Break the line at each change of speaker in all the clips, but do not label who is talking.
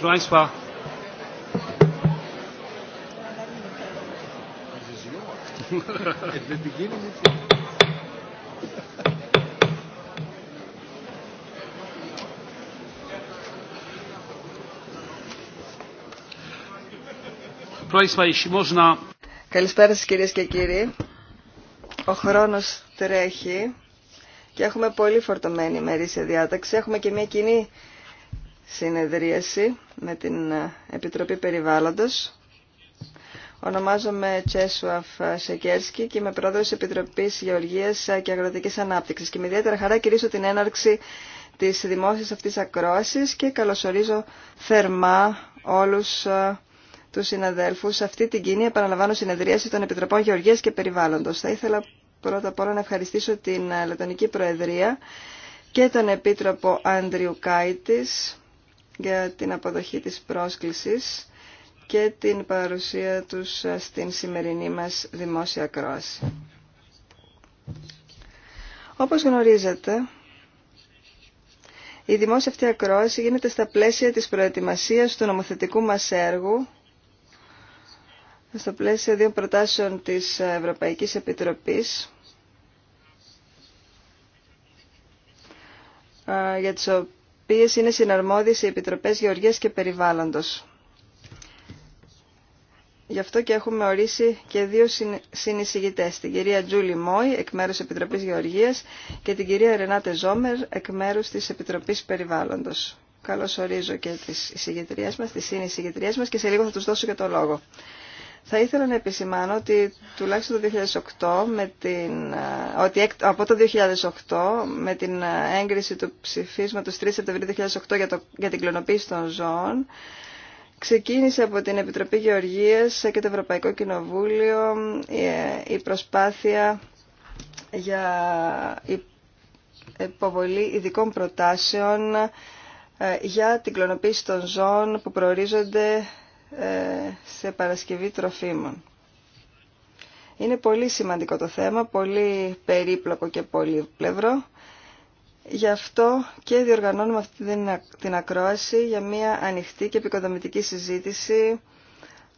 Καλησπέρα
σας κυρίες και κύριοι. Ο χρόνος τρέχει και έχουμε πολύ φορτωμένη ημερήσια διάταξη. Έχουμε και μια κοινή συνεδρίαση με την ε, Επιτροπή Περιβάλλοντος. Ονομάζομαι Τσέσουαφ Σεκέρσκι και είμαι πρόεδρος τη Επιτροπή Γεωργίας και Αγροτικής Ανάπτυξη. Και με ιδιαίτερα χαρά κηρύσω την έναρξη τη δημόσια αυτή ακρόαση και καλωσορίζω θερμά όλου ε, του συναδέλφου σε αυτή την κοινή, επαναλαμβάνω, συνεδρίαση των Επιτροπών Γεωργίας και Περιβάλλοντο. Θα ήθελα πρώτα απ' όλα να ευχαριστήσω την ε, Λετωνική Προεδρία και τον Επίτροπο Άντριου Κάιτης για την αποδοχή της πρόσκλησης και την παρουσία τους στην σημερινή μας δημόσια κρόαση. Όπως γνωρίζετε, η δημόσια αυτή ακρόαση γίνεται στα πλαίσια της προετοιμασίας του νομοθετικού μας έργου, στα πλαίσια δύο προτάσεων της Ευρωπαϊκής Επιτροπής, ε, για τις οποίε είναι συναρμόδιε οι Επιτροπέ Γεωργία και περιβάλλοντο. Γι' αυτό και έχουμε ορίσει και δύο συνεισηγητέ, την κυρία Τζούλη Μόη, εκ μέρου Επιτροπή Γεωργία, και την κυρία Ρενάτε Ζόμερ, εκ μέρου τη Επιτροπή περιβάλλοντο. Καλώ ορίζω και τι συνεισηγητριέ μα, τις μα και σε λίγο θα του δώσω και το λόγο. Θα ήθελα να επισημάνω ότι τουλάχιστον το 2008, με την, ε, ότι από το 2008 με την ε, έγκριση του ψηφίσματος 3 Σεπτεμβρίου 2008 για, το, για την κλωνοποίηση των ζώων, ξεκίνησε από την Επιτροπή Γεωργίας και το Ευρωπαϊκό Κοινοβούλιο ε, η προσπάθεια για υποβολή ειδικών προτάσεων για την κλωνοποίηση των ζώων που προορίζονται ε, σε παρασκευή τροφίμων. Είναι πολύ σημαντικό το θέμα, πολύ περίπλοκο και πολύπλευρο. Γι' αυτό και διοργανώνουμε αυτή την ακρόαση για μια ανοιχτή και επικοδομητική συζήτηση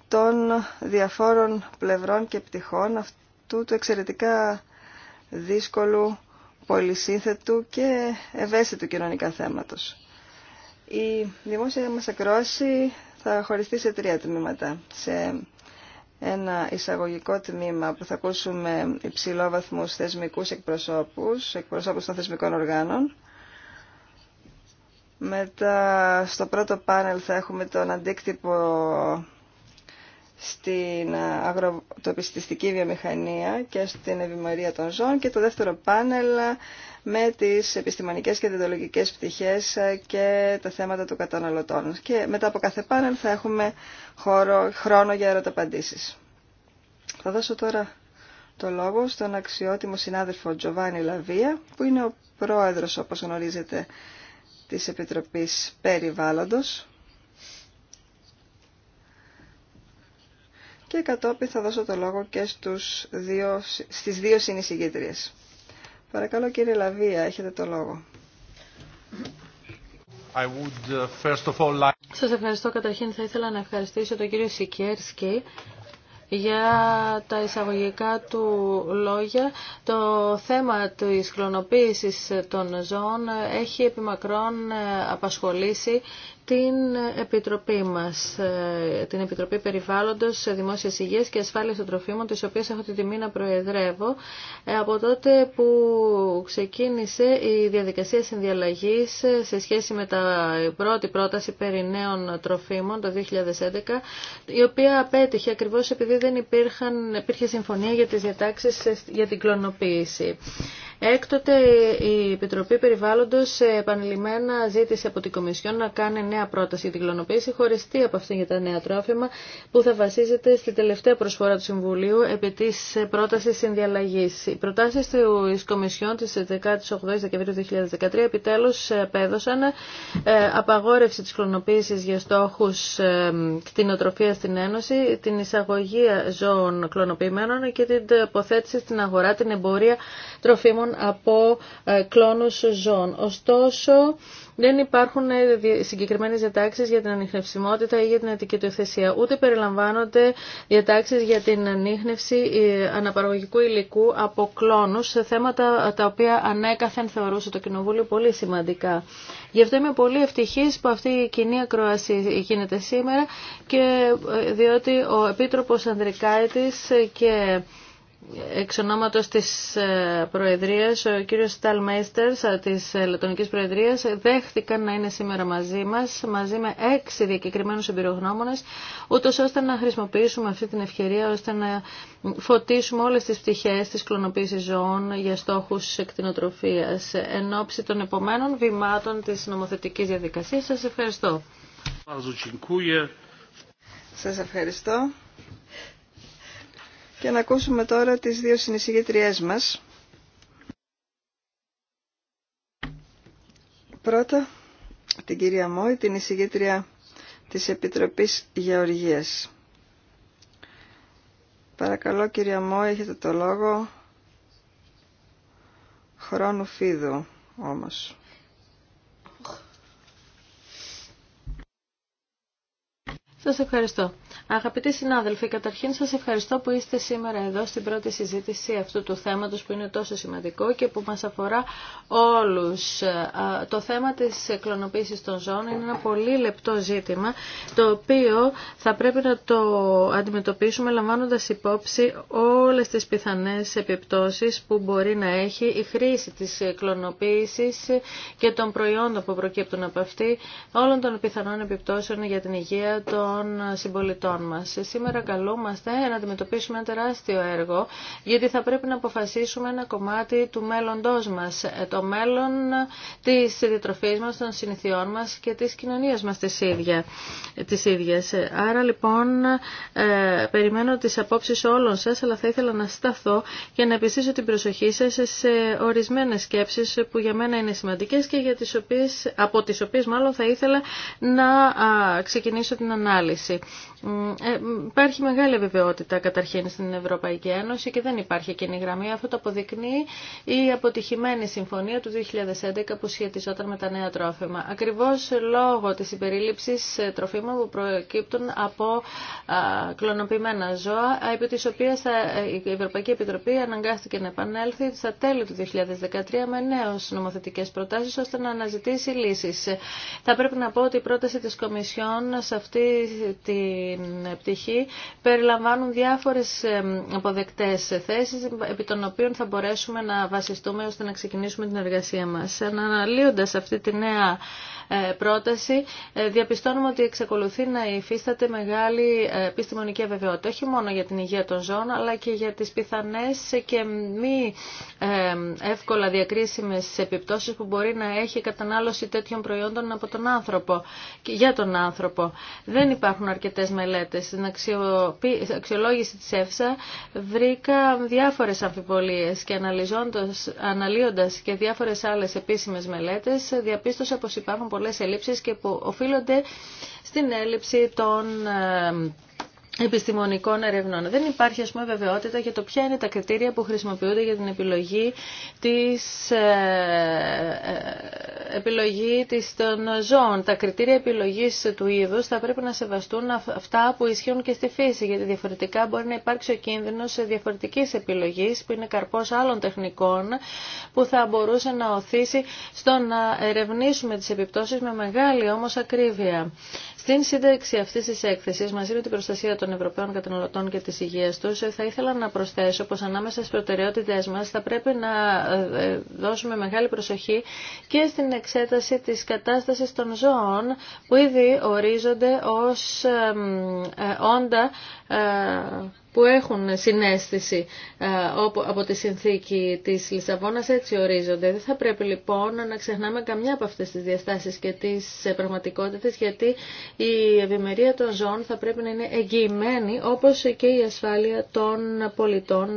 των διαφόρων πλευρών και πτυχών αυτού του εξαιρετικά δύσκολου, πολυσύνθετου και ευαίσθητου κοινωνικά θέματος. Η δημόσια μας ακρόαση θα χωριστεί σε τρία τμήματα. Σε ένα εισαγωγικό τμήμα που θα ακούσουμε υψηλόβαθμους θεσμικούς εκπροσώπους, εκπροσώπους των θεσμικών οργάνων. Μετά στο πρώτο πάνελ θα έχουμε τον αντίκτυπο στην ε, αγροτοπιστιστική βιομηχανία και στην ευημερία των ζώων και το δεύτερο πάνελ με τις επιστημονικές και διδολογικές πτυχές ε, και τα θέματα του καταναλωτών. Και μετά από κάθε πάνελ θα έχουμε χρόνο για ερωταπαντήσεις. Θα δώσω τώρα το λόγο στον αξιότιμο συνάδελφο Τζοβάνι Λαβία, που είναι ο πρόεδρος, όπως γνωρίζετε, της Επιτροπής Περιβάλλοντος και κατόπιν θα δώσω το λόγο και στους δύο, στις δύο συνεισηγήτριες. Παρακαλώ κύριε Λαβία, έχετε το λόγο.
I uh,
Σας ευχαριστώ. Καταρχήν θα ήθελα να ευχαριστήσω τον κύριο Σικέρσκι για τα εισαγωγικά του λόγια. Το θέμα της κλωνοποίησης των ζώων έχει επιμακρών ε, απασχολήσει την Επιτροπή μας, ε, την Επιτροπή Περιβάλλοντος, Δημόσιας Υγείας και ασφάλεια των Τροφίμων, της οποίας έχω την τιμή να προεδρεύω, ε, από τότε που ξεκίνησε η διαδικασία συνδιαλλαγής ε, σε σχέση με τα πρώτη πρόταση περί νέων τροφίμων το 2011, η οποία απέτυχε ακριβώς επειδή δεν υπήρχαν, υπήρχε συμφωνία για τις διατάξεις για την κλωνοποίηση. Έκτοτε η Επιτροπή Περιβάλλοντος επανειλημμένα ζήτησε από την Κομισιόν να κάνει νέα πρόταση για την κλωνοποίηση χωριστή από αυτήν για τα νέα τρόφιμα που θα βασίζεται στη τελευταία προσφορά του Συμβουλίου επί της πρότασης συνδιαλλαγής. Οι προτάσεις της Κομισιόν της 18 Δεκεμβρίου 2013 επιτέλους απέδωσαν ε, απαγόρευση της κλωνοποίησης για στόχους ε, κτηνοτροφίας στην Ένωση, την εισαγωγή ζώων κλωνοποιημένων και την τοποθέτηση στην αγορά, την εμπορία τροφίμων από ε, κλόνους ζώων. Ωστόσο, δεν υπάρχουν ε, συγκεκριμένε διατάξει για την ανιχνευσιμότητα ή για την ετικετοθεσία. Ούτε περιλαμβάνονται διατάξει για την ανίχνευση ε, αναπαραγωγικού υλικού από κλόνου σε θέματα τα οποία ανέκαθεν θεωρούσε το Κοινοβούλιο πολύ σημαντικά. Γι' αυτό είμαι πολύ ευτυχή που αυτή η κοινή ακρόαση γίνεται σήμερα και διότι ο Επίτροπο Ανδρικάητη και Εξ ονόματος της ε, Προεδρίας, ο κύριος Σταλμέιστερς ε, της ε, Λετωνικής Προεδρίας δέχθηκαν να είναι σήμερα μαζί μας, μαζί με έξι διακεκριμένους εμπειρογνώμονες, ούτως ώστε να χρησιμοποιήσουμε αυτή την ευκαιρία, ώστε να φωτίσουμε όλες τις πτυχές της κλωνοποίησης ζώων για στόχους εκτινοτροφίας, εν ώψη των επομένων βημάτων της νομοθετικής διαδικασίας. Σας ευχαριστώ.
Σας ευχαριστώ και να ακούσουμε τώρα τις δύο συνεισηγητριές μας. Πρώτα, την κυρία Μόη, την εισηγήτρια της Επιτροπής Γεωργίας. Παρακαλώ κυρία Μόη, έχετε το λόγο χρόνου φίδου όμως.
Σας ευχαριστώ. Αγαπητοί συνάδελφοι, καταρχήν σας ευχαριστώ που είστε σήμερα εδώ στην πρώτη συζήτηση αυτού του θέματος που είναι τόσο σημαντικό και που μας αφορά όλους. Το θέμα της κλωνοποίησης των ζώων είναι ένα πολύ λεπτό ζήτημα το οποίο θα πρέπει να το αντιμετωπίσουμε λαμβάνοντας υπόψη όλες τις πιθανές επιπτώσεις που μπορεί να έχει η χρήση της κλωνοποίησης και των προϊόντων που προκύπτουν από αυτή όλων των πιθανών επιπτώσεων για την υγεία των συμπολιτών μας. Σήμερα καλούμαστε να αντιμετωπίσουμε ένα τεράστιο έργο, γιατί θα πρέπει να αποφασίσουμε ένα κομμάτι του μέλλοντός μας, ε, το μέλλον της διατροφής μας, των συνηθιών μας και της κοινωνίας μας της, ίδια, Άρα λοιπόν ε, περιμένω τις απόψεις όλων σας, αλλά θα ήθελα να σταθώ και να επιστήσω την προσοχή σας σε ορισμένες σκέψεις που για μένα είναι σημαντικές και για τις οποίες, από τις οποίες μάλλον θα ήθελα να ξεκινήσω την ανάλυση. Ε, υπάρχει μεγάλη βεβαιότητα καταρχήν στην Ευρωπαϊκή Ένωση και δεν υπάρχει κοινή γραμμή. Αυτό το αποδεικνύει η αποτυχημένη συμφωνία του 2011 που σχετιζόταν με τα νέα τρόφιμα. Ακριβώ λόγω τη υπερίληψη τροφίμων που προκύπτουν από κλωνοποιημένα ζώα, επί τη οποία ε, η Ευρωπαϊκή Επιτροπή αναγκάστηκε να επανέλθει στα τέλη του 2013 με νέε νομοθετικέ προτάσει ώστε να αναζητήσει λύσει. Θα πρέπει να πω ότι η πρόταση τη Κομισιόν σε αυτή την πτυχή περιλαμβάνουν διάφορες αποδεκτές θέσεις επί των οποίων θα μπορέσουμε να βασιστούμε ώστε να ξεκινήσουμε την εργασία μας. Αναλύοντας αυτή τη νέα ε, πρόταση ε, διαπιστώνουμε ότι εξακολουθεί να υφίσταται μεγάλη ε, επιστημονική αβεβαιότητα. Όχι μόνο για την υγεία των ζώων, αλλά και για τις πιθανές και μη εύκολα διακρίσιμες επιπτώσεις που μπορεί να έχει η κατανάλωση τέτοιων προϊόντων από τον άνθρωπο και για τον άνθρωπο. Δεν υπάρχουν αρκετές μελέτες. Στην αξιολόγηση της ΕΦΣΑ βρήκα διάφορες αμφιβολίες και αναλύοντας και διάφορες άλλες επίσημες μελέτες διαπίστωσα πως υπάρχουν πολλές ελλείψεις και που οφείλονται στην έλλειψη των ε, επιστημονικών ερευνών. Δεν υπάρχει ας πούμε βεβαιότητα για το ποια είναι τα κριτήρια που χρησιμοποιούνται για την επιλογή της, ε, ε επιλογή των ζώων. Τα κριτήρια επιλογής του είδους θα πρέπει να σεβαστούν αυτά που ισχύουν και στη φύση, γιατί διαφορετικά μπορεί να υπάρξει ο κίνδυνος διαφορετική επιλογής που είναι καρπός άλλων τεχνικών που θα μπορούσε να οθήσει στο να ερευνήσουμε τις επιπτώσεις με μεγάλη όμως ακρίβεια. Στην σύνταξη αυτή τη έκθεση, μαζί με την προστασία των Ευρωπαίων καταναλωτών και τη υγεία του, θα ήθελα να προσθέσω πω ανάμεσα στι προτεραιότητέ μα θα πρέπει να ε, ε, δώσουμε μεγάλη προσοχή και στην εξέταση τη κατάσταση των ζώων που ήδη ορίζονται ω ε, όντα που έχουν συνέστηση ε, από τη συνθήκη της Λισαβόνας έτσι ορίζονται. Δεν θα πρέπει λοιπόν να ξεχνάμε καμιά από αυτές τις διαστάσεις και τις ε, πραγματικότητες γιατί η ευημερία των ζώων θα πρέπει να είναι εγγυημένη όπως και η ασφάλεια των πολιτών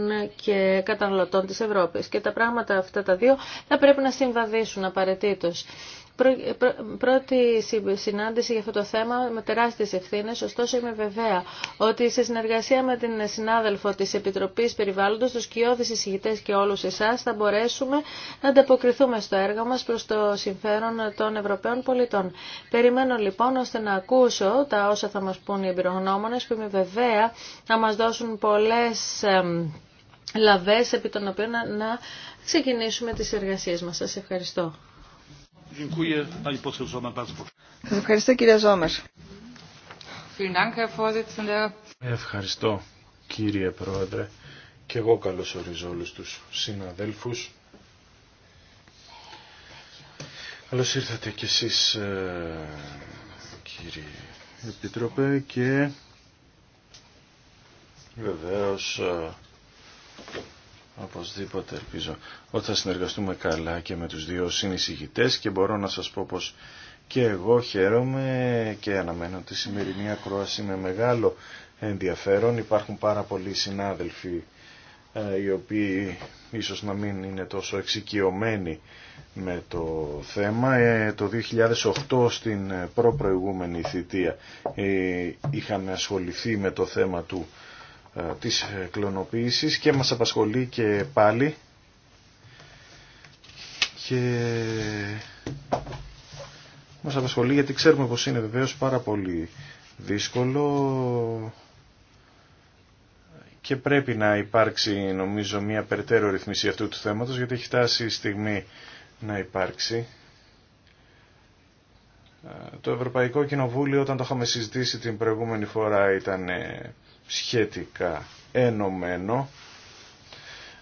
και καταναλωτών της Ευρώπης. Και τα πράγματα αυτά τα δύο θα πρέπει να συμβαδίσουν απαραίτητο πρώτη συνάντηση για αυτό το θέμα με τεράστιες ευθύνες, ωστόσο είμαι βεβαία ότι σε συνεργασία με την συνάδελφο της Επιτροπής Περιβάλλοντος, τους κοιόδης εισηγητές και όλους εσάς θα μπορέσουμε να ανταποκριθούμε στο έργο μας προς το συμφέρον των Ευρωπαίων πολιτών. Περιμένω λοιπόν ώστε να ακούσω τα όσα θα μας πούν οι εμπειρογνώμονες που είμαι βεβαία να μας δώσουν πολλές λαβές επί των οποίων να ξεκινήσουμε τις εργασίες μας. Σας ευχαριστώ
ευχαριστώ
κύριε Ζόμερ.
Ευχαριστώ κύριε Πρόεδρε και εγώ καλωσορίζω όλους τους συναδέλφους. Καλώς ήρθατε κι εσείς ε, κύριε Επιτροπέ και βεβαίως ε, Οπωσδήποτε ελπίζω ότι θα συνεργαστούμε καλά και με τους δύο συνεισηγητές και μπορώ να σας πω πως και εγώ χαίρομαι και αναμένω τη σημερινή ακρόαση με μεγάλο ενδιαφέρον. Υπάρχουν πάρα πολλοί συνάδελφοι ε, οι οποίοι ίσως να μην είναι τόσο εξοικειωμένοι με το θέμα. Ε, το 2008 στην προπροηγούμενη θητεία ε, είχαμε ασχοληθεί με το θέμα του ε, της ε, κλωνοποίησης και μας απασχολεί και πάλι και μας απασχολεί γιατί ξέρουμε πως είναι βεβαίως πάρα πολύ δύσκολο και πρέπει να υπάρξει νομίζω μια περαιτέρω ρυθμίση αυτού του θέματος γιατί έχει φτάσει η στιγμή να υπάρξει. Ε, το Ευρωπαϊκό Κοινοβούλιο όταν το είχαμε συζητήσει την προηγούμενη φορά ήταν σχετικά ενωμένο.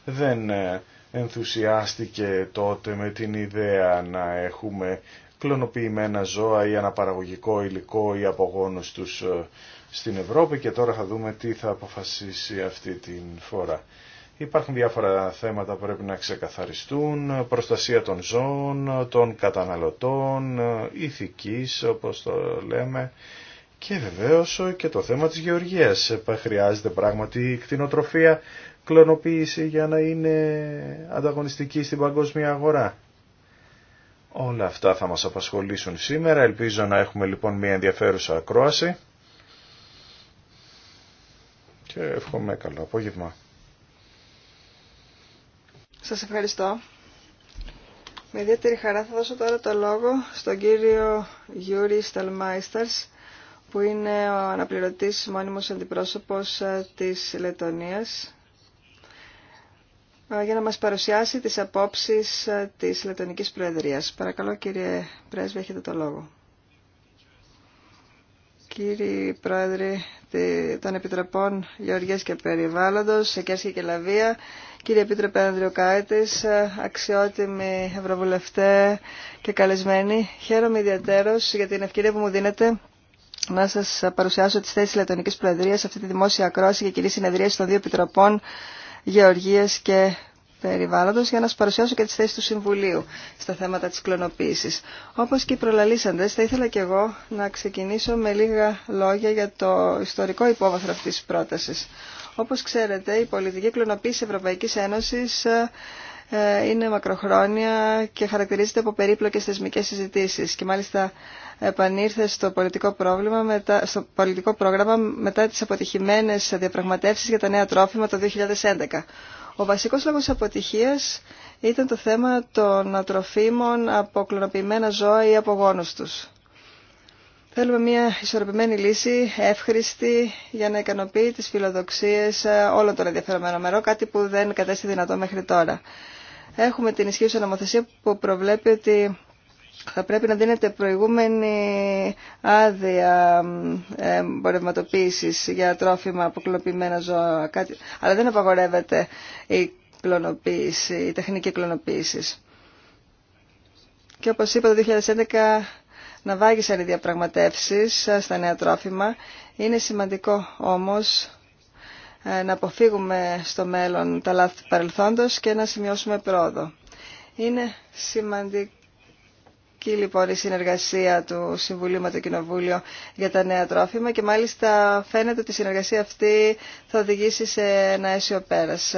Δεν ε, ενθουσιάστηκε τότε με την ιδέα να έχουμε κλωνοποιημένα ζώα ή αναπαραγωγικό υλικό ή απογόνους τους ε, στην Ευρώπη και τώρα θα δούμε τι θα αποφασίσει αυτή την φορά. Υπάρχουν διάφορα θέματα που πρέπει να ξεκαθαριστούν, προστασία των ζώων, των καταναλωτών, ε, ηθικής όπως το λέμε, και βεβαίως και το θέμα της γεωργίας. Ε, χρειάζεται πράγματι κτηνοτροφία, κλωνοποίηση για να είναι ανταγωνιστική στην παγκόσμια αγορά. Όλα αυτά θα μας απασχολήσουν σήμερα. Ελπίζω να έχουμε λοιπόν μια ενδιαφέρουσα ακρόαση. Και εύχομαι καλό απόγευμα.
Σας ευχαριστώ. Με ιδιαίτερη χαρά θα δώσω τώρα το λόγο στον κύριο Γιούρι Σταλμάισταρς, που είναι ο αναπληρωτής μόνιμος αντιπρόσωπος ε, της Λετωνίας ε, για να μας παρουσιάσει τις απόψεις ε, της Λετωνικής Προεδρίας. Παρακαλώ κύριε Πρέσβη, έχετε το λόγο. Κύριοι Πρόεδρε των Επιτροπών Γεωργίας και Περιβάλλοντος, κελαβία και Λαβία, κύριε Επίτροπε Ανδριοκάητης, αξιότιμοι ευρωβουλευτέ και καλεσμένοι, χαίρομαι ιδιαίτερος για την ευκαιρία που μου δίνετε να σα παρουσιάσω τις θέσεις Λετωνική Προεδρία σε αυτή τη δημόσια ακρόαση και κοινή συνεδρία των δύο επιτροπών γεωργία και Περιβάλλοντος για να σας παρουσιάσω και τις θέσεις του Συμβουλίου στα θέματα της κλωνοποίησης. Όπως και οι προλαλήσαντες, θα ήθελα και εγώ να ξεκινήσω με λίγα λόγια για το ιστορικό υπόβαθρο αυτής της πρότασης. Όπως ξέρετε, η πολιτική κλωνοποίηση Ευρωπαϊκής Ένωσης ε, είναι μακροχρόνια και χαρακτηρίζεται από περίπλοκες θεσμικές συζητήσεις και μάλιστα επανήρθε στο πολιτικό, πρόβλημα μετά, στο πολιτικό πρόγραμμα μετά τις αποτυχημένες διαπραγματεύσεις για τα νέα τρόφιμα το 2011. Ο βασικός λόγος αποτυχίας ήταν το θέμα των τροφίμων από κλωνοποιημένα ζώα ή από γόνους τους. Θέλουμε μια ισορροπημένη λύση, εύχρηστη, για να ικανοποιεί τις φιλοδοξίες ε, όλων των ενδιαφερομένων μερών, κάτι που δεν κατέστη δυνατό μέχρι τώρα έχουμε την ισχύουσα νομοθεσία που προβλέπει ότι θα πρέπει να δίνεται προηγούμενη άδεια ε, εμπορευματοποίηση για τρόφιμα κλωνοποιημένα ζώα, κάτι, αλλά δεν απαγορεύεται η, κλωνοποίηση, η τεχνική κλωνοποίηση. Και όπως είπα το 2011 να βάγισαν οι διαπραγματεύσεις ε, στα νέα τρόφιμα. Είναι σημαντικό όμως ε, να αποφύγουμε στο μέλλον τα λάθη του παρελθόντος και να σημειώσουμε πρόοδο. Είναι σημαντική λοιπόν η συνεργασία του Συμβουλίου με το Κοινοβούλιο για τα νέα τρόφιμα και μάλιστα φαίνεται ότι η συνεργασία αυτή θα οδηγήσει σε ένα αίσιο πέρας.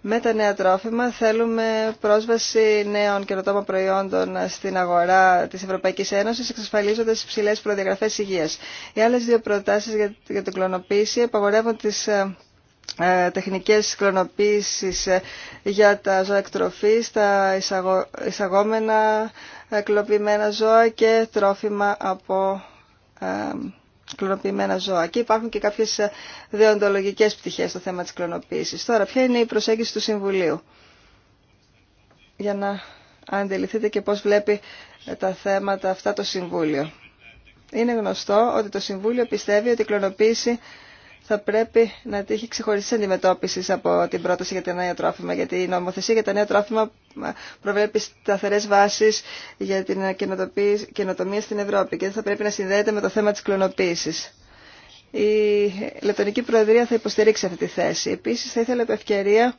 Με τα νέα τρόφιμα θέλουμε πρόσβαση νέων καινοτόμων προϊόντων στην αγορά της Ευρωπαϊκής Ένωσης, εξασφαλίζοντας υψηλέ προδιαγραφές υγεία. Οι άλλε δύο προτάσεις για την κλωνοποίηση απαγορεύουν τις ε, ε, τεχνικές κλωνοποίησης ε, για τα ζώα εκτροφής, τα εισαγόμενα κλωπημένα ζώα και τρόφιμα από κλωνοποιημένα ζώα. Και υπάρχουν και κάποιες ε, δεοντολογικές πτυχές στο θέμα της κλωνοποίησης. Τώρα, ποια είναι η προσέγγιση του Συμβουλίου. Για να αντιληφθείτε και πώς βλέπει ε, τα θέματα αυτά το Συμβούλιο. Είναι γνωστό ότι το Συμβούλιο πιστεύει ότι η κλωνοποίηση θα πρέπει να τύχει ξεχωριστή αντιμετώπιση από την πρόταση για τα νέα τρόφιμα. Γιατί η νομοθεσία για τα νέα τρόφιμα προβλέπει σταθερέ βάσει για την καινοτομία στην Ευρώπη και δεν θα πρέπει να συνδέεται με το θέμα τη κλωνοποίηση. Η Λεπτονική Προεδρία θα υποστηρίξει αυτή τη θέση. Επίση, θα ήθελα επ' ευκαιρία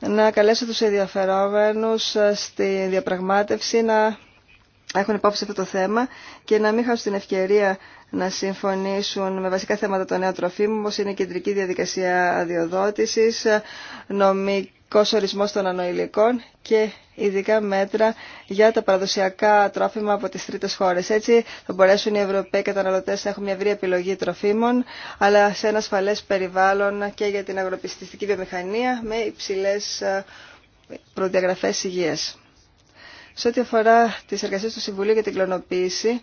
να καλέσω του ενδιαφερόμενου ε, στη διαπραγμάτευση να έχουν υπόψη αυτό το θέμα και να μην χάσουν την ευκαιρία να συμφωνήσουν με βασικά θέματα των νέων τροφίμων, όπως είναι η κεντρική διαδικασία αδειοδότησης, νομικός ορισμός των ανοηλικών και ειδικά μέτρα για τα παραδοσιακά τρόφιμα από τις τρίτες χώρες. Έτσι θα μπορέσουν οι Ευρωπαίοι καταναλωτές να έχουν μια ευρή επιλογή τροφίμων, αλλά σε ένα ασφαλές περιβάλλον και για την αγροπιστική βιομηχανία με υψηλές ε, προδιαγραφές υγείας. Σε ό,τι αφορά τι εργασίες του Συμβουλίου για την κλωνοποίηση,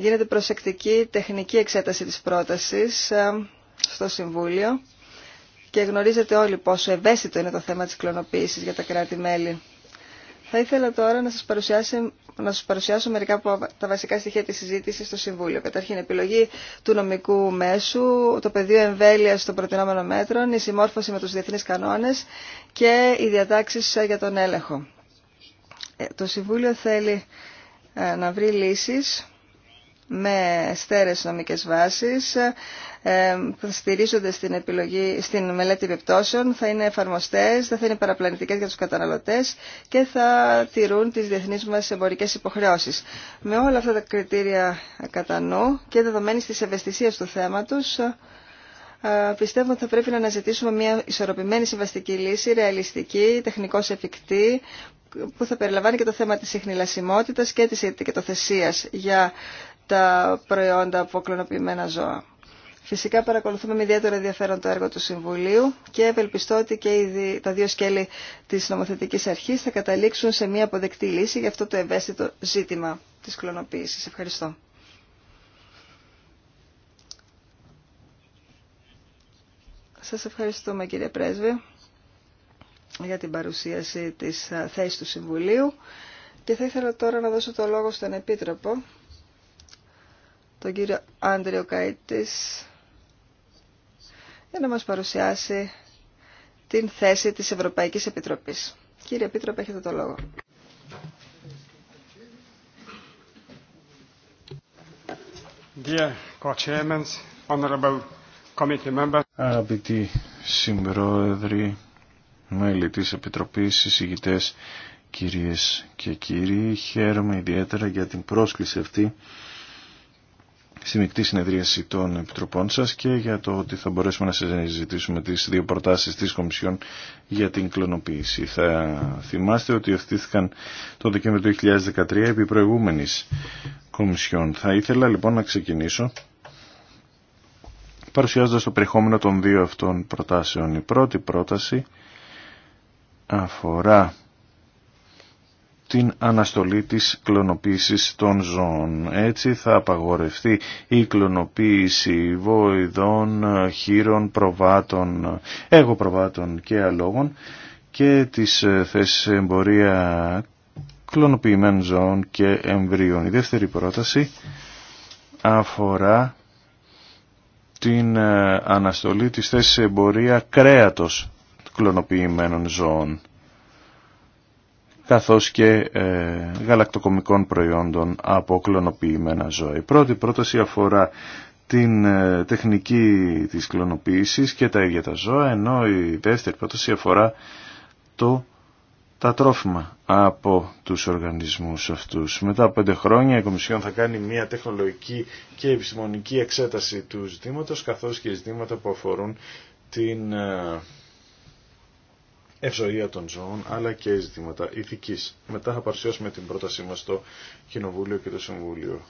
γίνεται προσεκτική τεχνική εξέταση της πρότασης ε, στο Συμβούλιο και γνωρίζετε όλοι πόσο ευαίσθητο είναι το θέμα της κλωνοποίησης για τα κράτη-μέλη. Θα ήθελα τώρα να σας, παρουσιάσω, να σας παρουσιάσω μερικά από τα βασικά στοιχεία της συζήτησης στο Συμβούλιο. Καταρχήν, επιλογή του νομικού μέσου, το πεδίο εμβέλειας των προτινόμενων μέτρων, η συμμόρφωση με τους διεθνείς κανόνες και οι διατάξεις για τον έλεγχο. Ε, το Συμβούλιο θέλει ε, να βρει λύσεις με στέρεες νομικές βάσεις που ε, θα στηρίζονται στην, επιλογή, στην μελέτη επιπτώσεων, θα είναι εφαρμοστές, θα είναι παραπλανητικές για τους καταναλωτές και θα τηρούν τις διεθνείς μας εμπορικές υποχρεώσεις. Με όλα αυτά τα κριτήρια κατά νου και δεδομένης της ευαισθησίας του θέματος, ε, πιστεύω ότι θα πρέπει να αναζητήσουμε μια ισορροπημένη συμβαστική λύση, ρεαλιστική, τεχνικώς εφικτή, που θα περιλαμβάνει και το θέμα της συχνηλασιμότητας και της ετικετοθεσίας για τα προϊόντα από κλωνοποιημένα ζώα. Φυσικά παρακολουθούμε με ιδιαίτερο ενδιαφέρον το έργο του Συμβουλίου και ευελπιστώ ότι και τα δύο σκέλη της νομοθετικής αρχής θα καταλήξουν σε μια αποδεκτή λύση για αυτό το ευαίσθητο ζήτημα της κλωνοποίησης. Ευχαριστώ. Σας ευχαριστούμε κύριε Πρέσβη για την παρουσίαση της ε, θέσης του Συμβουλίου και θα ήθελα τώρα να δώσω το λόγο στον Επίτροπο τον κύριο Άντριο Καϊτής για να μας παρουσιάσει την θέση της Ευρωπαϊκής Επιτροπής. Κύριε Επίτροπε, έχετε το λόγο.
Dear committee members.
Αγαπητοί συμπρόεδροι, μέλη της Επιτροπής, συζητητές, κυρίες και κύριοι, χαίρομαι ιδιαίτερα για την πρόσκληση αυτή συνεκτή συνεδρίαση των επιτροπών σας και για το ότι θα μπορέσουμε να συζητήσουμε τις δύο προτάσεις της Κομισιόν για την κλωνοποίηση. Θα θυμάστε ότι ευθύθηκαν το Δεκέμβριο του 2013 επί προηγούμενης Κομισιόν. Θα ήθελα λοιπόν να ξεκινήσω παρουσιάζοντας το περιεχόμενο των δύο αυτών προτάσεων. Η πρώτη πρόταση αφορά την αναστολή της κλωνοποίησης των ζώων. Έτσι θα απαγορευτεί η κλωνοποίηση βοηδών, χείρων, προβάτων, εγώ προβάτων και αλόγων και της ε, θέσης εμπορία κλωνοποιημένων ζώων και εμβρίων. Η δεύτερη πρόταση αφορά την ε, αναστολή της θέσης εμπορία κρέατος κλωνοποιημένων ζώων καθώς και ε, γαλακτοκομικών προϊόντων από κλωνοποιημένα ζώα. Η πρώτη πρόταση αφορά την ε, τεχνική της κλωνοποίησης και τα ίδια τα ζώα, ενώ η δεύτερη πρόταση αφορά το τα τρόφιμα από τους οργανισμούς αυτούς. Μετά από πέντε χρόνια η Κομισιόν θα κάνει μια τεχνολογική και επιστημονική εξέταση του ζητήματος καθώς και ζητήματα που αφορούν την ε, ευζοία των ζώων αλλά και ζητήματα ηθικής. Μετά θα παρουσιάσουμε την πρότασή μας στο Κοινοβούλιο και το Συμβούλιο.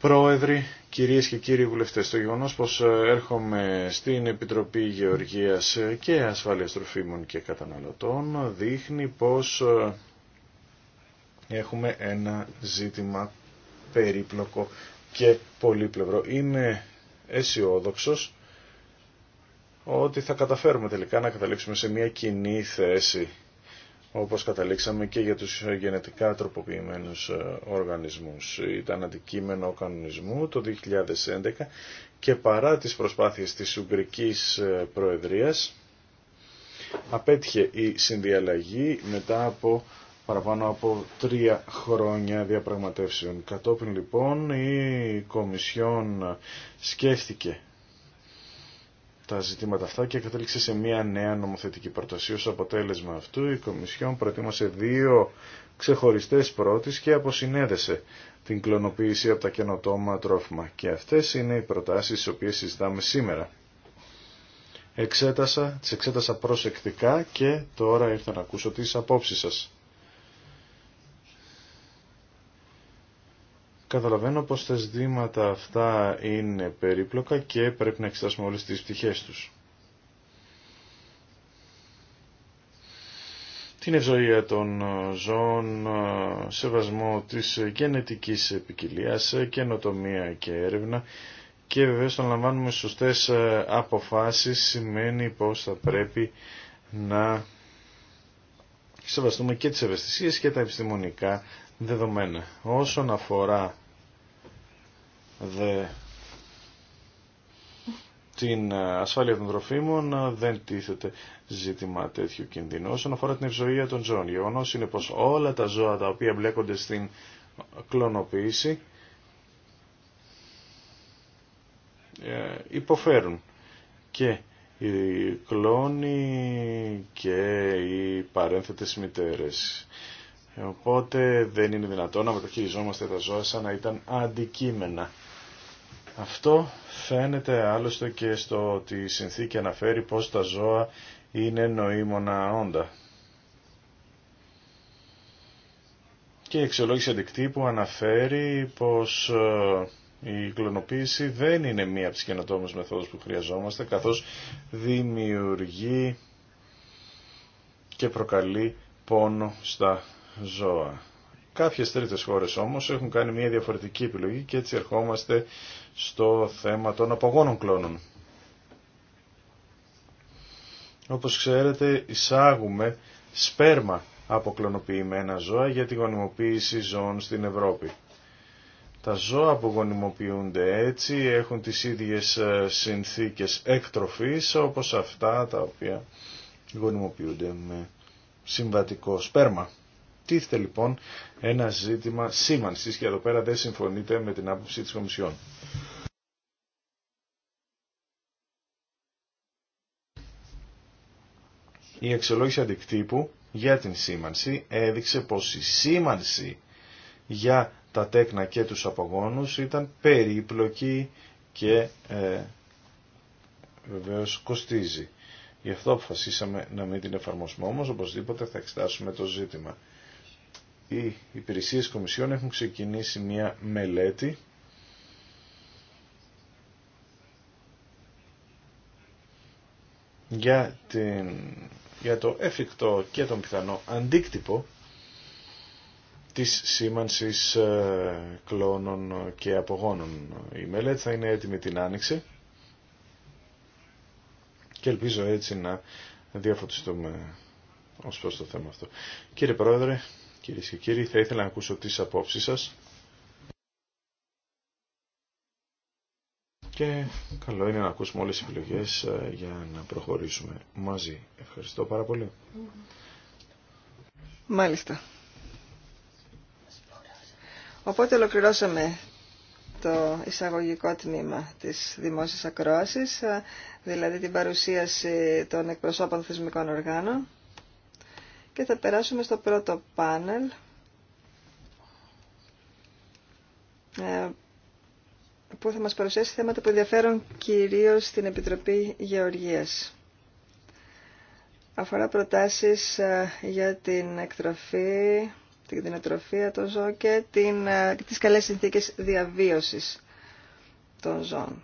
Πρόεδροι, κυρίες και κύριοι βουλευτές, το γεγονός πως ε, έρχομαι στην Επιτροπή Γεωργίας και Ασφάλειας Τροφίμων και Καταναλωτών δείχνει πως ε, έχουμε ένα ζήτημα περίπλοκο και πολύπλευρο. Είμαι αισιόδοξο ότι θα καταφέρουμε τελικά να καταλήξουμε σε μια κοινή θέση όπως καταλήξαμε και για τους γενετικά τροποποιημένους ε, οργανισμούς. Ήταν αντικείμενο κανονισμού το 2011 και παρά τις προσπάθειες της Ουγγρικής ε, Προεδρίας απέτυχε η συνδιαλλαγή μετά από παραπάνω από τρία χρόνια διαπραγματεύσεων. Κατόπιν λοιπόν η Κομισιόν σκέφτηκε τα ζητήματα αυτά και κατέληξε σε μια νέα νομοθετική πρόταση. Ως αποτέλεσμα αυτού η Κομισιόν προετοίμασε δύο ξεχωριστές πρώτης και αποσυνέδεσε την κλωνοποίηση από τα καινοτόμα τρόφιμα. Και αυτές είναι οι προτάσεις τις οποίες συζητάμε σήμερα. Εξέτασα, τις εξέτασα προσεκτικά και τώρα ήρθα να ακούσω τις απόψεις σας. Καταλαβαίνω πως τα ζητήματα αυτά είναι περίπλοκα και πρέπει να εξετάσουμε όλες τις πτυχές τους. Την ευζοία των ζώων, σεβασμό της γενετικής ποικιλία καινοτομία και έρευνα και βεβαίως να λαμβάνουμε σωστές αποφάσεις σημαίνει πως θα πρέπει να σεβαστούμε και τις ευαισθησίες και τα επιστημονικά δεδομένα. Όσον αφορά δε την ε, ασφάλεια των τροφίμων ε, δεν τίθεται ζήτημα τέτοιου κινδύνου. Όσον αφορά την ευζοία των ζώων, γεγονό είναι πως όλα τα ζώα τα οποία μπλέκονται στην κλωνοποίηση ε, υποφέρουν και οι κλόνοι και οι παρένθετες μητέρες. Οπότε δεν είναι δυνατόν να μεταχειριζόμαστε τα ζώα σαν να ήταν αντικείμενα. Αυτό φαίνεται άλλωστε και στο ότι η συνθήκη αναφέρει πως τα ζώα είναι νοήμωνα όντα. Και η εξολόγηση αντικτύπου αναφέρει πως ε, η κλωνοποίηση δεν είναι μία από τις καινοτόμες μεθόδους που χρειαζόμαστε, καθώς δημιουργεί και προκαλεί πόνο στα ζώα. Κάποιες τρίτες χώρες όμως έχουν κάνει μια διαφορετική επιλογή και έτσι ερχόμαστε στο θέμα των απογόνων κλώνων. Όπως ξέρετε εισάγουμε σπέρμα από κλωνοποιημένα ζώα για τη γονιμοποίηση ζώων στην Ευρώπη. Τα ζώα που γονιμοποιούνται έτσι έχουν τις ίδιες ε, συνθήκες εκτροφής όπως αυτά τα οποία γονιμοποιούνται με συμβατικό σπέρμα. Τίθεται λοιπόν ένα ζήτημα σήμανσης και εδώ πέρα δεν συμφωνείτε με την άποψη της Κομισιόν. Η εξολόγηση αντικτύπου για την σήμανση έδειξε πως η σήμανση για τα τέκνα και τους απογόνους ήταν περίπλοκη και ε, βεβαίως κοστίζει. Γι' αυτό αποφασίσαμε να μην την εφαρμόσουμε όμως, οπωσδήποτε θα εξετάσουμε το ζήτημα οι υπηρεσίες κομισιών έχουν ξεκινήσει μια μελέτη για, την, το εφικτό και τον πιθανό αντίκτυπο της σήμανσης ε, κλώνων και απογόνων. Η μελέτη θα είναι έτοιμη την Άνοιξη και ελπίζω έτσι να διαφωτιστούμε ως προς το θέμα αυτό. Κύριε Πρόεδρε, Κυρίε και κύριοι, θα ήθελα να ακούσω τις απόψεις σας. Και καλό είναι να ακούσουμε όλες τις επιλογές ε, για να προχωρήσουμε μαζί. Ευχαριστώ πάρα πολύ.
Μάλιστα. Οπότε ολοκληρώσαμε το εισαγωγικό τμήμα της δημόσιας ακρόασης, ε, δηλαδή την παρουσίαση των εκπροσώπων θεσμικών οργάνων και θα περάσουμε στο πρώτο πάνελ. Ε, που θα μας παρουσιάσει θέματα που ενδιαφέρουν κυρίως στην Επιτροπή Γεωργίας. Αφορά προτάσεις ε, για την εκτροφή, την κτηνοτροφία των ζώων και την, ε, τις καλές συνθήκες διαβίωσης των ζώων.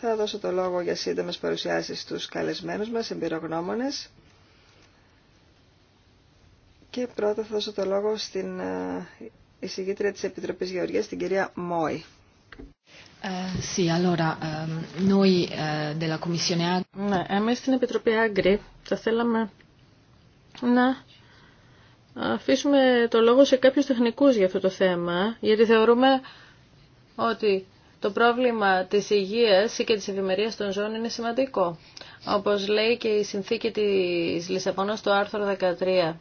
Θα δώσω το λόγο για σύντομες παρουσιάσεις στους καλεσμένους μας, εμπειρογνώμονες. Και πρώτα θα δώσω το λόγο στην ε, εισηγήτρια της Επιτροπής Γεωργίας, την κυρία Μόη.
Ε, ehm, ε, ναι, εμείς στην Επιτροπή Άγκρη θα θέλαμε να αφήσουμε το λόγο σε κάποιους τεχνικούς για αυτό το θέμα, γιατί θεωρούμε ότι το πρόβλημα της υγείας και της ευημερίας των ζώων είναι σημαντικό. Όπως λέει και η συνθήκη της Λισαβόνα στο άρθρο 13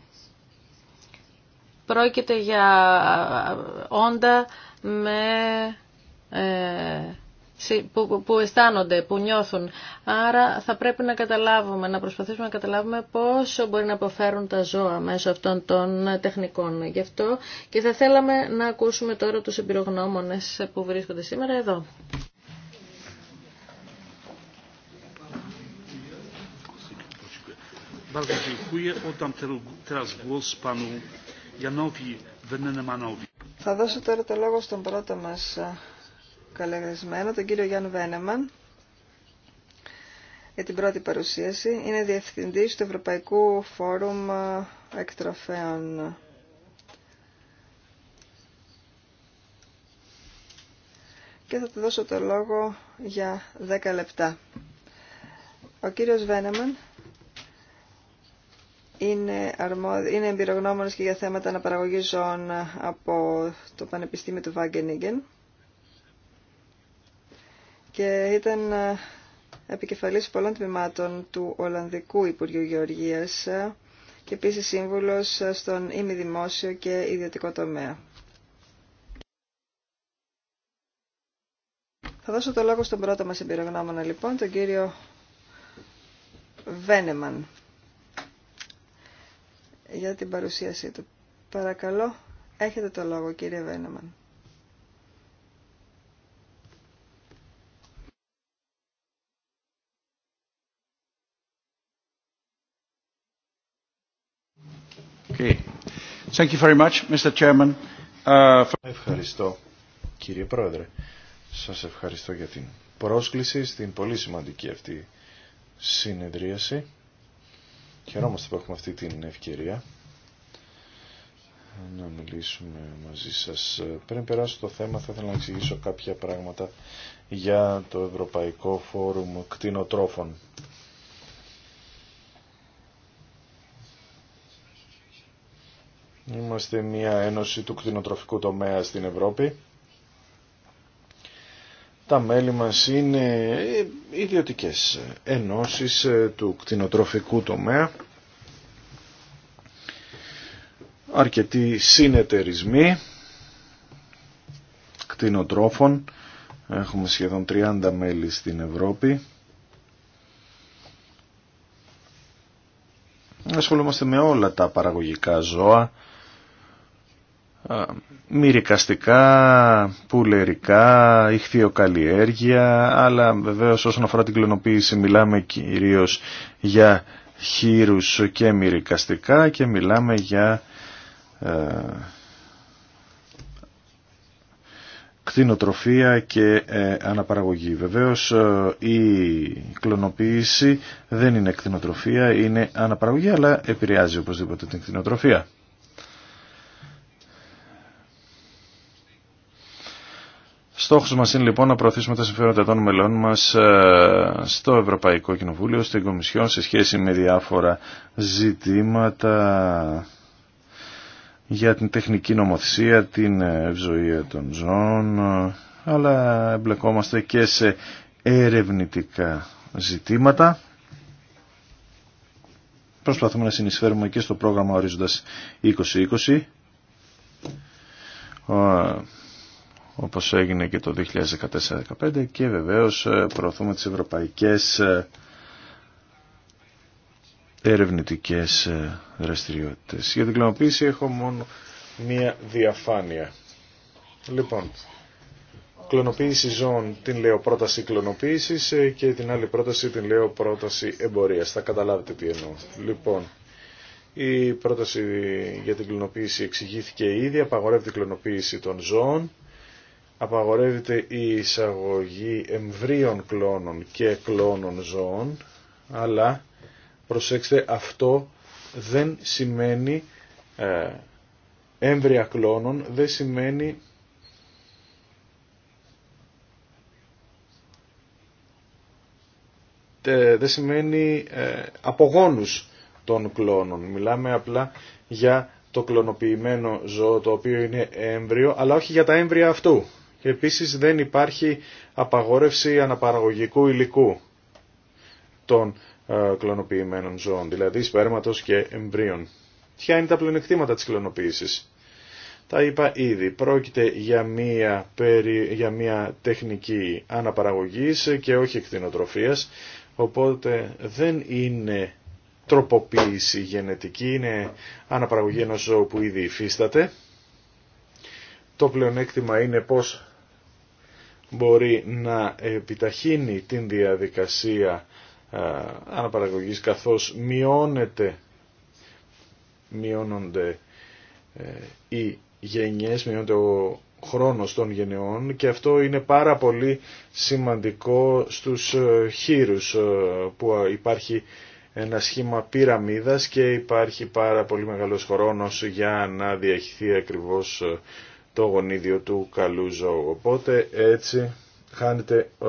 πρόκειται για ε, όντα με, ε, που, που αισθάνονται, που νιώθουν. Άρα θα πρέπει να καταλάβουμε, να προσπαθήσουμε να καταλάβουμε πόσο μπορεί να αποφέρουν τα ζώα μέσω αυτών των τεχνικών. Γι' αυτό και θα θέλαμε να ακούσουμε τώρα τους εμπειρογνώμονες που βρίσκονται σήμερα εδώ.
Bardzo dziękuję. Oddam panu
θα δώσω τώρα το λόγο στον πρώτο μας ε, καλεγρισμένο, τον κύριο Γιάννου Βένεμαν, για την πρώτη παρουσίαση. Είναι διευθυντής του Ευρωπαϊκού Φόρουμ ε, Εκτροφέων. Και θα του δώσω το λόγο για 10 λεπτά. Ο κύριος Βένεμαν είναι, αρμόδι, εμπειρογνώμονος και για θέματα αναπαραγωγής ζώων από το Πανεπιστήμιο του Βάγκενιγκεν και ήταν ε, επικεφαλής πολλών τμήματων του Ολλανδικού Υπουργείου Γεωργίας και επίσης σύμβουλος στον ημιδημόσιο και ιδιωτικό τομέα. Θα δώσω το λόγο στον πρώτο μας εμπειρογνώμονα λοιπόν, τον κύριο Βένεμαν για την παρουσίασή του. Παρακαλώ, έχετε το λόγο κύριε Βένεμαν.
Uh, ευχαριστώ κύριε Πρόεδρε. Σας ευχαριστώ για την πρόσκληση στην πολύ σημαντική αυτή συνεδρίαση. Χαιρόμαστε που έχουμε αυτή την ευκαιρία να μιλήσουμε μαζί σας. Πριν περάσω το θέμα θα ήθελα να εξηγήσω κάποια πράγματα για το Ευρωπαϊκό Φόρουμ Κτηνοτρόφων. Είμαστε μια ένωση του κτηνοτροφικού τομέα στην Ευρώπη τα μέλη μας είναι ιδιωτικές ενώσεις ε, του κτηνοτροφικού τομέα, αρκετοί συνεταιρισμοί κτηνοτρόφων, έχουμε σχεδόν 30 μέλη στην Ευρώπη. Ασχολούμαστε με όλα τα παραγωγικά ζώα, μυρικαστικά, πουλερικά, ηχθειοκαλλιέργεια, αλλά βεβαίως όσον αφορά την κλωνοποίηση μιλάμε κυρίως για χείρους και μυρικαστικά και μιλάμε για ε, κτηνοτροφία και ε, αναπαραγωγή. Βεβαίως ε, η κλωνοποίηση δεν είναι κτηνοτροφία, είναι αναπαραγωγή, αλλά επηρεάζει οπωσδήποτε την κτηνοτροφία. Στόχος μας είναι λοιπόν να προωθήσουμε τα συμφέροντα των μελών μας ε, στο Ευρωπαϊκό Κοινοβούλιο, στην Κομισιόν, σε σχέση με διάφορα ζητήματα για την τεχνική νομοθεσία, την ευζοία των ζώων, αλλά εμπλεκόμαστε και σε ερευνητικά ζητήματα. Προσπαθούμε να συνεισφέρουμε και στο πρόγραμμα Ορίζοντας 2020 όπως έγινε και το 2014-2015 και βεβαίως ε, προωθούμε τις ευρωπαϊκές ε, ερευνητικές ε, δραστηριότητες. Για την κλωνοποίηση έχω μόνο μία διαφάνεια. Λοιπόν, κλωνοποίηση ζώων την λέω πρόταση κλωνοποίησης και την άλλη πρόταση την λέω πρόταση εμπορίας. Θα καταλάβετε τι εννοώ. Λοιπόν, η πρόταση για την κλωνοποίηση εξηγήθηκε ήδη, απαγορεύει την κλωνοποίηση των ζώων απαγορεύεται η εισαγωγή εμβρίων κλώνων και κλώνων ζώων, αλλά προσέξτε αυτό δεν σημαίνει ε, έμβρια κλώνων, δεν σημαίνει ε, δεν σημαίνει ε, απογόνους των κλώνων. Μιλάμε απλά για το κλωνοποιημένο ζώο το οποίο είναι έμβριο, αλλά όχι για τα έμβρια αυτού. Και επίσης δεν υπάρχει απαγόρευση αναπαραγωγικού υλικού των ε, κλωνοποιημένων ζώων, δηλαδή σπέρματος και εμβρίων. Ποια είναι τα πλεονεκτήματα της κλωνοποίησης. Τα είπα ήδη, πρόκειται για μια, περι, για μια τεχνική αναπαραγωγής και όχι εκτινοτροφίας, οπότε δεν είναι τροποποίηση γενετική, είναι αναπαραγωγή ενός ζώου που ήδη υφίσταται το πλεονέκτημα είναι πως μπορεί να επιταχύνει την διαδικασία αναπαραγωγής καθώς μειώνεται, μειώνονται ε, οι γενιές, μειώνεται ο χρόνος των γενεών και αυτό είναι πάρα πολύ σημαντικό στους ε, χείρους ε, που υπάρχει ένα σχήμα πυραμίδας και υπάρχει πάρα πολύ μεγάλος χρόνος για να διαχειριστεί ακριβώς το γονίδιο του καλού ζώου. Οπότε έτσι χάνεται ε,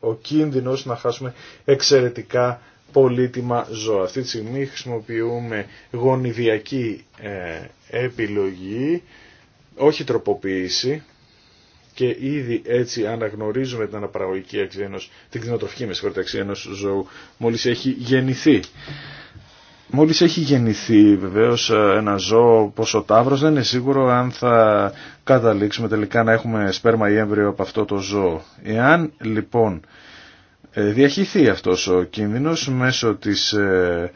ο κίνδυνος να χάσουμε εξαιρετικά πολύτιμα ζώα. Αυτή τη στιγμή χρησιμοποιούμε γονιδιακή ε, επιλογή, όχι τροποποίηση και ήδη έτσι αναγνωρίζουμε την αναπαραγωγική αξία ενός, την κτηνοτροφική με ενός ζώου μόλις έχει γεννηθεί. Μόλις έχει γεννηθεί βεβαίως ε, ένα ζώο όπως ο τάβρος δεν είναι σίγουρο αν θα καταλήξουμε τελικά να έχουμε σπέρμα ή έμβριο από αυτό το ζώο. Εάν λοιπόν ε, διαχυθεί αυτός ο κίνδυνος μέσω της ε,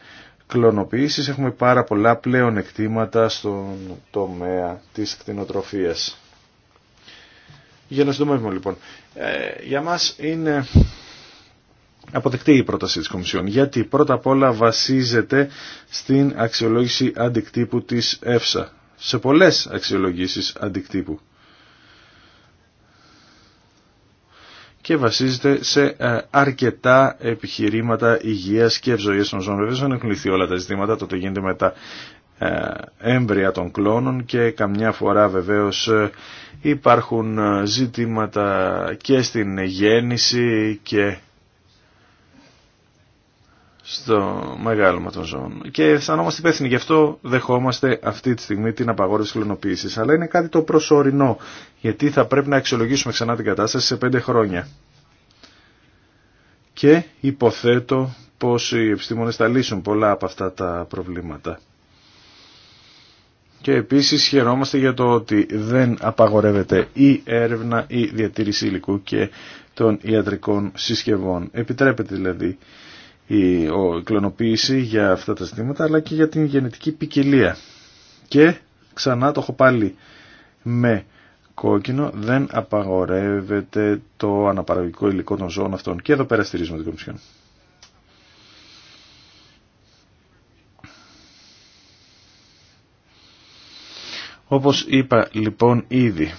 κλωνοποίησης έχουμε πάρα πολλά πλέον εκτήματα στον τομέα της κτηνοτροφίας. Για να συντομεύουμε λοιπόν. για μας είναι αποδεκτή η πρόταση της Κομισιόν, γιατί πρώτα απ' όλα βασίζεται στην αξιολόγηση αντικτύπου της ΕΦΣΑ, σε πολλές αξιολογήσεις αντικτύπου. και βασίζεται σε ε, αρκετά επιχειρήματα υγείας και ευζοίας των ζώων. Βέβαια, δεν έχουν λυθεί όλα τα ζητήματα, τότε γίνεται με τα ε, έμβρια των κλώνων και καμιά φορά βεβαίως ε, υπάρχουν ζητήματα και στην γέννηση και στο μεγάλωμα των ζώων. Και αισθανόμαστε υπεύθυνοι. Γι' αυτό δεχόμαστε αυτή τη στιγμή την απαγόρευση κλωνοποίηση. Αλλά είναι κάτι το προσωρινό. Γιατί θα πρέπει να αξιολογήσουμε ξανά την κατάσταση σε πέντε χρόνια. Και υποθέτω πως οι επιστήμονες θα λύσουν πολλά από αυτά τα προβλήματα. Και επίση χαιρόμαστε για το ότι δεν απαγορεύεται η έρευνα, η διατήρηση υλικού και των ιατρικών συσκευών. Επιτρέπεται δηλαδή η κλωνοποίηση για αυτά τα ζητήματα αλλά και για την γενετική ποικιλία. Και ξανά το έχω πάλι με κόκκινο δεν απαγορεύεται το αναπαραγωγικό υλικό των ζώων αυτών. Και εδώ πέρα στηρίζουμε την Κομισιόν. Όπως είπα λοιπόν ήδη,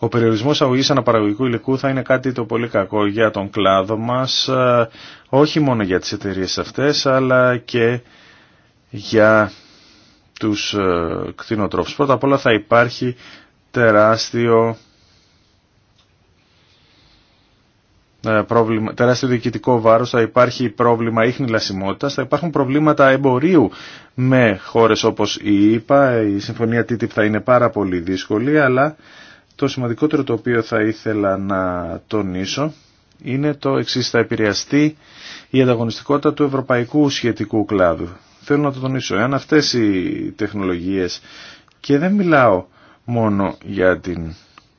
Ο περιορισμό αγωγή αναπαραγωγικού υλικού θα είναι κάτι το πολύ κακό για τον κλάδο μας, ε, όχι μόνο για τις εταιρείε αυτές, αλλά και για τους ε, κτηνοτρόφους. Πρώτα απ' όλα θα υπάρχει τεράστιο ε, πρόβλημα, τεράστιο διοικητικό βάρος, θα υπάρχει πρόβλημα ίχνη λασιμότητας, θα υπάρχουν προβλήματα εμπορίου με χώρες όπως η ΕΠΑ, ΕΕ. η συμφωνία TTIP θα είναι πάρα πολύ δύσκολη, αλλά το σημαντικότερο το οποίο θα ήθελα να τονίσω είναι το εξή θα επηρεαστεί η ανταγωνιστικότητα του ευρωπαϊκού σχετικού κλάδου. Θέλω να το τονίσω. Εάν αυτές οι τεχνολογίες και δεν μιλάω μόνο για την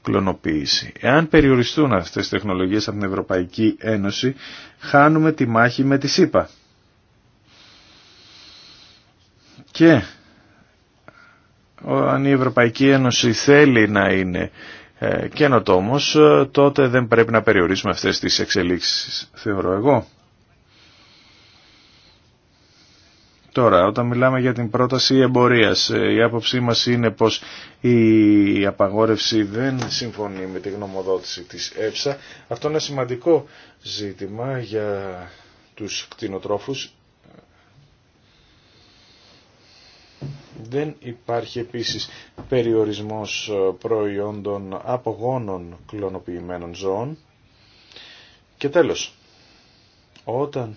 κλωνοποίηση. Εάν περιοριστούν αυτές οι τεχνολογίες από την Ευρωπαϊκή Ένωση, χάνουμε τη μάχη με τη ΣΥΠΑ. Και αν η Ευρωπαϊκή Ένωση θέλει να είναι ε, καινοτόμος, ε, τότε δεν πρέπει να περιορίσουμε αυτές τις εξελίξεις, θεωρώ εγώ. Τώρα, όταν μιλάμε για την πρόταση εμπορίας, ε, η άποψή μας είναι πως η απαγόρευση δεν συμφωνεί με τη γνωμοδότηση της ΕΦΣΑ. Αυτό είναι σημαντικό ζήτημα για τους κτηνοτρόφους Δεν υπάρχει επίσης περιορισμός ε, προϊόντων απογόνων κλωνοποιημένων ζώων. Και τέλος, όταν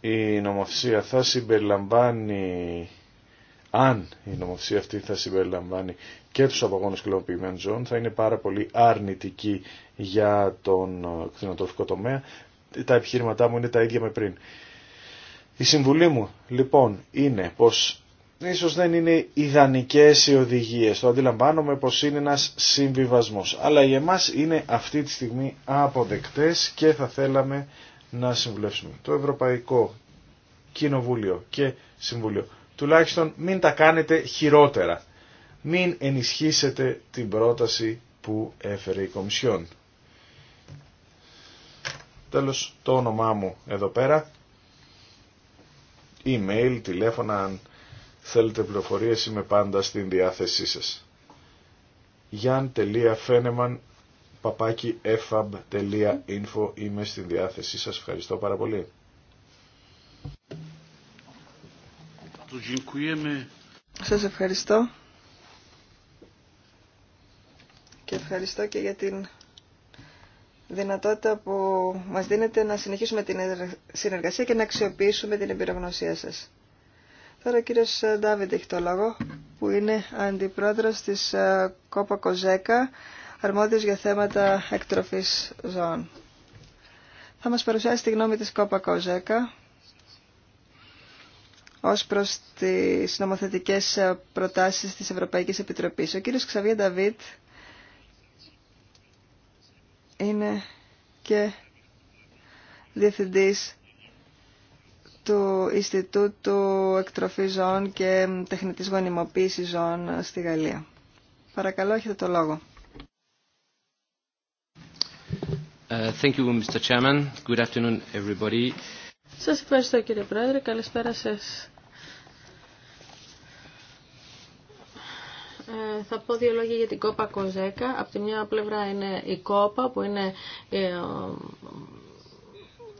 η νομοθεσία θα συμπεριλαμβάνει, αν η νομοθεσία αυτή θα συμπεριλαμβάνει και τους απογόνους κλωνοποιημένων ζώων, θα είναι πάρα πολύ αρνητική για τον ε, κτηνοτροφικό τομέα. Τα επιχείρηματά μου είναι τα ίδια με πριν. Η συμβουλή μου λοιπόν είναι πως ίσως δεν είναι ιδανικές οι οδηγίες. Το αντιλαμβάνομαι πως είναι ένας συμβιβασμός. Αλλά για εμάς είναι αυτή τη στιγμή αποδεκτές και θα θέλαμε να συμβουλεύσουμε. Το Ευρωπαϊκό Κοινοβούλιο και Συμβούλιο. Τουλάχιστον μην τα κάνετε χειρότερα. Μην ενισχύσετε την πρόταση που έφερε η Κομισιόν. Τέλος το όνομά μου εδώ πέρα email, τηλέφωνα, αν θέλετε πληροφορίες είμαι πάντα στην διάθεσή σας. Φένεμαν, παπάκι είμαι στην διάθεσή σας. Ευχαριστώ πάρα πολύ.
Σας ευχαριστώ. Και ευχαριστώ και για την δυνατότητα που μας δίνεται να συνεχίσουμε την συνεργασία και να αξιοποιήσουμε την εμπειρογνωσία σας. Τώρα ο κύριος ε, Ντάβιντ έχει το λόγο, που είναι αντιπρόεδρος της ε, Κόπα Κοζέκα, αρμόδιος για θέματα εκτροφής ζώων. Θα μας παρουσιάσει τη γνώμη της Κόπα Κοζέκα ως προς τις νομοθετικές ε, προτάσεις της Ευρωπαϊκής Επιτροπής. Ο κύριος Ξαβία Νταβίτ είναι και διευθυντής του Ινστιτούτου Εκτροφή Ζώων και Τεχνητής Γονιμοποίησης Ζώων στη Γαλλία. Παρακαλώ, έχετε το λόγο.
Ε, thank
Σας ευχαριστώ
κύριε Πρόεδρε. Καλησπέρα σας Ε, θα πω δύο λόγια για την κόπα Κοζέκα. Από τη μια πλευρά είναι η κόπα που είναι ε,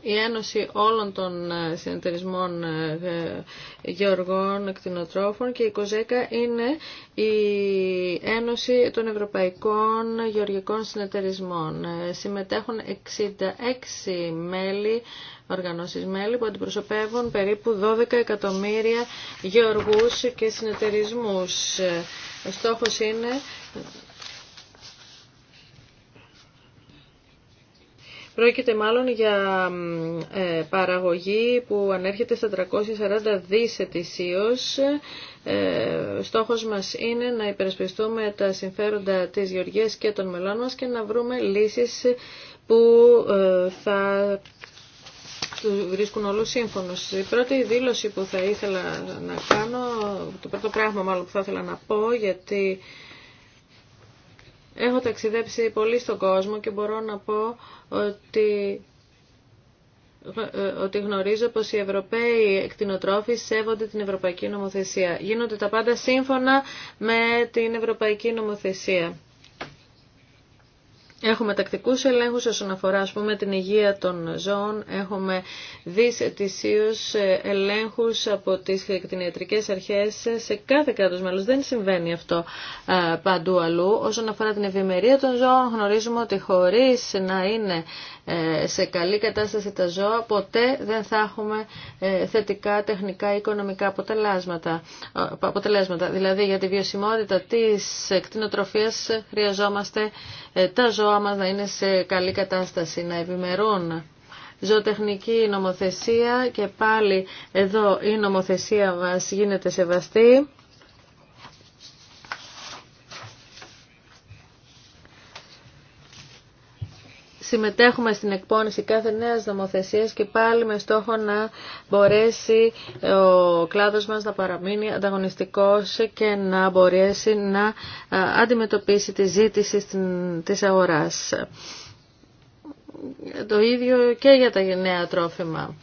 η Ένωση όλων των ε, συνεταιρισμών ε, ε, γεωργών εκτινοτρόφων και η ΚΟΖΕΚΑ είναι η Ένωση των Ευρωπαϊκών Γεωργικών Συνεταιρισμών. Συμμετέχουν 66 μέλη, οργανώσεις μέλη που αντιπροσωπεύουν περίπου 12 εκατομμύρια γεωργούς και συνεταιρισμούς. Ο στόχος είναι Πρόκειται μάλλον για ε, παραγωγή που ανέρχεται στα 340 δις ετησίως. Ε, στόχος μας είναι να υπερασπιστούμε τα συμφέροντα της γεωργίας και των μελών μας και να βρούμε λύσεις που ε, θα βρίσκουν όλους σύμφωνος. Η πρώτη δήλωση που θα ήθελα να κάνω, το πρώτο πράγμα μάλλον που θα ήθελα να πω, γιατί Έχω ταξιδέψει πολύ στον κόσμο και μπορώ να πω ότι ε, ότι γνωρίζω πως οι Ευρωπαίοι εκτινοτρόφοι σέβονται την Ευρωπαϊκή Νομοθεσία. Γίνονται τα πάντα σύμφωνα με την Ευρωπαϊκή Νομοθεσία. Έχουμε τακτικούς ελέγχους όσον αφορά ας πούμε, την υγεία των ζώων. Έχουμε δις ελέγχου ε, ελέγχους από τις κτηνιατρικές αρχές σε κάθε κράτος μέλο. Δεν συμβαίνει αυτό ε, παντού αλλού. Όσον αφορά την ευημερία των ζώων γνωρίζουμε ότι χωρίς να είναι ε, σε καλή κατάσταση τα ζώα, ποτέ δεν θα έχουμε ε, θετικά τεχνικά ή οικονομικά αποτελέσματα. Ε, αποτελέσματα. Δηλαδή για τη βιωσιμότητα της κτηνοτροφίας χρειαζόμαστε τα ζώα μας να είναι σε καλή κατάσταση, να ευημερούν ζωοτεχνική νομοθεσία και πάλι εδώ η νομοθεσία μας γίνεται σεβαστή. συμμετέχουμε στην εκπόνηση κάθε νέας νομοθεσίας και πάλι με στόχο να μπορέσει ε, ο κλάδος μας να παραμείνει ανταγωνιστικός και να μπορέσει να ε, αντιμετωπίσει τη ζήτηση της αγοράς. Το ίδιο και για τα νέα τρόφιμα.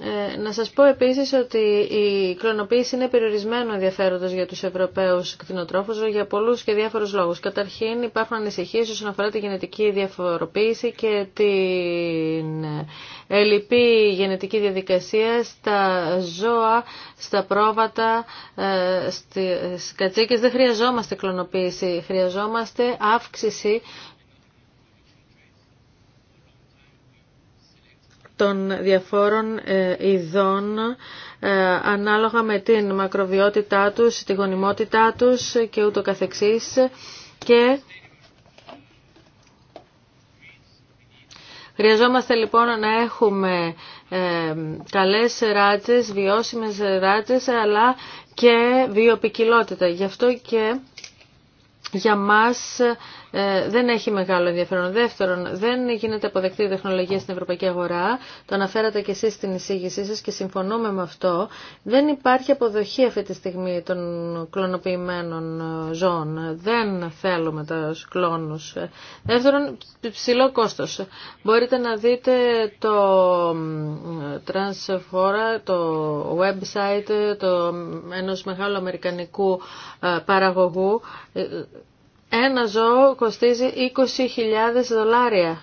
Ε, να σας πω επίσης ότι η κλωνοποίηση είναι περιορισμένο ενδιαφέροντος για τους Ευρωπαίους κτηνοτρόφους για πολλούς και διάφορους λόγους. Καταρχήν υπάρχουν ανησυχίες όσον αφορά τη γενετική διαφοροποίηση και την ελλειπή γενετική διαδικασία στα ζώα, στα πρόβατα, ε, στις κατσίκες. Δεν χρειαζόμαστε κλωνοποίηση, χρειαζόμαστε αύξηση των διαφόρων ε, ειδών ε, ανάλογα με την μακροβιότητά τους, τη γονιμότητά τους και ούτω καθεξής και Χρειαζόμαστε λοιπόν να έχουμε ε, καλές ράτσες, βιώσιμες ράτσες, αλλά και βιοπικιλότητα. Γι' αυτό και για μας ε, δεν έχει μεγάλο ενδιαφέρον. Δεύτερον, δεν γίνεται αποδεκτή η τεχνολογία στην ευρωπαϊκή αγορά. Το αναφέρατε και εσείς στην εισήγησή σας και συμφωνούμε με αυτό. Δεν υπάρχει αποδοχή αυτή τη στιγμή των κλωνοποιημένων ε, ζώων. Δεν θέλουμε τα κλόνους. Ε, δεύτερον, ψηλό κόστος. Μπορείτε να δείτε το Transfora, το website το, ενός μεγάλου αμερικανικού παραγωγού ένα ζώο κοστίζει 20.000 δολάρια.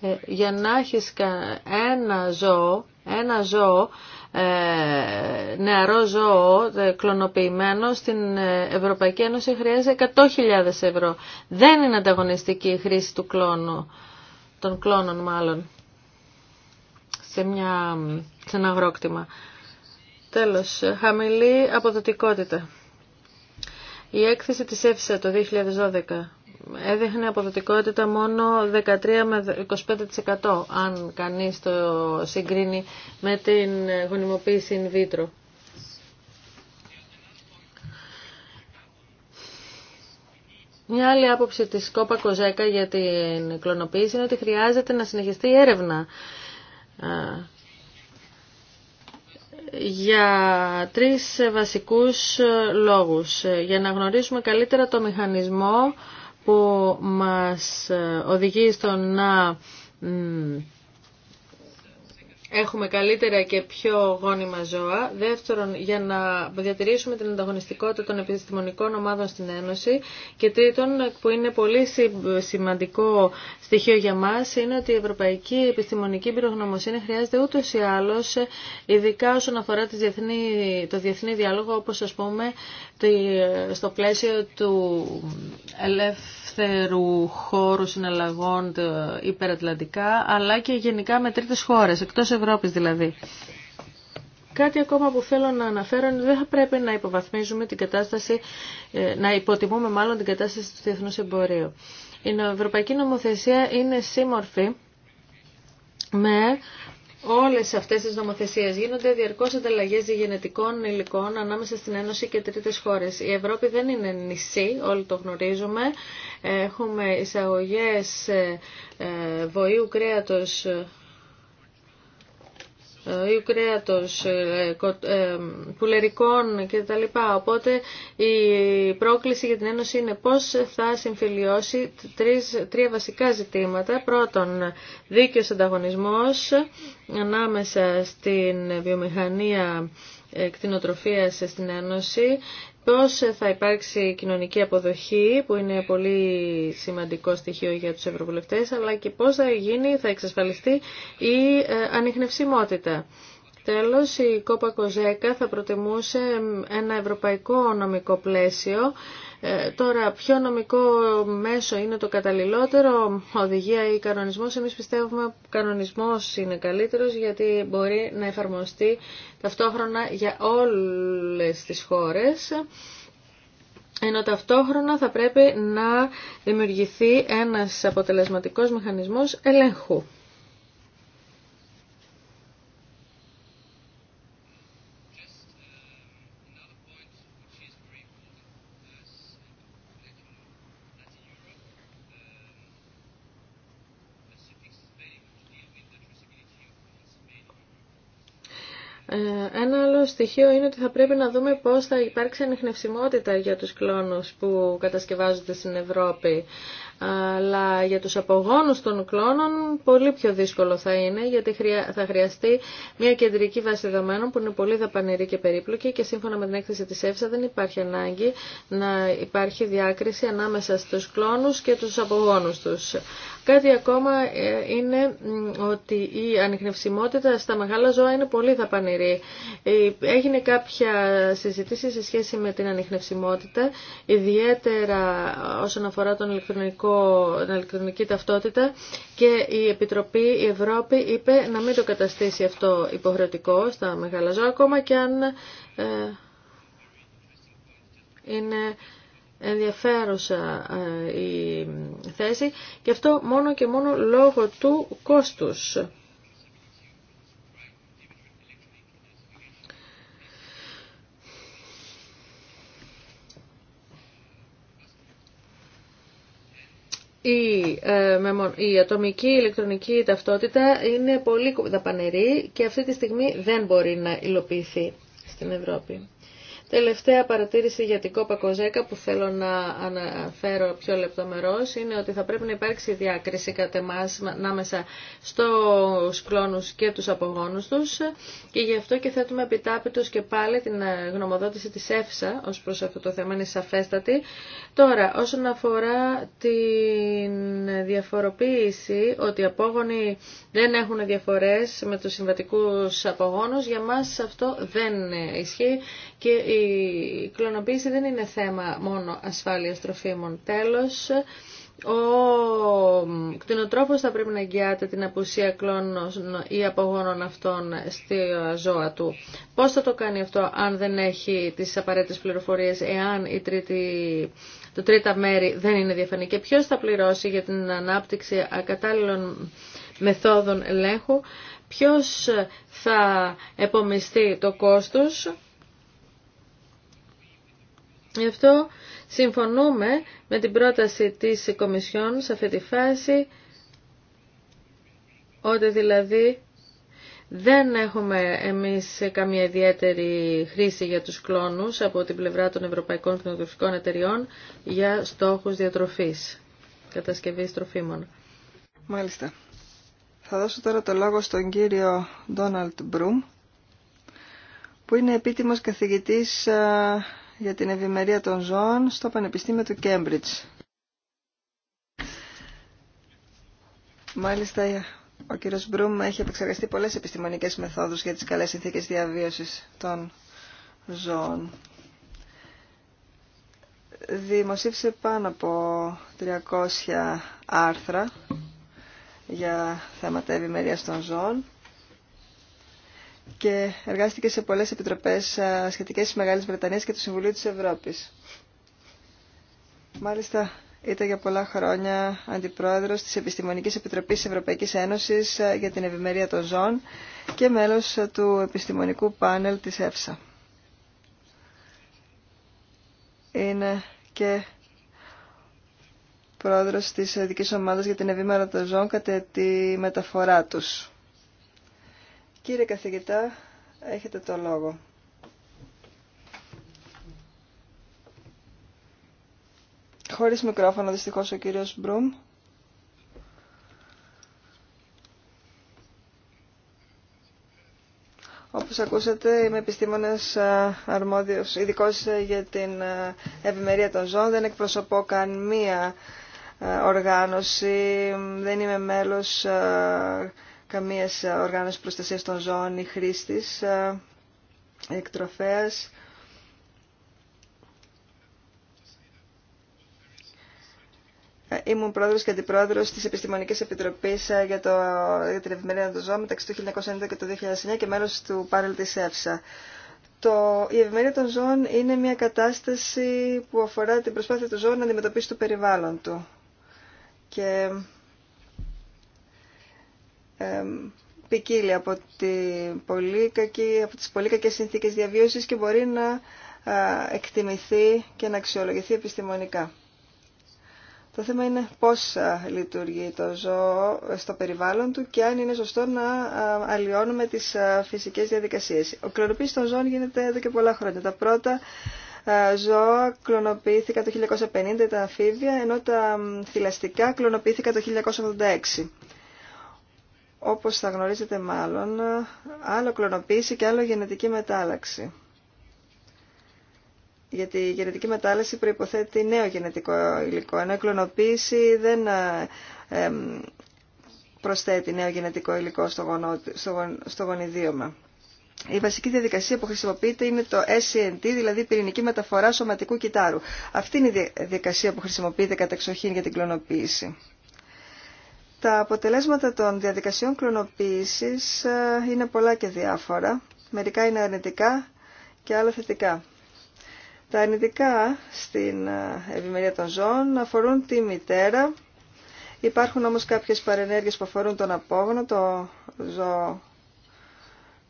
Ε, για να έχεις ένα ζώο, ένα ζώο, ε, νεαρό ζώο ε, κλωνοποιημένο στην ε, Ευρωπαϊκή Ένωση χρειάζεται 100.000 ευρώ. Δεν είναι ανταγωνιστική η χρήση του κλώνου, των κλώνων μάλλον, σε, μια, σε ένα αγρόκτημα. Τέλος, χαμηλή αποδοτικότητα. Η έκθεση της ΕΦΣΑ το 2012 έδειχνε αποδοτικότητα μόνο 13 με 25% αν κανείς το συγκρίνει με την γονιμοποίηση in vitro. Μια άλλη άποψη της Κόπα Κοζέκα για την κλωνοποίηση είναι ότι χρειάζεται να συνεχιστεί η έρευνα για τρεις βασικούς λόγους. Για να γνωρίσουμε καλύτερα το μηχανισμό που μας οδηγεί στο να έχουμε καλύτερα και πιο γόνιμα ζώα. Δεύτερον, για να διατηρήσουμε την ανταγωνιστικότητα των επιστημονικών ομάδων στην Ένωση. Και τρίτον, που είναι πολύ σημαντικό στοιχείο για μας, είναι ότι η ευρωπαϊκή επιστημονική πυρογνωμοσύνη χρειάζεται ούτως ή άλλως, ειδικά όσον αφορά διεθνή, το διεθνή διάλογο, όπως ας πούμε στο πλαίσιο του ελεύθερου χώρου συναλλαγών υπερατλαντικά, αλλά και γενικά με τρίτες χώρες, εκτός Ευρώπης δηλαδή. Κάτι ακόμα που θέλω να αναφέρω είναι ότι δεν θα πρέπει να υποβαθμίζουμε την κατάσταση, ε, να υποτιμούμε μάλλον την κατάσταση του διεθνού εμπορίου. Η ευρωπαϊκή νομοθεσία είναι σύμμορφη με όλες αυτές τις νομοθεσίες. Γίνονται διαρκώς ανταλλαγές γενετικών υλικών ανάμεσα στην Ένωση και τρίτες χώρες. Η Ευρώπη δεν είναι νησί, όλοι το γνωρίζουμε. Έχουμε εισαγωγές ε, ε, βοήου κρέατος ή κρέατος, ε, ε, πουλερικών κτλ. Οπότε η πρόκληση για την Ένωση είναι πώς θα συμφιλιώσει τρεις, τρία βασικά ζητήματα. Πρώτον, δίκαιος ανταγωνισμός ανάμεσα στην βιομηχανία ε, κτηνοτροφίας στην Ένωση, πώς ε, θα υπάρξει κοινωνική αποδοχή που είναι πολύ σημαντικό στοιχείο για τους ευρωβουλευτές αλλά και πώς θα γίνει, θα εξασφαλιστεί η ε, ανιχνευσιμότητα. Τέλος, η Κόπα Κοζέκα θα προτιμούσε ένα ευρωπαϊκό νομικό πλαίσιο. Ε, τώρα, ποιο νομικό μέσο είναι το καταλληλότερο, οδηγία ή κανονισμός. Εμείς πιστεύουμε ότι κανονισμός είναι καλύτερος γιατί μπορεί να εφαρμοστεί ταυτόχρονα για όλες τις χώρες ενώ ταυτόχρονα θα πρέπει να δημιουργηθεί ένας αποτελεσματικός μηχανισμός ελέγχου. Ε, ένα άλλο στοιχείο είναι ότι θα πρέπει να δούμε πώς θα υπάρξει ανιχνευσιμότητα για τους κλόνους που κατασκευάζονται στην Ευρώπη. Αλλά για τους απογόνους των κλόνων πολύ πιο δύσκολο θα είναι, γιατί θα χρειαστεί μια κεντρική βάση δεδομένων που είναι πολύ δαπανηρή και περίπλοκη και σύμφωνα με την έκθεση της ΕΦΣΑ δεν υπάρχει ανάγκη να υπάρχει διάκριση ανάμεσα στους κλόνους και τους απογόνους τους. Κάτι ακόμα ε, είναι ότι η ανιχνευσιμότητα στα μεγάλα ζώα είναι πολύ δαπανηρή. Ε, έγινε κάποια συζήτηση σε σχέση με την ανιχνευσιμότητα, ιδιαίτερα όσον αφορά τον ηλεκτρονικό, την ηλεκτρονική ταυτότητα και η Επιτροπή, η Ευρώπη είπε να μην το καταστήσει αυτό υποχρεωτικό στα μεγάλα ζώα, ακόμα και αν ε, είναι ενδιαφέρουσα ε, η θέση και αυτό μόνο και μόνο λόγω του κόστους. Η, ε, η ατομική ηλεκτρονική ταυτότητα είναι πολύ δαπανερή και αυτή τη στιγμή δεν μπορεί να υλοποιηθεί στην Ευρώπη. Τελευταία παρατήρηση για την κόπα Κοζέκα που θέλω να αναφέρω πιο λεπτομερώς είναι ότι θα πρέπει να υπάρξει διάκριση κατά εμάς ανάμεσα στους κλόνους και τους απογόνους τους και γι' αυτό και θέτουμε επιτάπητος και πάλι την γνωμοδότηση της ΕΦΣΑ ως προς αυτό το θέμα είναι σαφέστατη. Τώρα όσον αφορά την διαφοροποίηση ότι οι απόγονοι δεν έχουν διαφορές με τους συμβατικούς απογόνους για μας αυτό δεν ισχύει και η κλωνοποίηση δεν είναι θέμα μόνο ασφάλειας τροφίμων. Τέλος, ο κτηνοτρόφος θα πρέπει να εγγυάται την απουσία κλώνων ή απογόνων αυτών στη ζώα του. Πώς θα το κάνει αυτό αν δεν έχει τις απαραίτητες πληροφορίες, εάν η τρίτη, το τρίτα μέρη δεν είναι διαφανή και ποιος θα πληρώσει για την ανάπτυξη ακατάλληλων μεθόδων ελέγχου, ποιος θα επομιστεί το κόστος Γι' αυτό συμφωνούμε με την πρόταση της Κομισιόν σε αυτή τη φάση, ότι δηλαδή δεν έχουμε εμείς καμία ιδιαίτερη χρήση για τους κλόνους από την πλευρά των Ευρωπαϊκών Κοινοτροφικών Εταιριών για στόχους διατροφής,
κατασκευής τροφίμων. Μάλιστα. Θα δώσω τώρα το λόγο στον κύριο Ντόναλτ Μπρουμ, που είναι επίτιμος καθηγητής για την ευημερία των ζώων στο Πανεπιστήμιο του Κέμπριτζ. Μάλιστα, ο κύριος Μπρούμ έχει επεξεργαστεί πολλές επιστημονικές μεθόδους για τις καλές συνθήκες διαβίωσης των ζώων. Δημοσίευσε πάνω από 300 άρθρα για θέματα ευημερίας των ζώων και εργάστηκε σε πολλές επιτροπές σχετικές της Μεγάλης Βρετανίας και του Συμβουλίου της Ευρώπης. Μάλιστα ήταν για πολλά χρόνια αντιπρόεδρος της Επιστημονικής Επιτροπής Ευρωπαϊκής Ένωσης για την Ευημερία των Ζών και μέλος του επιστημονικού πάνελ της ΕΦΣΑ. Είναι και πρόεδρος της Ειδικής Ομάδας για την Ευημερία των Ζών κατά τη μεταφορά τους. Κύριε καθηγητά, έχετε το λόγο. Χωρίς μικρόφωνο δυστυχώς ο κύριος Μπρουμ. Όπως ακούσατε είμαι επιστήμονας αρμόδιος, ειδικός ε, για την ευημερία των ζώων. Δεν εκπροσωπώ καν μία οργάνωση, δεν είμαι μέλος καμίας οργάνωσης προστασίας των ζώων ή χρήστης ε, εκτροφέας. Ε, ήμουν πρόεδρος και αντιπρόεδρος της Επιστημονικής Επιτροπής ε, για, για την Ευημερία των Ζώων μεταξύ του 1990 και του 2009 και μέλος του Πάρελ της ΕΦΣΑ. Το, η ευημερία των ζώων είναι μια κατάσταση που αφορά την προσπάθεια του ζώου να αντιμετωπίσει το περιβάλλον του. Και ποικίλει από, τι πολύ κακή, από τις πολύ κακές συνθήκες διαβίωσης και μπορεί να εκτιμηθεί και να αξιολογηθεί επιστημονικά. Το θέμα είναι πώς λειτουργεί το ζώο ε, στο περιβάλλον του και αν είναι σωστό να αλλοιώνουμε τις φυσικές διαδικασίες. Ο κλωνοποίηση των ζώων γίνεται εδώ και πολλά χρόνια. Τα πρώτα ζώα κλωνοποιήθηκαν το 1950, τα αμφίβια, ενώ τα θηλαστικά κλωνοποιήθηκαν το 1986 όπως θα γνωρίζετε μάλλον, άλλο κλωνοποίηση και άλλο γενετική μετάλλαξη. Γιατί η γενετική μετάλλαξη προϋποθέτει νέο γενετικό υλικό, ενώ η κλωνοποίηση δεν ε, προσθέτει νέο γενετικό υλικό στο, γονό, στο γονιδίωμα. Η βασική διαδικασία που χρησιμοποιείται είναι το SCNT, δηλαδή πυρηνική μεταφορά σωματικού κυτάρου. Αυτή είναι η διαδικασία που χρησιμοποιείται κατά εξοχήν για την κλωνοποίηση. Τα αποτελέσματα των διαδικασιών κλωνοποίησης ε, είναι πολλά και διάφορα. Μερικά είναι αρνητικά και άλλα θετικά. Τα αρνητικά στην ε, ευημερία των ζώων αφορούν τη μητέρα. Υπάρχουν όμως κάποιες παρενέργειες που αφορούν τον απόγνο, το ζώο.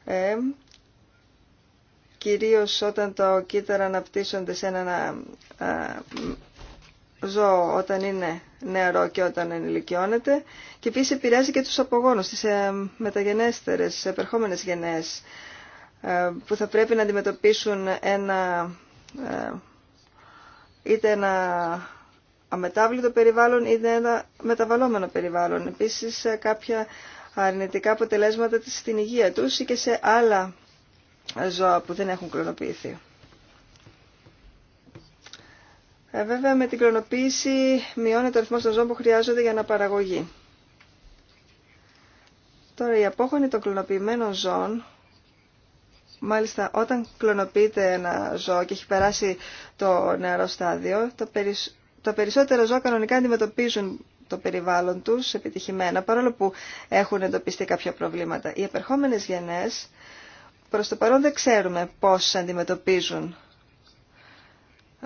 Ε, κυρίως όταν το κύτταρα αναπτύσσονται σε ένα ε, ζώο όταν είναι νεαρό και όταν ενηλικιώνεται και επίσης επηρεάζει και τους απογόνους, τις ε, μεταγενέστερες, επερχόμενες γενναίες ε, που θα πρέπει να αντιμετωπίσουν ένα ε, είτε ένα αμετάβλητο περιβάλλον είτε ένα μεταβαλλόμενο περιβάλλον. Επίσης κάποια αρνητικά αποτελέσματα στην υγεία τους ή και σε άλλα ζώα που δεν έχουν κλωνοποιηθεί. Ε, βέβαια με την κλωνοποίηση μειώνεται ο αριθμός των ζώων που χρειάζονται για αναπαραγωγή. Τώρα η απόχωνη των κλωνοποιημένων ζώων, μάλιστα όταν κλωνοποιείται ένα ζώο και έχει περάσει το νεαρό στάδιο, το περισσότερα ζώα κανονικά αντιμετωπίζουν το περιβάλλον τους επιτυχημένα, παρόλο που έχουν εντοπιστεί κάποια προβλήματα. Οι επερχόμενες γενές προς το παρόν δεν ξέρουμε πώς αντιμετωπίζουν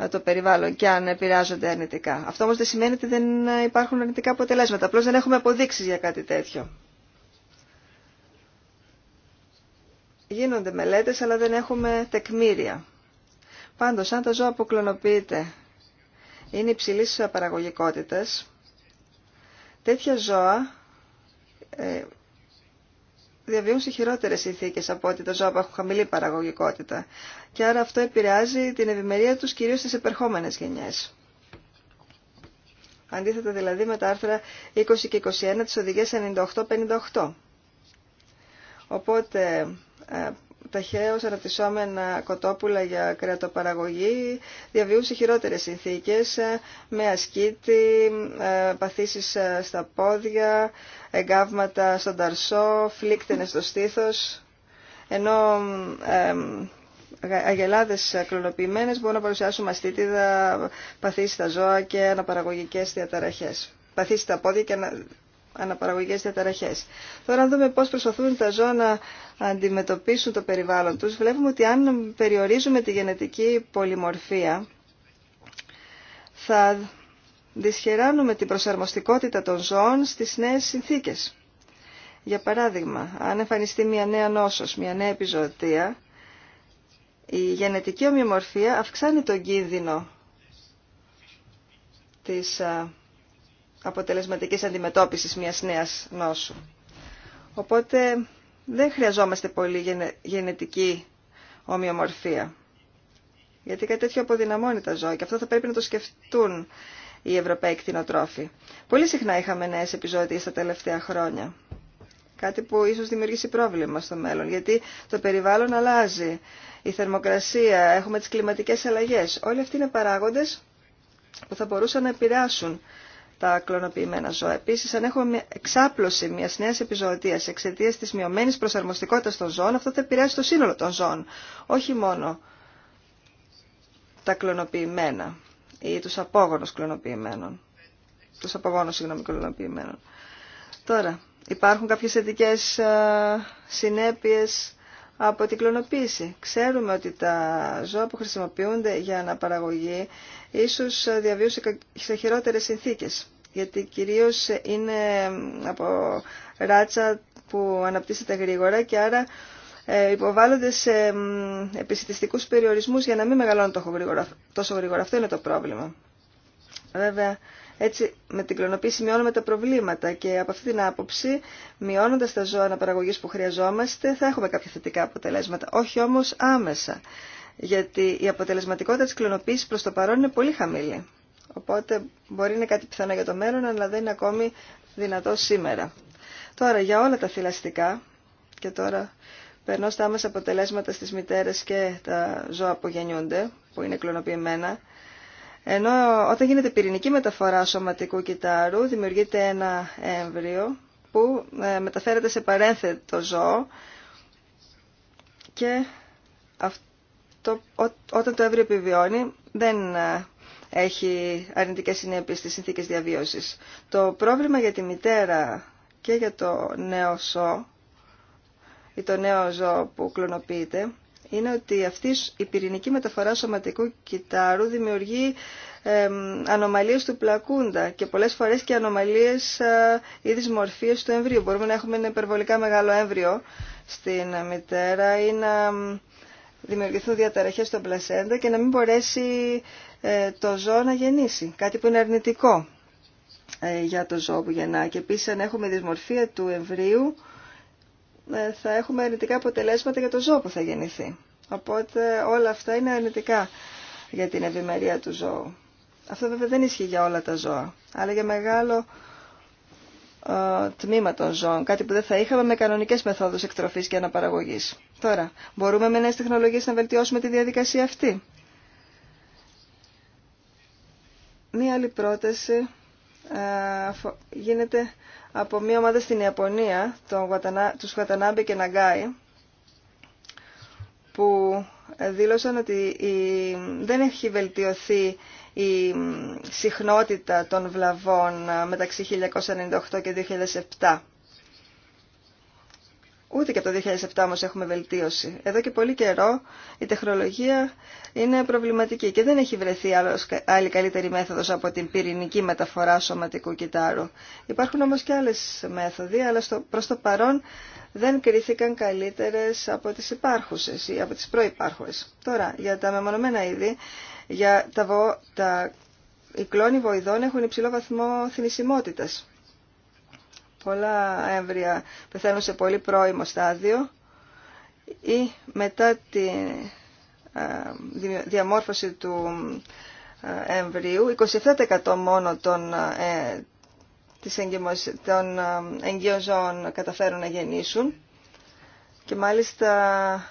ε, το περιβάλλον και αν επηρεάζονται αρνητικά. Αυτό όμως δεν σημαίνει ότι δεν υπάρχουν αρνητικά αποτελέσματα. Απλώς δεν έχουμε αποδείξεις για κάτι τέτοιο. Γίνονται μελέτες αλλά δεν έχουμε τεκμήρια. Πάντως, αν τα ζώα κλωνοποιείται είναι υψηλή παραγωγικότητα, τέτοια ζώα ε, διαβιούν σε χειρότερε συνθήκε από ότι τα ζώα που έχουν χαμηλή παραγωγικότητα. Και άρα αυτό επηρεάζει την ευημερία του κυρίω στι επερχόμενε γενιέ. Αντίθετα δηλαδή με τα άρθρα 20 και 21 τη οδηγια 98 98-58. Οπότε ε, ταχαίως αναπτυσσόμενα κοτόπουλα για κρεατοπαραγωγή διαβιούσε χειρότερες συνθήκες ε, με ασκήτη, ε, παθήσεις ε, στα πόδια, εγκάβματα στον ταρσό, φλίκτενες στο στήθος, ενώ αγελάδες κλωνοποιημένες μπορούν να παρουσιάσουν μαστίτιδα, παθήσεις στα ζώα και αναπαραγωγικές διαταραχές. Παθήσεις στα πόδια και Αναπαραγωγικέ διαταραχέ. Τώρα, αν δούμε πώς προσπαθούν τα ζώα να αντιμετωπίσουν το περιβάλλον τους, βλέπουμε ότι αν περιορίζουμε τη γενετική πολυμορφία, θα δυσχεράνουμε την προσαρμοστικότητα των ζώων στις νέες συνθήκες. Για παράδειγμα, αν εμφανιστεί μια νέα νόσος, μια νέα επιζωτία, η γενετική ομοιομορφία αυξάνει τον κίνδυνο της αποτελεσματικής αντιμετώπισης μιας νέας νόσου. Οπότε δεν χρειαζόμαστε πολύ γενετική ομοιομορφία. Γιατί κάτι τέτοιο αποδυναμώνει τα ζώα και αυτό θα πρέπει να το σκεφτούν οι Ευρωπαίοι κτηνοτρόφοι. Πολύ συχνά είχαμε νέε επιζώτιες τα τελευταία χρόνια. Κάτι που ίσως δημιουργήσει πρόβλημα στο μέλλον, γιατί το περιβάλλον αλλάζει, η θερμοκρασία, έχουμε τις κλιματικές αλλαγές. Όλοι αυτοί είναι παράγοντες που θα μπορούσαν να επηρεάσουν τα κλωνοποιημένα ζώα. Επίση, αν έχουμε εξάπλωση μια νέα επιζωοτία εξαιτία τη μειωμένη προσαρμοστικότητα των ζώων, αυτό θα επηρεάσει το σύνολο των ζώων. Όχι μόνο τα κλωνοποιημένα ή του απόγονου κλωνοποιημένων. Του απογόνου, συγγνώμη, κλωνοποιημένων. Τώρα, υπάρχουν κάποιε θετικέ ε, συνέπειε από την κλωνοποίηση. Ξέρουμε ότι τα ζώα που χρησιμοποιούνται για αναπαραγωγή ίσως διαβίωσε σε χειρότερες συνθήκες, γιατί κυρίως είναι από ράτσα που αναπτύσσεται γρήγορα και άρα ε, υποβάλλονται σε επισητιστικούς περιορισμούς για να μην μεγαλώνουν τόσο γρήγορα. Αυτό είναι το πρόβλημα. Βέβαια, έτσι με την κλωνοποίηση μειώνουμε τα προβλήματα και από αυτή την άποψη μειώνοντα τα ζώα αναπαραγωγής που χρειαζόμαστε θα έχουμε κάποια θετικά αποτελέσματα, όχι όμω άμεσα. Γιατί η αποτελεσματικότητα τη κλωνοποίηση προ το παρόν είναι πολύ χαμηλή. Οπότε μπορεί να είναι κάτι πιθανό για το μέλλον, αλλά δεν είναι ακόμη δυνατό σήμερα. Τώρα για όλα τα θηλαστικά και τώρα περνώ στα άμεσα αποτελέσματα στις μητέρες και τα ζώα που γεννιούνται, που είναι κλωνοποιημένα, ενώ όταν γίνεται πυρηνική μεταφορά σωματικού κυτάρου, δημιουργείται ένα έμβριο που ε, μεταφέρεται σε παρένθετο ζώο και αυτό, όταν το έμβριο επιβιώνει δεν ε, έχει αρνητικές συνέπειες στις συνθήκες διαβίωσης. Το πρόβλημα για τη μητέρα και για το νέο ζώο ή το νέο ζώο που κλωνοποιείται είναι ότι αυτή η πυρηνική μεταφορά σωματικού κυτάρου δημιουργεί ανομαλίες του πλακούντα και πολλές φορές και ανομαλίες ή ε, δυσμορφίες του εμβρίου. Μπορούμε να έχουμε ένα υπερβολικά μεγάλο έμβριο στην μητέρα ή να δημιουργηθούν διαταραχές στον πλασέντα και να μην μπορέσει ε, το ζώο να γεννήσει. Κάτι που είναι αρνητικό ε, για το ζώο που γεννά. Και επίσης αν έχουμε δυσμορφία του εμβρίου ε, θα έχουμε αρνητικά αποτελέσματα για το ζώο που θα γεννηθεί. Οπότε όλα αυτά είναι αρνητικά για την ευημερία του ζώου. Αυτό βέβαια δεν ισχύει για όλα τα ζώα, αλλά για μεγάλο ε, τμήμα των ζώων, κάτι που δεν θα είχαμε με κανονικές μεθόδους εκτροφής και αναπαραγωγής. Τώρα, μπορούμε με νέες τεχνολογίες να βελτιώσουμε τη διαδικασία αυτή. Μία άλλη πρόταση γίνεται από μια ομάδα στην Ιαπωνία, τους Βατανάμπη και Ναγκάι, που δήλωσαν ότι δεν έχει βελτιωθεί η συχνότητα των βλαβών ε, μεταξύ 1998 και 2007. Ούτε και από το 2007 όμως έχουμε βελτίωση. Εδώ και πολύ καιρό η τεχνολογία είναι προβληματική και δεν έχει βρεθεί άλλη καλύτερη μέθοδος από την πυρηνική μεταφορά σωματικού κιτάρου. Υπάρχουν όμως και άλλες μέθοδοι, αλλά στο, προς το παρόν δεν κρίθηκαν καλύτερες από τις υπάρχουσες ή από τις προϋπάρχουσες. Τώρα, για τα μεμονωμένα είδη, για τα, βο, τα, οι κλόνοι βοηδών έχουν υψηλό βαθμό θνησιμότητας πολλά έμβρια πεθαίνουν σε πολύ πρώιμο στάδιο ή μετά τη ε, διαμόρφωση του ε, εμβρίου, 27% μόνο των, ε, των ε, εγγύων ζώων καταφέρουν να γεννήσουν και μάλιστα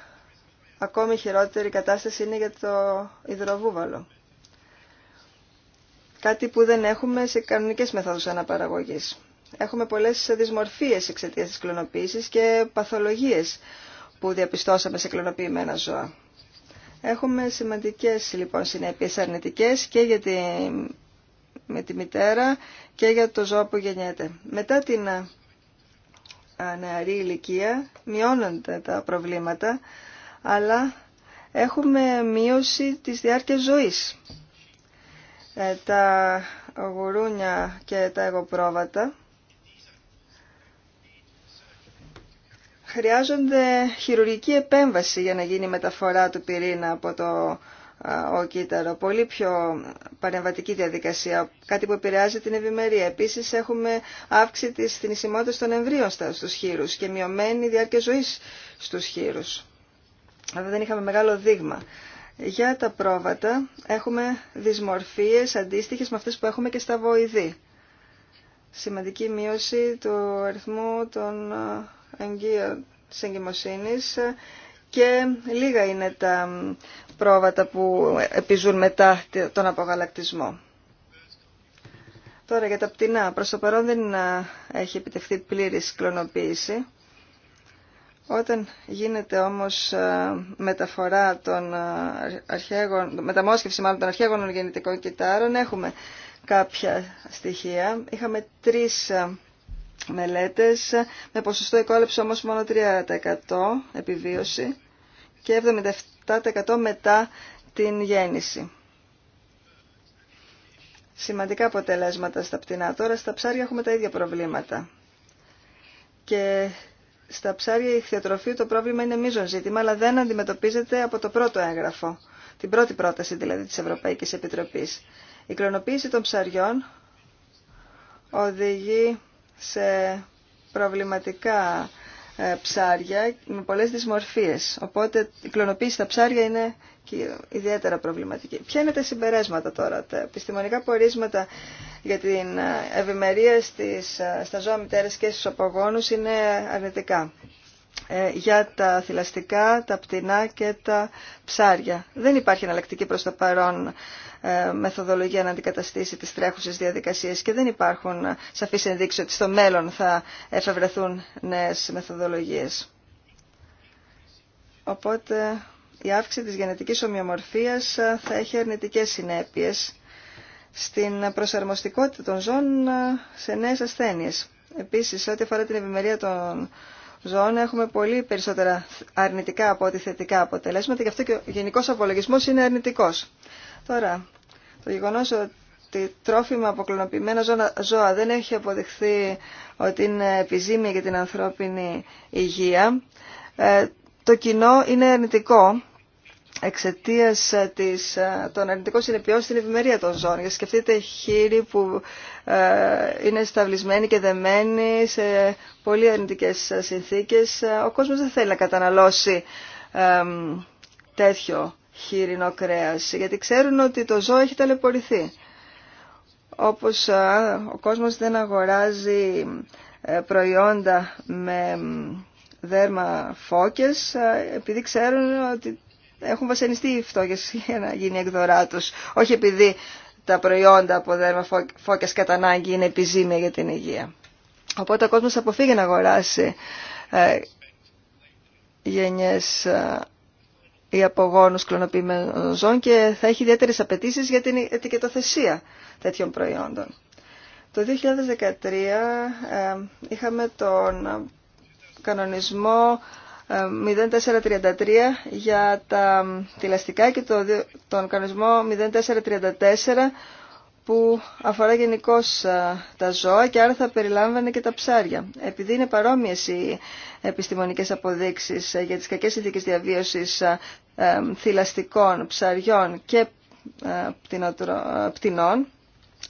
ακόμη χειρότερη κατάσταση είναι για το υδροβούβαλο. Κάτι που δεν έχουμε σε κανονικές μεθόδους αναπαραγωγής έχουμε πολλές δυσμορφίες εξαιτία της κλωνοποίησης και παθολογίες που διαπιστώσαμε σε κλωνοποιημένα ζώα. Έχουμε σημαντικές λοιπόν συνέπειες αρνητικές και με τη μητέρα και για το ζώο που γεννιέται. Μετά την νεαρή ηλικία μειώνονται τα προβλήματα, αλλά έχουμε μείωση της διάρκειας ζωής. Ε, τα γουρούνια και τα εγωπρόβατα χρειάζονται χειρουργική επέμβαση για να γίνει η μεταφορά του πυρήνα από το ο κύτταρο. Πολύ πιο παρεμβατική διαδικασία, κάτι που επηρεάζει την ευημερία. Επίσης έχουμε αύξηση της θνησιμότητας των εμβρίων στους χείρους και μειωμένη διάρκεια ζωής στους χείρους. Αλλά δεν είχαμε μεγάλο δείγμα. Για τα πρόβατα έχουμε δυσμορφίες αντίστοιχες με αυτές που έχουμε και στα βοηδή. Σημαντική μείωση του αριθμού των αγγεία της εγκυμοσύνης και λίγα είναι τα πρόβατα που επιζούν μετά τον απογαλακτισμό. Τώρα για τα πτηνά. Προς το παρόν δεν έχει επιτευχθεί πλήρης κλωνοποίηση. Όταν γίνεται όμως ε, μεταφορά των ε, αρχαίων μεταμόσχευση μάλλον των αρχαίων γεννητικών κυτάρων, έχουμε κάποια στοιχεία. Είχαμε τρεις ε, μελέτες με ποσοστό εκόλεψη όμως μόνο 3% επιβίωση και 77% μετά την γέννηση. Σημαντικά αποτελέσματα στα πτηνά. Τώρα στα ψάρια έχουμε τα ίδια προβλήματα. Και στα ψάρια η χθιοτροφή το πρόβλημα είναι μείζον ζήτημα, αλλά δεν αντιμετωπίζεται από το πρώτο έγγραφο, την πρώτη πρόταση δηλαδή της Ευρωπαϊκής Επιτροπής. Η κλωνοποίηση των ψαριών οδηγεί σε προβληματικά ε, ψάρια με πολλές δυσμορφίες. Οπότε η κλωνοποίηση στα ψάρια είναι και ιδιαίτερα προβληματική. Ποια είναι τα συμπεράσματα τώρα, τα επιστημονικά πορίσματα για την ε, ευημερία στις, ε, στα ζώα μητέρες και στους απογόνους είναι αρνητικά. Ε, για τα θηλαστικά, τα πτηνά και τα ψάρια. Δεν υπάρχει εναλλακτική προς το παρόν ε, μεθοδολογία να αντικαταστήσει τις τρέχουσες διαδικασίες και δεν υπάρχουν σαφείς ενδείξεις ότι στο μέλλον θα εφευρεθούν νέες μεθοδολογίες. Οπότε η αύξηση της γενετικής ομοιομορφίας θα έχει αρνητικές συνέπειες στην προσαρμοστικότητα των ζώων σε νέες ασθένειες. Επίσης, ό,τι αφορά την ευημερία των ζώων έχουμε πολύ περισσότερα αρνητικά από ό,τι θετικά αποτελέσματα και αυτό και ο γενικός απολογισμός είναι αρνητικός. Τώρα, το γεγονό ότι τρόφιμα από ζώα δεν έχει αποδειχθεί ότι είναι επιζήμια για την ανθρώπινη υγεία, ε, το κοινό είναι αρνητικό εξαιτία ε, ε, των αρνητικών συνεπειών στην ευημερία των ζώων. Για σκεφτείτε χείρι που ε, είναι σταυλισμένοι και δεμένοι σε πολύ αρνητικέ συνθήκε. Ο κόσμο δεν θέλει να καταναλώσει τέτοιο χείρινο κρέα, γιατί ξέρουν ότι το ζώο έχει ταλαιπωρηθεί. Όπως ο κόσμος δεν αγοράζει προϊόντα με δέρμα φώκες επειδή ξέρουν ότι έχουν βασανιστεί οι φτώχε για να γίνει εκδορά του, Όχι επειδή τα προϊόντα από δέρμα φώκιας κατά ανάγκη είναι επιζήμια για την υγεία. Οπότε ο κόσμος αποφύγει να αγοράσει ε, γενιές ε, ή απογόνους κλωνοποιημένων ζώων και θα έχει ιδιαίτερε απαιτήσει για την ετικετοθεσία τέτοιων προϊόντων. Το 2013 ε, είχαμε τον κανονισμό 0433 για τα τηλαστικά και το, τον κανονισμό 0434 που αφορά γενικώ τα ζώα και άρα θα περιλάμβανε και τα ψάρια. Επειδή είναι παρόμοιε οι επιστημονικέ αποδείξει ε, για τι κακέ συνθήκε διαβίωση ε, θηλαστικών ψαριών και ε, πτηνών,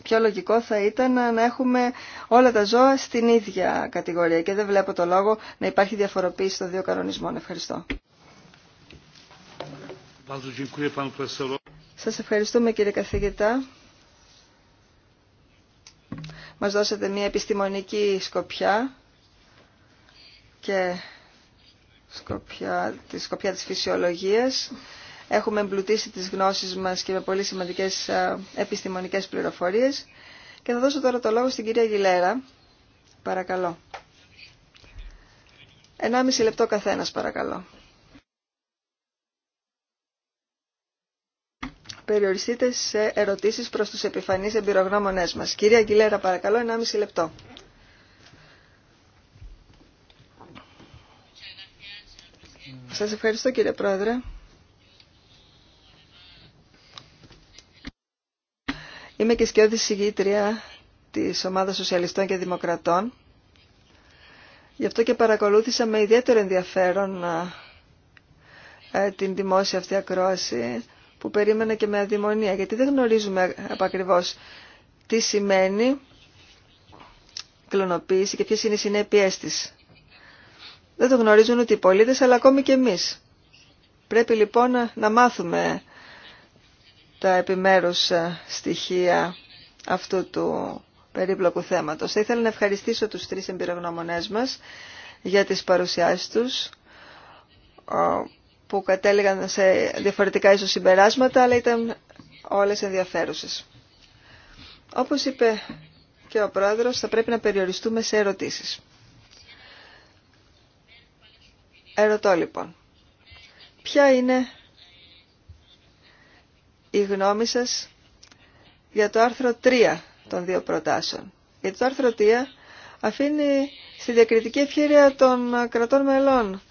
πιο λογικό θα ήταν να έχουμε όλα τα ζώα στην ίδια κατηγορία και δεν βλέπω το λόγο να υπάρχει διαφοροποίηση των δύο κανονισμών. Ευχαριστώ. Σας ευχαριστούμε κύριε καθηγητά. Μας δώσατε μια επιστημονική σκοπιά και σκοπιά, τη σκοπιά της φυσιολογίας έχουμε εμπλουτίσει τις γνώσεις μας και με πολύ σημαντικές επιστημονικές πληροφορίες. Και θα δώσω τώρα το λόγο στην κυρία Γιλέρα. Παρακαλώ. 1,5 λεπτό καθένας παρακαλώ. Περιοριστείτε σε ερωτήσεις προς τους επιφανείς εμπειρογνώμονές μας. Κυρία Γιλέρα, παρακαλώ 1,5 λεπτό. Σας ευχαριστώ κύριε Πρόεδρε. Είμαι και σκιώδη συγγήτρια της ομάδας Σοσιαλιστών και Δημοκρατών. Γι' αυτό και παρακολούθησα με ιδιαίτερο ενδιαφέρον ε, την δημόσια αυτή ακρόαση που περίμενα και με αδημονία, γιατί δεν γνωρίζουμε ακριβώς τι σημαίνει κλωνοποίηση και ποιες είναι οι συνέπειές της. Δεν το γνωρίζουν ούτε οι πολίτες, αλλά ακόμη και εμείς. Πρέπει λοιπόν να μάθουμε τα επιμέρους ε, στοιχεία αυτού του περίπλοκου θέματος. Θα ήθελα να ευχαριστήσω τους τρεις εμπειρογνώμονές μας για τις παρουσιάσεις τους που κατέληγαν σε διαφορετικά ίσως συμπεράσματα αλλά ήταν όλες ενδιαφέρουσες. Όπως είπε και ο Πρόεδρος θα πρέπει να περιοριστούμε σε ερωτήσεις. Ερωτώ λοιπόν, ποια είναι η γνώμη σας για το άρθρο 3 των δύο προτάσεων. Γιατί το άρθρο 3 αφήνει στη διακριτική ευχαίρεια των κρατών μελών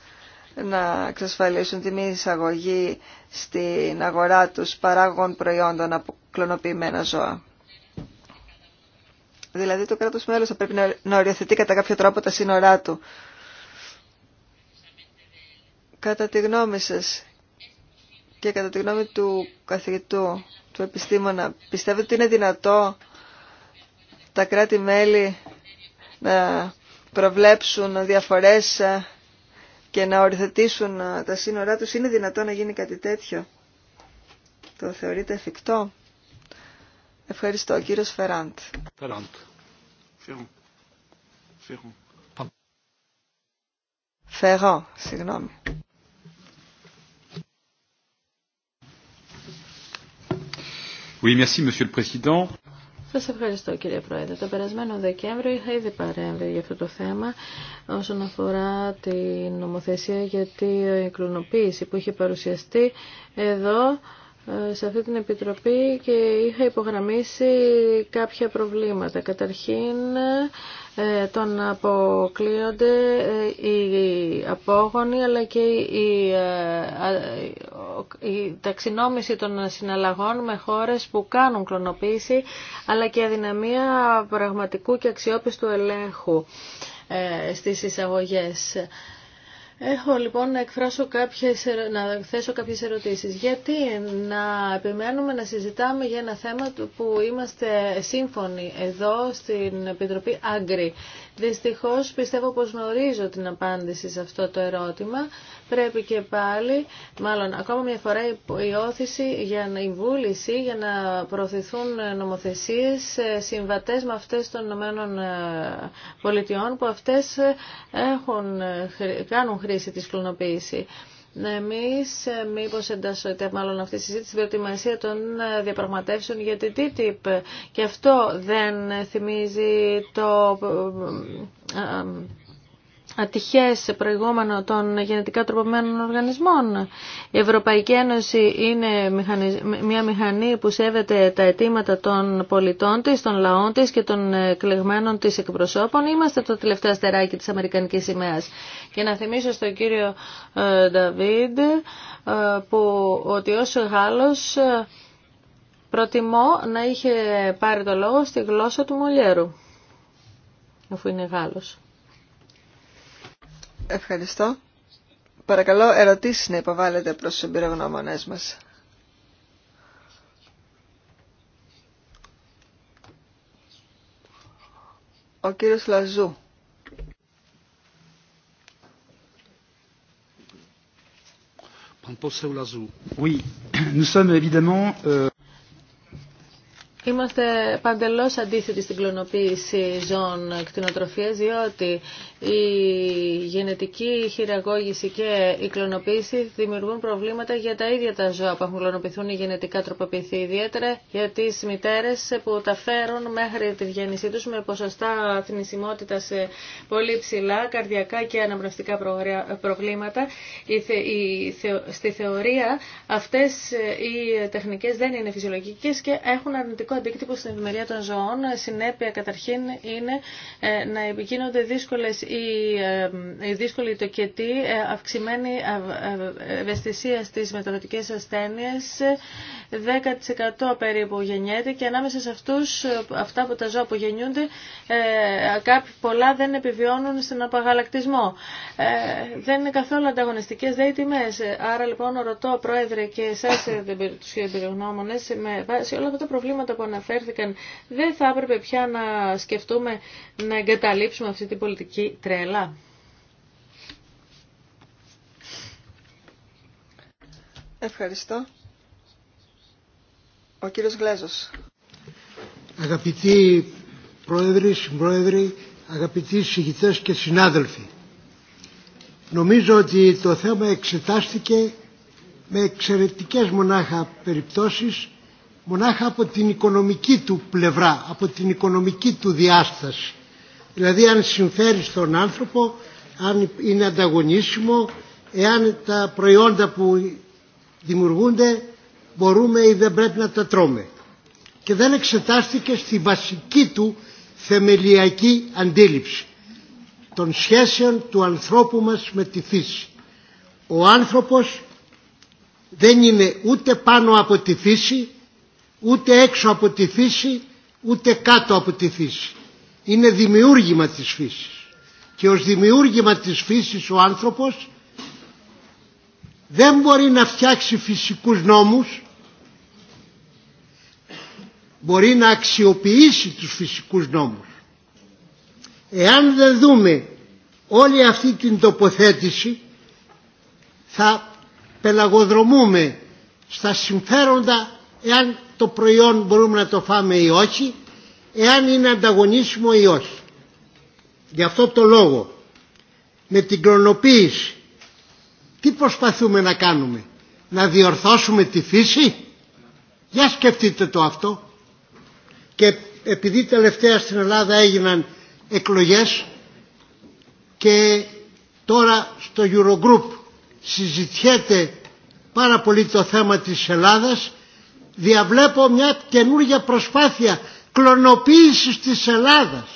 να εξασφαλίσουν τη μη εισαγωγή στην αγορά τους παράγων προϊόντων από κλωνοποιημένα ζώα. Δηλαδή το κράτος μέλος θα πρέπει να οριοθετεί κατά κάποιο τρόπο τα σύνορά του. Κατά τη γνώμη σας, και κατά τη γνώμη του καθηγητού, του επιστήμονα, πιστεύετε ότι είναι δυνατό τα κράτη-μέλη να προβλέψουν διαφορές και να οριθετήσουν τα σύνορά τους. Είναι δυνατό να γίνει κάτι τέτοιο. Το θεωρείτε εφικτό. Ευχαριστώ. Κύριος Φεράντ. Φεράντ. Φερό, συγγνώμη.
Σα
ευχαριστώ κύριε Πρόεδρε. Το περασμένο Δεκέμβριο είχα ήδη παρέμβει για αυτό το θέμα όσον αφορά την νομοθεσία για την κλωνοποίηση που είχε παρουσιαστεί εδώ ε, σε αυτή την Επιτροπή και είχα υπογραμμίσει κάποια προβλήματα. Καταρχήν ε, τον αποκλείονται ε, οι απόγονοι αλλά και οι η ταξινόμηση των συναλλαγών με χώρες που κάνουν κλωνοποίηση, αλλά και αδυναμία πραγματικού και αξιόπιστου ελέγχου ε, στις εισαγωγές. Έχω λοιπόν να, εκφράσω κάποιες, να θέσω κάποιες ερωτήσεις. Γιατί να επιμένουμε να συζητάμε για ένα θέμα που είμαστε σύμφωνοι εδώ στην Επιτροπή Άγκρη. Δυστυχώς πιστεύω πως γνωρίζω την απάντηση σε αυτό το ερώτημα πρέπει και πάλι, μάλλον ακόμα μια φορά η όθηση για η βούληση για να προωθηθούν νομοθεσίες ε, συμβατές με αυτές των Ηνωμένων ε, Πολιτειών που αυτές ε, έχουν, κάνουν χρήση της κλωνοποίηση. Εμεί, μήπω εντάσσεται μάλλον αυτή η συζήτηση στην προετοιμασία των διαπραγματεύσεων για την TTIP. Και αυτό δεν θυμίζει το ατυχές προηγούμενο των γενετικά τροπομένων οργανισμών. Η Ευρωπαϊκή Ένωση είναι μια μηχανή που σέβεται τα αιτήματα των πολιτών της, των λαών της και των ε, κλεγμένων της εκπροσώπων. Είμαστε το τελευταίο αστεράκι της Αμερικανικής σημαίας. Και να θυμίσω στον κύριο ε, Νταβίντ ε, που ότι ως Γάλλος προτιμώ να είχε πάρει το λόγο στη γλώσσα του Μολιέρου,
αφού είναι Γάλλος. Ευχαριστώ. Παρακαλώ ερωτήσεις να υποβάλλετε προς τους εμπειρογνώμονές μας. Ο
κύριος Λαζού. Pan Λαζού. Oui, nous sommes évidemment... Euh,
Είμαστε παντελώ αντίθετοι στην κλωνοποίηση ζώων κτηνοτροφία, διότι η γενετική χειραγώγηση και η κλωνοποίηση δημιουργούν προβλήματα για τα ίδια τα ζώα που έχουν κλωνοποιηθούν ή γενετικά τροποποιηθεί, ιδιαίτερα για τι μητέρε που τα φέρουν μέχρι τη γέννησή του με ποσοστά σε πολύ ψηλά, καρδιακά και αναπνευστικά προβλήματα. Στη θεωρία αυτές οι τεχνικές δεν είναι φυσιολογικές και έχουν αρνητικό αντίκτυπο στην ευημερία των ζώων. Συνέπεια καταρχήν είναι ε, να γίνονται δύσκολες οι, ε, οι δύσκολοι τοκετοί, ε, αυξημένη ευαισθησία στις μεταδοτικές ασθένειες, 10% περίπου γεννιέται και ανάμεσα σε αυτούς, αυτά από τα ζώα που γεννιούνται, κάποιοι πολλά δεν επιβιώνουν στον απαγαλακτισμό. Δεν είναι καθόλου ανταγωνιστικές, δε οι τιμές. Άρα λοιπόν ρωτώ, Πρόεδρε, και εσάς τους με βάση όλα αυτά τα προβλήματα που αναφέρθηκαν, δεν θα έπρεπε πια να σκεφτούμε να εγκαταλείψουμε αυτή την πολιτική τρέλα.
Ευχαριστώ. Ο κύριος Γλέζος.
Αγαπητοί πρόεδροι, συμπρόεδροι, αγαπητοί συγητές και συνάδελφοι. Νομίζω ότι το θέμα εξετάστηκε με εξαιρετικές μονάχα περιπτώσεις μονάχα από την οικονομική του πλευρά, από την οικονομική του διάσταση. Δηλαδή αν συμφέρει στον άνθρωπο, αν είναι ανταγωνίσιμο, εάν τα προϊόντα που δημιουργούνται μπορούμε ή δεν πρέπει να τα τρώμε. Και δεν εξετάστηκε στη βασική του θεμελιακή αντίληψη των σχέσεων του ανθρώπου μας με τη φύση. Ο άνθρωπος δεν είναι ούτε πάνω από τη φύση ούτε έξω από τη φύση, ούτε κάτω από τη φύση. Είναι δημιούργημα της φύσης. Και ως δημιούργημα της φύσης ο άνθρωπος δεν μπορεί να φτιάξει φυσικούς νόμους, μπορεί να αξιοποιήσει τους φυσικούς νόμους. Εάν δεν δούμε όλη αυτή την τοποθέτηση θα πελαγοδρομούμε στα συμφέροντα εάν το προϊόν μπορούμε να το φάμε ή όχι, εάν είναι ανταγωνίσιμο ή όχι. Γι' αυτό το λόγο, με την κλωνοποίηση, τι προσπαθούμε να κάνουμε, να διορθώσουμε τη φύση, για σκεφτείτε το αυτό. Και επειδή τελευταία στην Ελλάδα έγιναν εκλογές και τώρα στο Eurogroup συζητιέται πάρα πολύ το θέμα της Ελλάδας διαβλέπω μια καινούργια προσπάθεια κλωνοποίησης της Ελλάδας.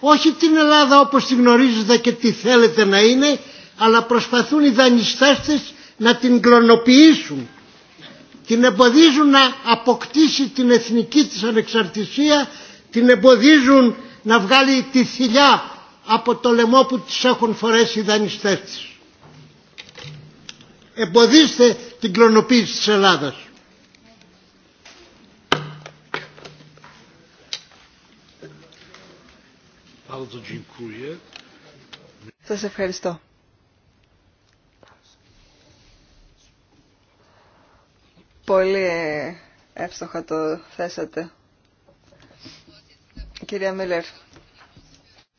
Όχι την Ελλάδα όπως τη γνωρίζετε και τι θέλετε να είναι, αλλά προσπαθούν οι δανειστές της να την κλωνοποιήσουν. Την εμποδίζουν να αποκτήσει την εθνική της ανεξαρτησία, την εμποδίζουν να βγάλει τη θηλιά από το λαιμό που τις έχουν φορέσει οι δανειστές της. Εμποδιστε την κλωνοποίηση της Ελλάδας.
Σας ευχαριστώ. Πολύ εύστοχα το θέσατε. Κυρία Μιλερ.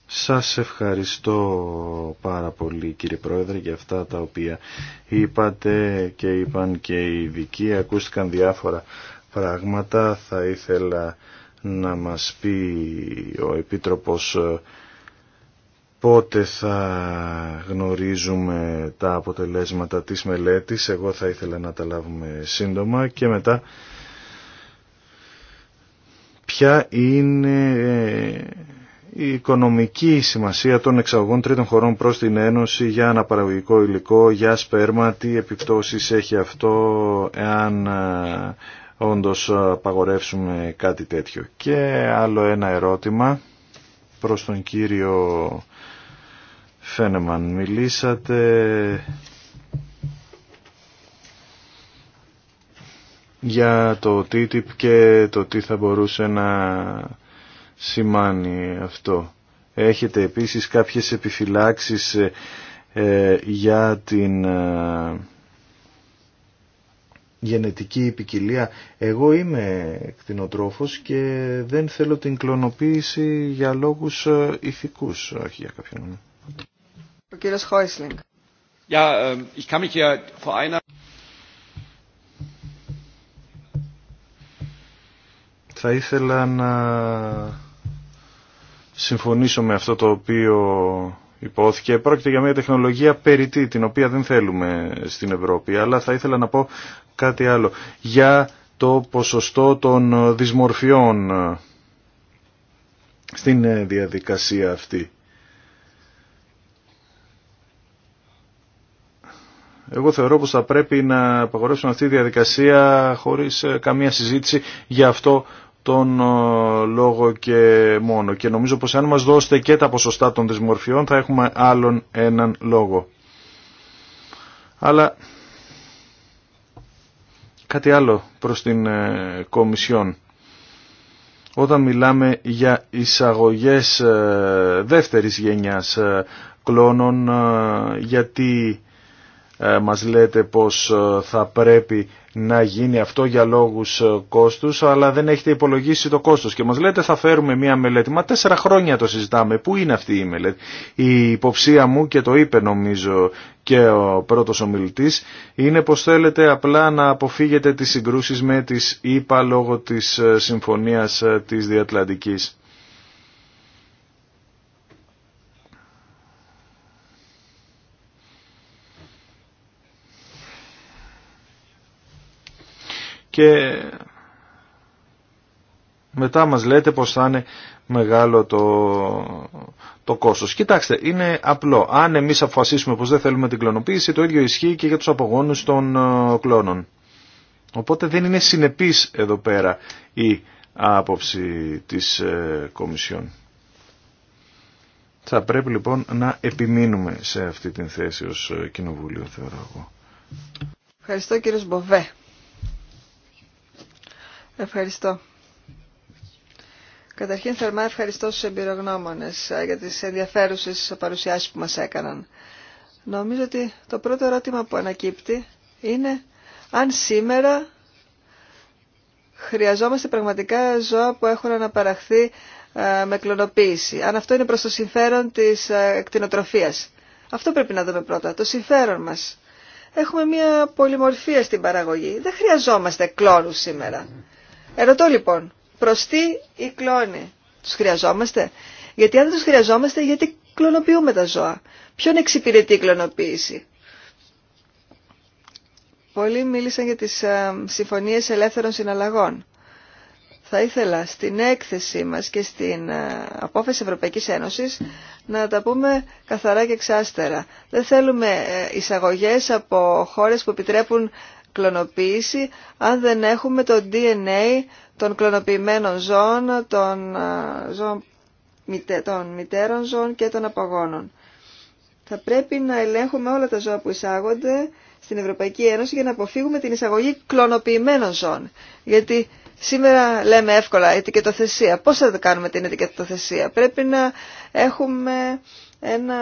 Σας ευχαριστώ πάρα πολύ κύριε Πρόεδρε για αυτά τα οποία είπατε και είπαν και οι ειδικοί. Ακούστηκαν διάφορα πράγματα. Θα ήθελα να μας πει ο Επίτροπος ε, πότε θα γνωρίζουμε τα αποτελέσματα της μελέτης. Εγώ θα ήθελα να τα λάβουμε σύντομα και μετά ποια είναι ε, η οικονομική σημασία των εξαγωγών τρίτων χωρών προς την Ένωση για αναπαραγωγικό υλικό, για σπέρμα, τι επιπτώσεις έχει αυτό εάν ε, όντως ε, απαγορεύσουμε κάτι τέτοιο. Και άλλο ένα ερώτημα προς τον κύριο Φένεμαν. Μιλήσατε για το TTIP και το τι θα μπορούσε να σημάνει αυτό. Έχετε επίσης κάποιες επιφυλάξεις ε, ε, για την γενετική ποικιλία. Εγώ είμαι κτηνοτρόφος και δεν θέλω την κλωνοποίηση για λόγους ε,
ηθικούς, όχι για κάποιον. Ο κύριος
ähm, ich
Θα ήθελα να συμφωνήσω με αυτό το οποίο υπόθηκε. Πρόκειται για μια τεχνολογία περιττή, την οποία δεν θέλουμε στην Ευρώπη. Αλλά θα ήθελα να πω κάτι άλλο. Για το ποσοστό των δυσμορφιών ε, στην ε, διαδικασία αυτή. Εγώ θεωρώ πως θα πρέπει να απαγορεύσουν αυτή τη διαδικασία χωρίς ε, καμία συζήτηση για αυτό τον ε, λόγο και μόνο. Και νομίζω πως αν μας δώσετε και τα ποσοστά των δυσμορφιών θα έχουμε άλλον έναν λόγο. Αλλά κάτι άλλο προς την ε, Κομισιόν. Όταν μιλάμε για εισαγωγές ε, δεύτερης γενιάς κλώνων, γιατί μας λέτε πως θα πρέπει να γίνει αυτό για λόγους ε, κόστους, αλλά δεν έχετε υπολογίσει το κόστος. Και μας λέτε θα φέρουμε μία μελέτη. Μα τέσσερα χρόνια το συζητάμε. Πού είναι αυτή η μελέτη. Η υποψία μου και το είπε νομίζω και ο πρώτος ομιλητής είναι πως θέλετε απλά να αποφύγετε τις συγκρούσεις με τις ΗΠΑ λόγω της ε, συμφωνίας ε, της Διατλαντικής. και μετά μας λέτε πως θα είναι μεγάλο το, το κόστος. Κοιτάξτε, είναι απλό. Αν εμείς αποφασίσουμε πως δεν θέλουμε την κλωνοποίηση, το ίδιο ισχύει και για τους απογόνους των ε, κλώνων. Οπότε δεν είναι συνεπής εδώ πέρα η άποψη της ε, Κομισιόν. Θα πρέπει λοιπόν να επιμείνουμε σε αυτή την θέση ως ε, Κοινοβούλιο, θεωρώ εγώ.
Ευχαριστώ κύριος Μποβέ. Ευχαριστώ. Καταρχήν θερμά ευχαριστώ στους εμπειρογνώμονες ε, για τις ενδιαφέρουσες παρουσιάσεις που μας έκαναν. Νομίζω ότι το πρώτο ερώτημα που ανακύπτει είναι αν σήμερα χρειαζόμαστε πραγματικά ζώα που έχουν αναπαραχθεί ε, με κλωνοποίηση. Αν αυτό είναι προς το συμφέρον της εκτινοτροφίας. Αυτό πρέπει να δούμε πρώτα, το συμφέρον μας. Έχουμε μια πολυμορφία στην παραγωγή. Δεν χρειαζόμαστε κλόνους σήμερα. Ερωτώ λοιπόν, προς τι οι κλόνοι τους χρειαζόμαστε. Γιατί αν δεν του χρειαζόμαστε, γιατί κλωνοποιούμε τα ζώα. Ποιον εξυπηρετεί η κλωνοποίηση. Πολλοί μίλησαν για τις ε, συμφωνίες ελεύθερων συναλλαγών. Θα ήθελα στην έκθεσή μας και στην ε, απόφαση Ευρωπαϊκής Ένωσης να τα πούμε καθαρά και εξάστερα. Δεν θέλουμε ε, εισαγωγές από χώρες που επιτρέπουν κλωνοποίηση αν δεν έχουμε το DNA των κλωνοποιημένων ζώων, των, ε, ζώων, των μητέρων ζώων και των απαγόνων, Θα πρέπει να ελέγχουμε όλα τα ζώα που εισάγονται στην Ευρωπαϊκή Ένωση για να αποφύγουμε την εισαγωγή κλωνοποιημένων ζώων. Γιατί σήμερα λέμε εύκολα ετικετοθεσία. Πώς θα κάνουμε την ετικετοθεσία. Πρέπει να έχουμε ένα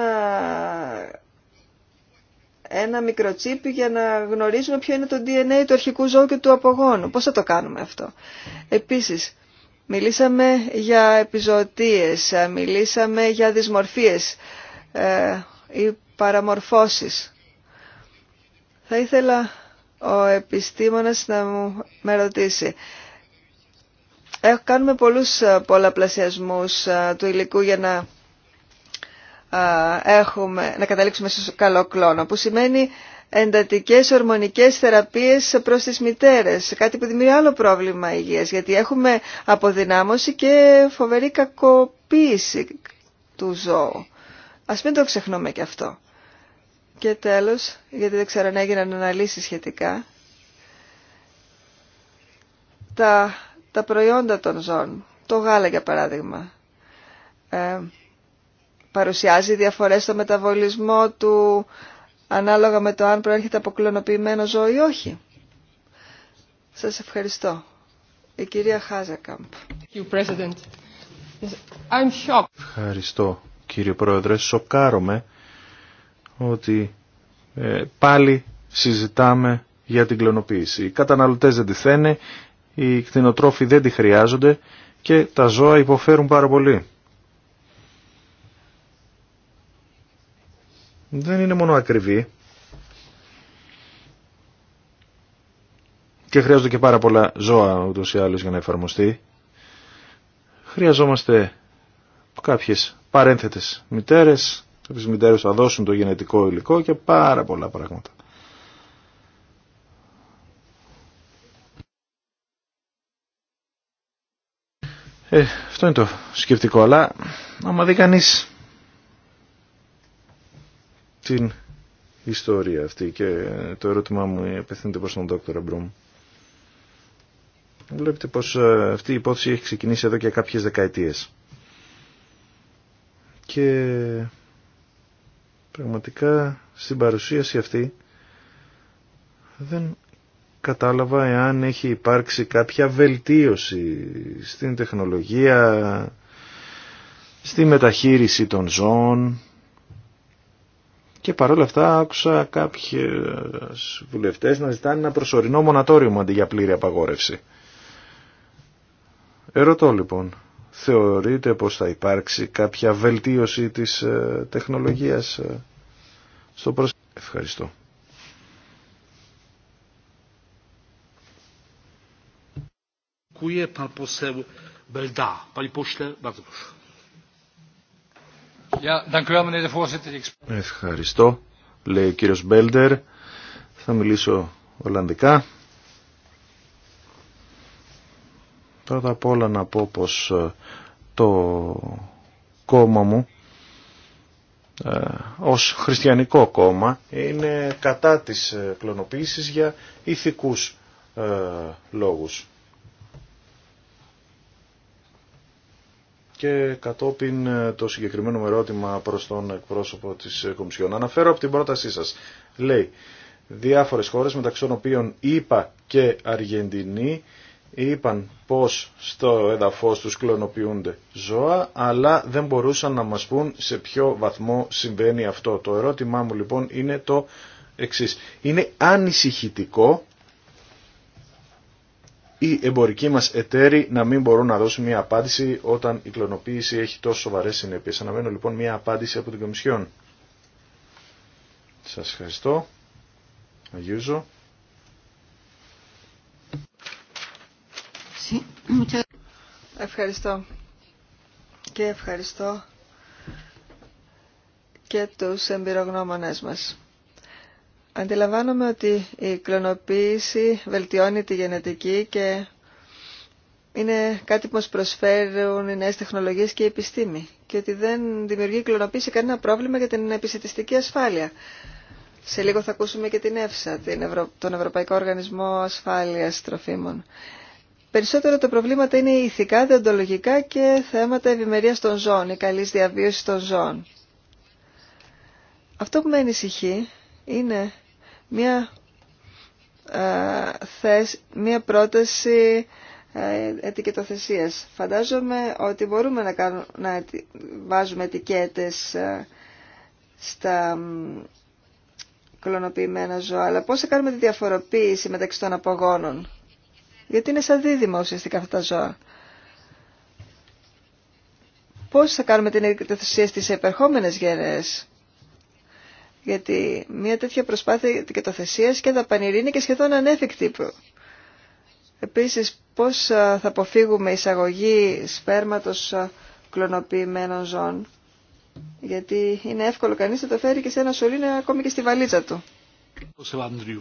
ένα μικροτσίπ για να γνωρίζουμε ποιο είναι το DNA του αρχικού ζώου και του απογόνου. Πώς θα το κάνουμε αυτό. Επίσης, μιλήσαμε για επιζωτίες, μιλήσαμε για δυσμορφίες ε, ή παραμορφώσεις. Θα ήθελα ο επιστήμονας να μου με ρωτήσει. κάνουμε πολλούς ε, πολλαπλασιασμούς ε, του υλικού για να έχουμε, να καταλήξουμε στο καλό κλόνο, που σημαίνει εντατικές ορμονικές θεραπείες προς τις μητέρες, κάτι που δημιουργεί άλλο πρόβλημα υγείας, γιατί έχουμε αποδυνάμωση και φοβερή κακοποίηση του ζώου. Ας μην το ξεχνούμε και αυτό. Και τέλος, γιατί δεν ξέρω αν έγιναν αναλύσεις σχετικά, τα, τα προϊόντα των ζώων, το γάλα για παράδειγμα, ε, παρουσιάζει διαφορές στο μεταβολισμό του ανάλογα με το αν προέρχεται από κλωνοποιημένο ζώο ή όχι. Σας ευχαριστώ. Η κυρία Χάζακαμπ.
Ευχαριστώ κύριε Πρόεδρε. Σοκάρομαι ότι ε, πάλι συζητάμε για την κλωνοποίηση. Οι καταναλωτές δεν τη θένε, οι κτηνοτρόφοι δεν τη χρειάζονται και τα ζώα υποφέρουν πάρα πολύ. δεν είναι μόνο ακριβή και χρειάζονται και πάρα πολλά ζώα ούτως ή άλλως για να εφαρμοστεί. Χρειαζόμαστε κάποιες παρένθετες μητέρες, κάποιες μητέρες θα δώσουν το γενετικό υλικό και πάρα πολλά πράγματα. Ε, αυτό είναι το σκεπτικό, αλλά άμα δει κανείς την ιστορία αυτή και το ερώτημά μου επευθύνεται προς τον δόκτωρα Μπρούμ. Βλέπετε πως ε, αυτή η υπόθεση έχει ξεκινήσει εδώ και κάποιες δεκαετίες. Και πραγματικά στην παρουσίαση αυτή δεν κατάλαβα εάν έχει υπάρξει κάποια βελτίωση στην τεχνολογία, στη μεταχείριση των ζώων, και παρόλα αυτά άκουσα κάποιες βουλευτές να ζητάνε ένα προσωρινό μονατόριο μου αντί για πλήρη απαγόρευση. Ερωτώ λοιπόν, θεωρείτε πως θα υπάρξει κάποια βελτίωση της ε, τεχνολογίας ε, στο προσ... Ευχαριστώ.
Dziękuję pan
Ευχαριστώ, λέει ο κύριος Μπέλντερ. Θα μιλήσω Ολλανδικά. Πρώτα απ' όλα να πω πως ε, το κόμμα μου ε, ως χριστιανικό κόμμα είναι κατά της ε, κλωνοποίησης για ηθικούς λόγους. και κατόπιν ε, το συγκεκριμένο ερώτημα προς τον εκπρόσωπο της ε, Κομισιόν. Αναφέρω από την πρότασή σας. Λέει, διάφορες χώρες μεταξύ των οποίων είπα και Αργεντινή είπαν πως στο εδαφός τους κλωνοποιούνται ζώα, αλλά δεν μπορούσαν να μας πούν σε ποιο βαθμό συμβαίνει αυτό. Το ερώτημά μου λοιπόν είναι το εξής. Είναι ανησυχητικό οι εμπορικοί μας εταίροι να μην μπορούν να δώσουν μια απάντηση όταν η κλωνοποίηση έχει τόσο σοβαρές συνέπειες. Αναμένω λοιπόν μια απάντηση από την Κομισιόν. Σας ευχαριστώ. Αγίουζο.
Ευχαριστώ. Και ευχαριστώ και τους εμπειρογνώμονές μας. Αντιλαμβάνομαι ότι η κλωνοποίηση βελτιώνει τη γενετική και είναι κάτι που μας προσφέρουν οι νέες τεχνολογίες και η επιστήμη και ότι δεν δημιουργεί η κλωνοποίηση κανένα πρόβλημα για την επιστημιστική ασφάλεια. Σε λίγο θα ακούσουμε και την ΕΦΣΑ, τον Ευρωπαϊκό Οργανισμό Ασφάλειας Τροφίμων. Περισσότερο τα προβλήματα είναι ηθικά, διοντολογικά και θέματα ευημερίας των ζώων ή καλής διαβίωση των ζώων. Αυτό που με ανησυχεί είναι μία, ε, μία πρόταση ε, ετικετοθεσίας. Φαντάζομαι ότι μπορούμε να, κάνουμε, να βάζουμε ετικέτες ε, στα κλωνοποιημένα ζώα, αλλά πώς θα κάνουμε τη διαφοροποίηση μεταξύ των απογόνων. Γιατί είναι σαν δίδυμα ουσιαστικά αυτά τα ζώα. Πώς θα κάνουμε την ετικετοθεσία στις επερχόμενες γενναίες. Γιατί μια τέτοια προσπάθεια δικαιοθεσίας και θα είναι και σχεδόν ανέφικτη. Επίσης, πώς θα αποφύγουμε εισαγωγή σπέρματος κλωνοποιημένων ζώων. Γιατί είναι εύκολο κανείς να το φέρει και σε ένα σωλήνα ακόμη και στη βαλίτσα του.
Euh,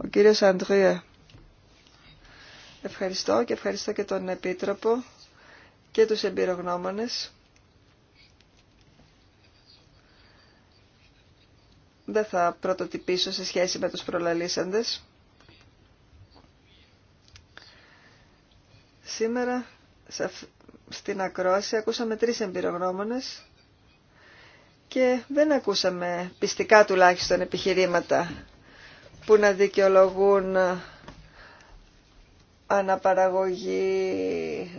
Ο κύριος Αντρίε. Ευχαριστώ και ευχαριστώ και τον Επίτροπο και τους εμπειρογνώμονες. δεν θα πρωτοτυπήσω σε σχέση με τους προλαλήσαντες. Σήμερα στην ακρόαση ακούσαμε τρεις εμπειρογνώμονες και δεν ακούσαμε πιστικά τουλάχιστον επιχειρήματα που να δικαιολογούν αναπαραγωγή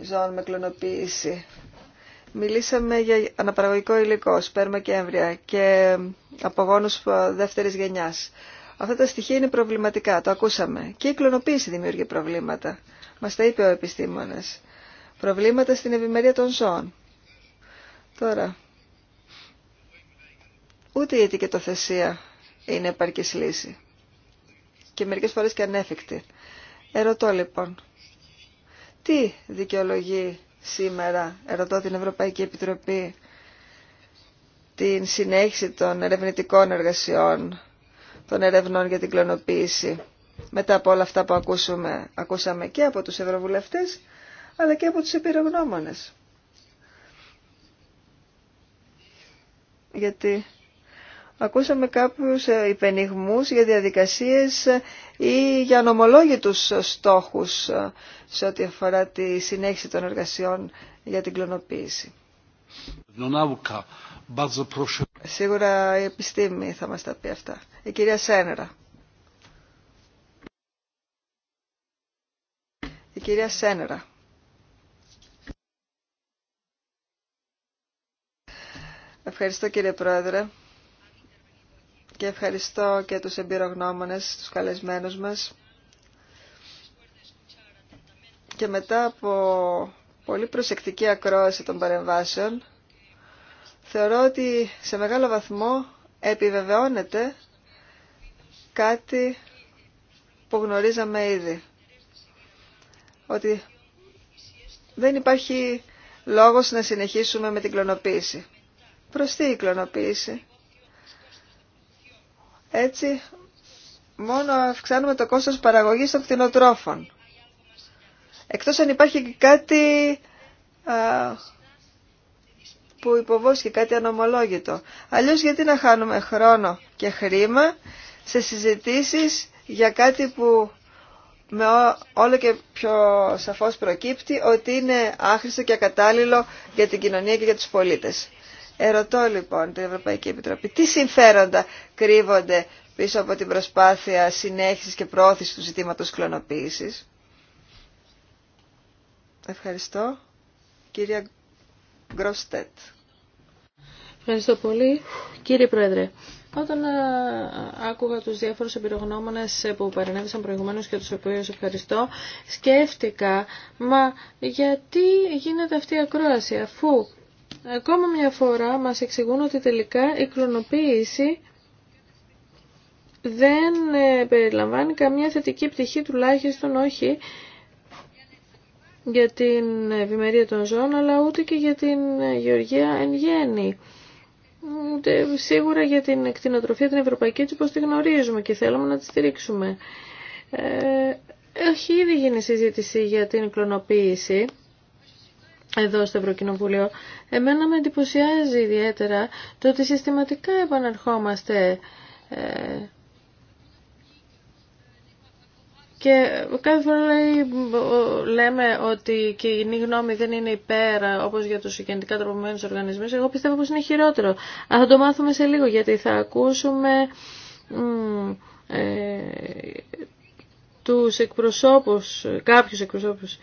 ζώων με κλωνοποίηση. Μιλήσαμε για αναπαραγωγικό υλικό, σπέρμα και έμβρια και απογόνους δεύτερης γενιάς. Αυτά τα στοιχεία είναι προβληματικά, το ακούσαμε. Και η κλωνοποίηση δημιουργεί προβλήματα. Μας τα είπε ο επιστήμονας. Προβλήματα στην ευημερία των ζώων. Τώρα, ούτε η ετικετοθεσία είναι επαρκής λύση. Και μερικές φορές και ανέφικτη. Ερωτώ λοιπόν, τι δικαιολογεί σήμερα. Ερωτώ την Ευρωπαϊκή Επιτροπή την συνέχιση των ερευνητικών εργασιών, των ερευνών για την κλωνοποίηση. Μετά από όλα αυτά που ακούσαμε, ακούσαμε και από τους ευρωβουλευτές, αλλά και από τους επιρρογνώμονες. Γιατί ακούσαμε κάποιους ε, υπενιγμούς για διαδικασίες ε, ή για νομολόγητους στόχους ε, σε ό,τι αφορά τη συνέχιση των εργασιών για την κλωνοποίηση. Σίγουρα η επιστήμη θα μας τα πει αυτά. Η κυρία Σένερα. Η κυρία Σένερα. Ευχαριστώ κύριε Πρόεδρε και ευχαριστώ και τους εμπειρογνώμονες, τους καλεσμένους μας. Και μετά από πολύ προσεκτική ακρόαση των παρεμβάσεων, θεωρώ ότι σε μεγάλο βαθμό επιβεβαιώνεται κάτι που γνωρίζαμε ήδη. Ότι δεν υπάρχει λόγος να συνεχίσουμε με την κλωνοποίηση. Προς τι η κλωνοποίηση. Έτσι, μόνο αυξάνουμε το κόστος παραγωγής των κτηνοτρόφων. Εκτός αν υπάρχει και κάτι που υποβόσκει, κάτι ανομολόγητο. Αλλιώς γιατί να χάνουμε χρόνο και χρήμα σε συζητήσεις για κάτι που όλο και πιο σαφώς προκύπτει ότι είναι άχρηστο και ακατάλληλο για την κοινωνία και για τους πολίτες. Ερωτώ λοιπόν την Ευρωπαϊκή Επιτροπή τι συμφέροντα κρύβονται πίσω από την προσπάθεια συνέχισης και προώθησης του ζητήματος κλωνοποίησης. Ευχαριστώ. Κυρία Γκροστέτ. Ευχαριστώ πολύ.
Κύριε Πρόεδρε, όταν άκουγα τους διάφορους εμπειρογνώμονες που παρενέβησαν προηγουμένως και τους οποίους ευχαριστώ, σκέφτηκα, μα γιατί γίνεται αυτή η ακρόαση αφού Ακόμα μια φορά μας εξηγούν ότι τελικά η κλωνοποίηση δεν ε, περιλαμβάνει καμία θετική πτυχή, τουλάχιστον όχι για την ευημερία των ζώων, αλλά ούτε και για την γεωργία εν γέννη. Σίγουρα για την εκτινοτροφία την ευρωπαϊκή έτσι όπως τη γνωρίζουμε και θέλουμε να τη στηρίξουμε. Ε, έχει ήδη γίνει συζήτηση για την κλωνοποίηση εδώ στο Ευρωκοινοβούλιο. Εμένα με εντυπωσιάζει ιδιαίτερα το ότι συστηματικά επαναρχόμαστε ε, και κάθε φορά λέμε ότι και η κοινή γνώμη δεν είναι υπέρα όπως για τους γενετικά τροπομένους οργανισμούς. Εγώ πιστεύω πως είναι χειρότερο. Αλλά θα το μάθουμε σε λίγο γιατί θα ακούσουμε ε, τους εκπροσώπους, κάποιους εκπροσώπους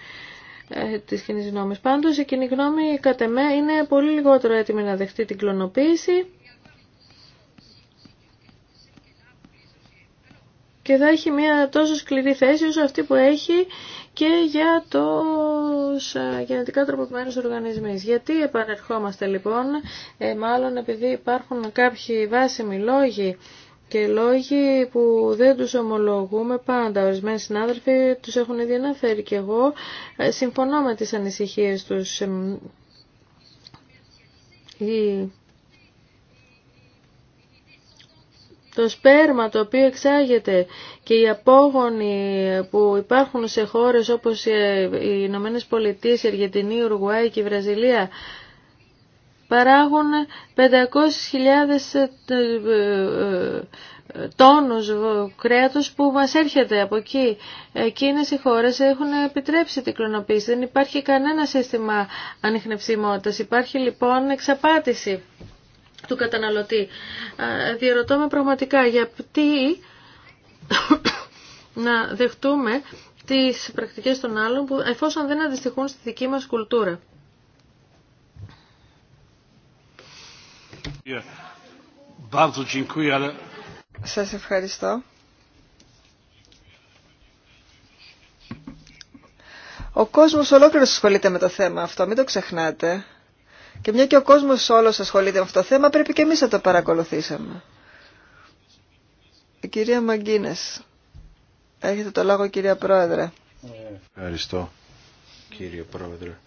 ε, της κοινή γνώμη. Πάντως η κοινή γνώμη κατά με είναι πολύ λιγότερο έτοιμη να δεχτεί την κλωνοποίηση και θα έχει μια τόσο σκληρή θέση όσο αυτή που έχει και για τους γενετικά τροποποιημένους οργανισμούς. Γιατί επανερχόμαστε λοιπόν, ε, μάλλον επειδή υπάρχουν κάποιοι βάσιμοι λόγοι και λόγοι που δεν τους ομολογούμε πάντα. Ορισμένοι συνάδελφοι τους έχουν ήδη αναφέρει και εγώ ε, συμφωνώ με τις ανησυχίες τους. Ε, το σπέρμα το οποίο εξάγεται και οι απόγονοι που υπάρχουν σε χώρες όπως ε, οι Ηνωμένε Πολιτείε, η Αργεντινή, η και η Βραζιλία παράγουν 500.000 ε, ε, ε, τόνους κρέατος που μας έρχεται από εκεί. Εκείνες οι χώρες έχουν επιτρέψει την κλωνοποίηση. Δεν υπάρχει κανένα σύστημα ανιχνευσιμότητας. Υπάρχει λοιπόν εξαπάτηση του καταναλωτή. Διερωτώ με πραγματικά γιατί να δεχτούμε τις πρακτικές των άλλων που εφόσον δεν αντιστοιχούν στη δική μας
κουλτούρα. Σας ευχαριστώ. Ο κόσμος ολόκληρος ασχολείται με το θέμα αυτό, μην το ξεχνάτε. Και μια και ο κόσμος όλος ασχολείται με αυτό το θέμα, πρέπει και εμείς να το παρακολουθήσαμε. Η κυρία Μαγκίνες. Έχετε το λόγο κυρία Πρόεδρε.
Ευχαριστώ κύριε Πρόεδρε.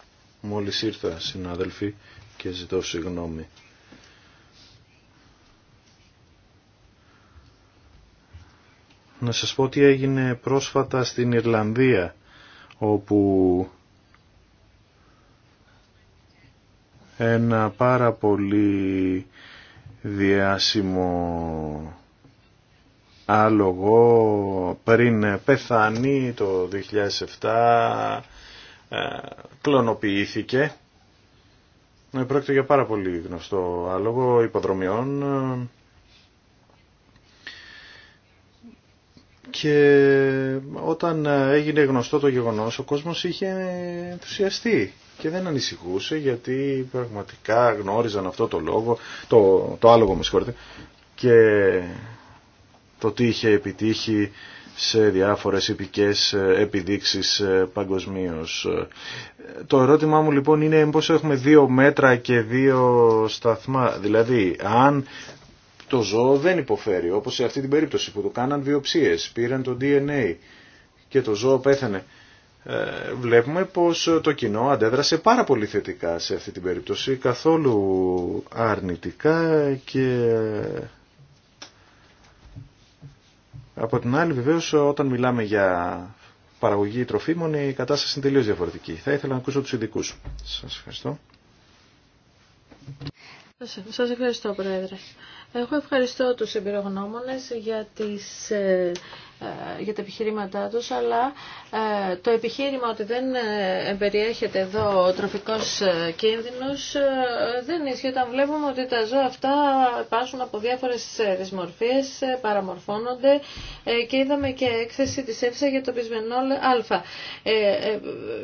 Μόλις ήρθα συνάδελφοι και ζητώ συγγνώμη να σας πω τι έγινε πρόσφατα στην Ιρλανδία όπου ένα πάρα πολύ διάσημο άλογο πριν πεθάνει το 2007 ε, κλωνοποιήθηκε ε, πρόκειται για πάρα πολύ γνωστό άλογο υποδρομιών Και όταν έγινε γνωστό το γεγονός, ο κόσμος είχε ενθουσιαστεί και δεν ανησυχούσε γιατί πραγματικά γνώριζαν αυτό το λόγο, το, το άλογο με συγχωρείτε, και το τι είχε επιτύχει σε διάφορες επικές επιδείξεις παγκοσμίως Το ερώτημά μου λοιπόν είναι πώς έχουμε δύο μέτρα και δύο σταθμά. Δηλαδή, αν το ζώο δεν υποφέρει, όπως σε αυτή την περίπτωση που του κάναν βιοψίες, πήραν το DNA και το ζώο πέθανε. Ε, βλέπουμε πως το κοινό αντέδρασε πάρα πολύ θετικά σε αυτή την περίπτωση, καθόλου αρνητικά και ε, από την άλλη βεβαίως όταν μιλάμε για παραγωγή τροφίμων η κατάσταση είναι τελείως διαφορετική. Θα ήθελα να ακούσω τους ειδικούς. Σας ευχαριστώ.
Σας ευχαριστώ, Πρόεδρε. Εγώ ευχαριστώ τους εμπειρογνώμονες για, τις, ε, ε, για τα επιχειρήματά τους, αλλά ε, το επιχείρημα ότι δεν περιέχεται εδώ ο τροφικός κίνδυνος δεν ισχύει όταν βλέπουμε ότι τα ζώα αυτά πάσουν από διάφορες δυσμορφίες, παραμορφώνονται και είδαμε και έκθεση της ΕΦΣΑ για το πισμενόλ α.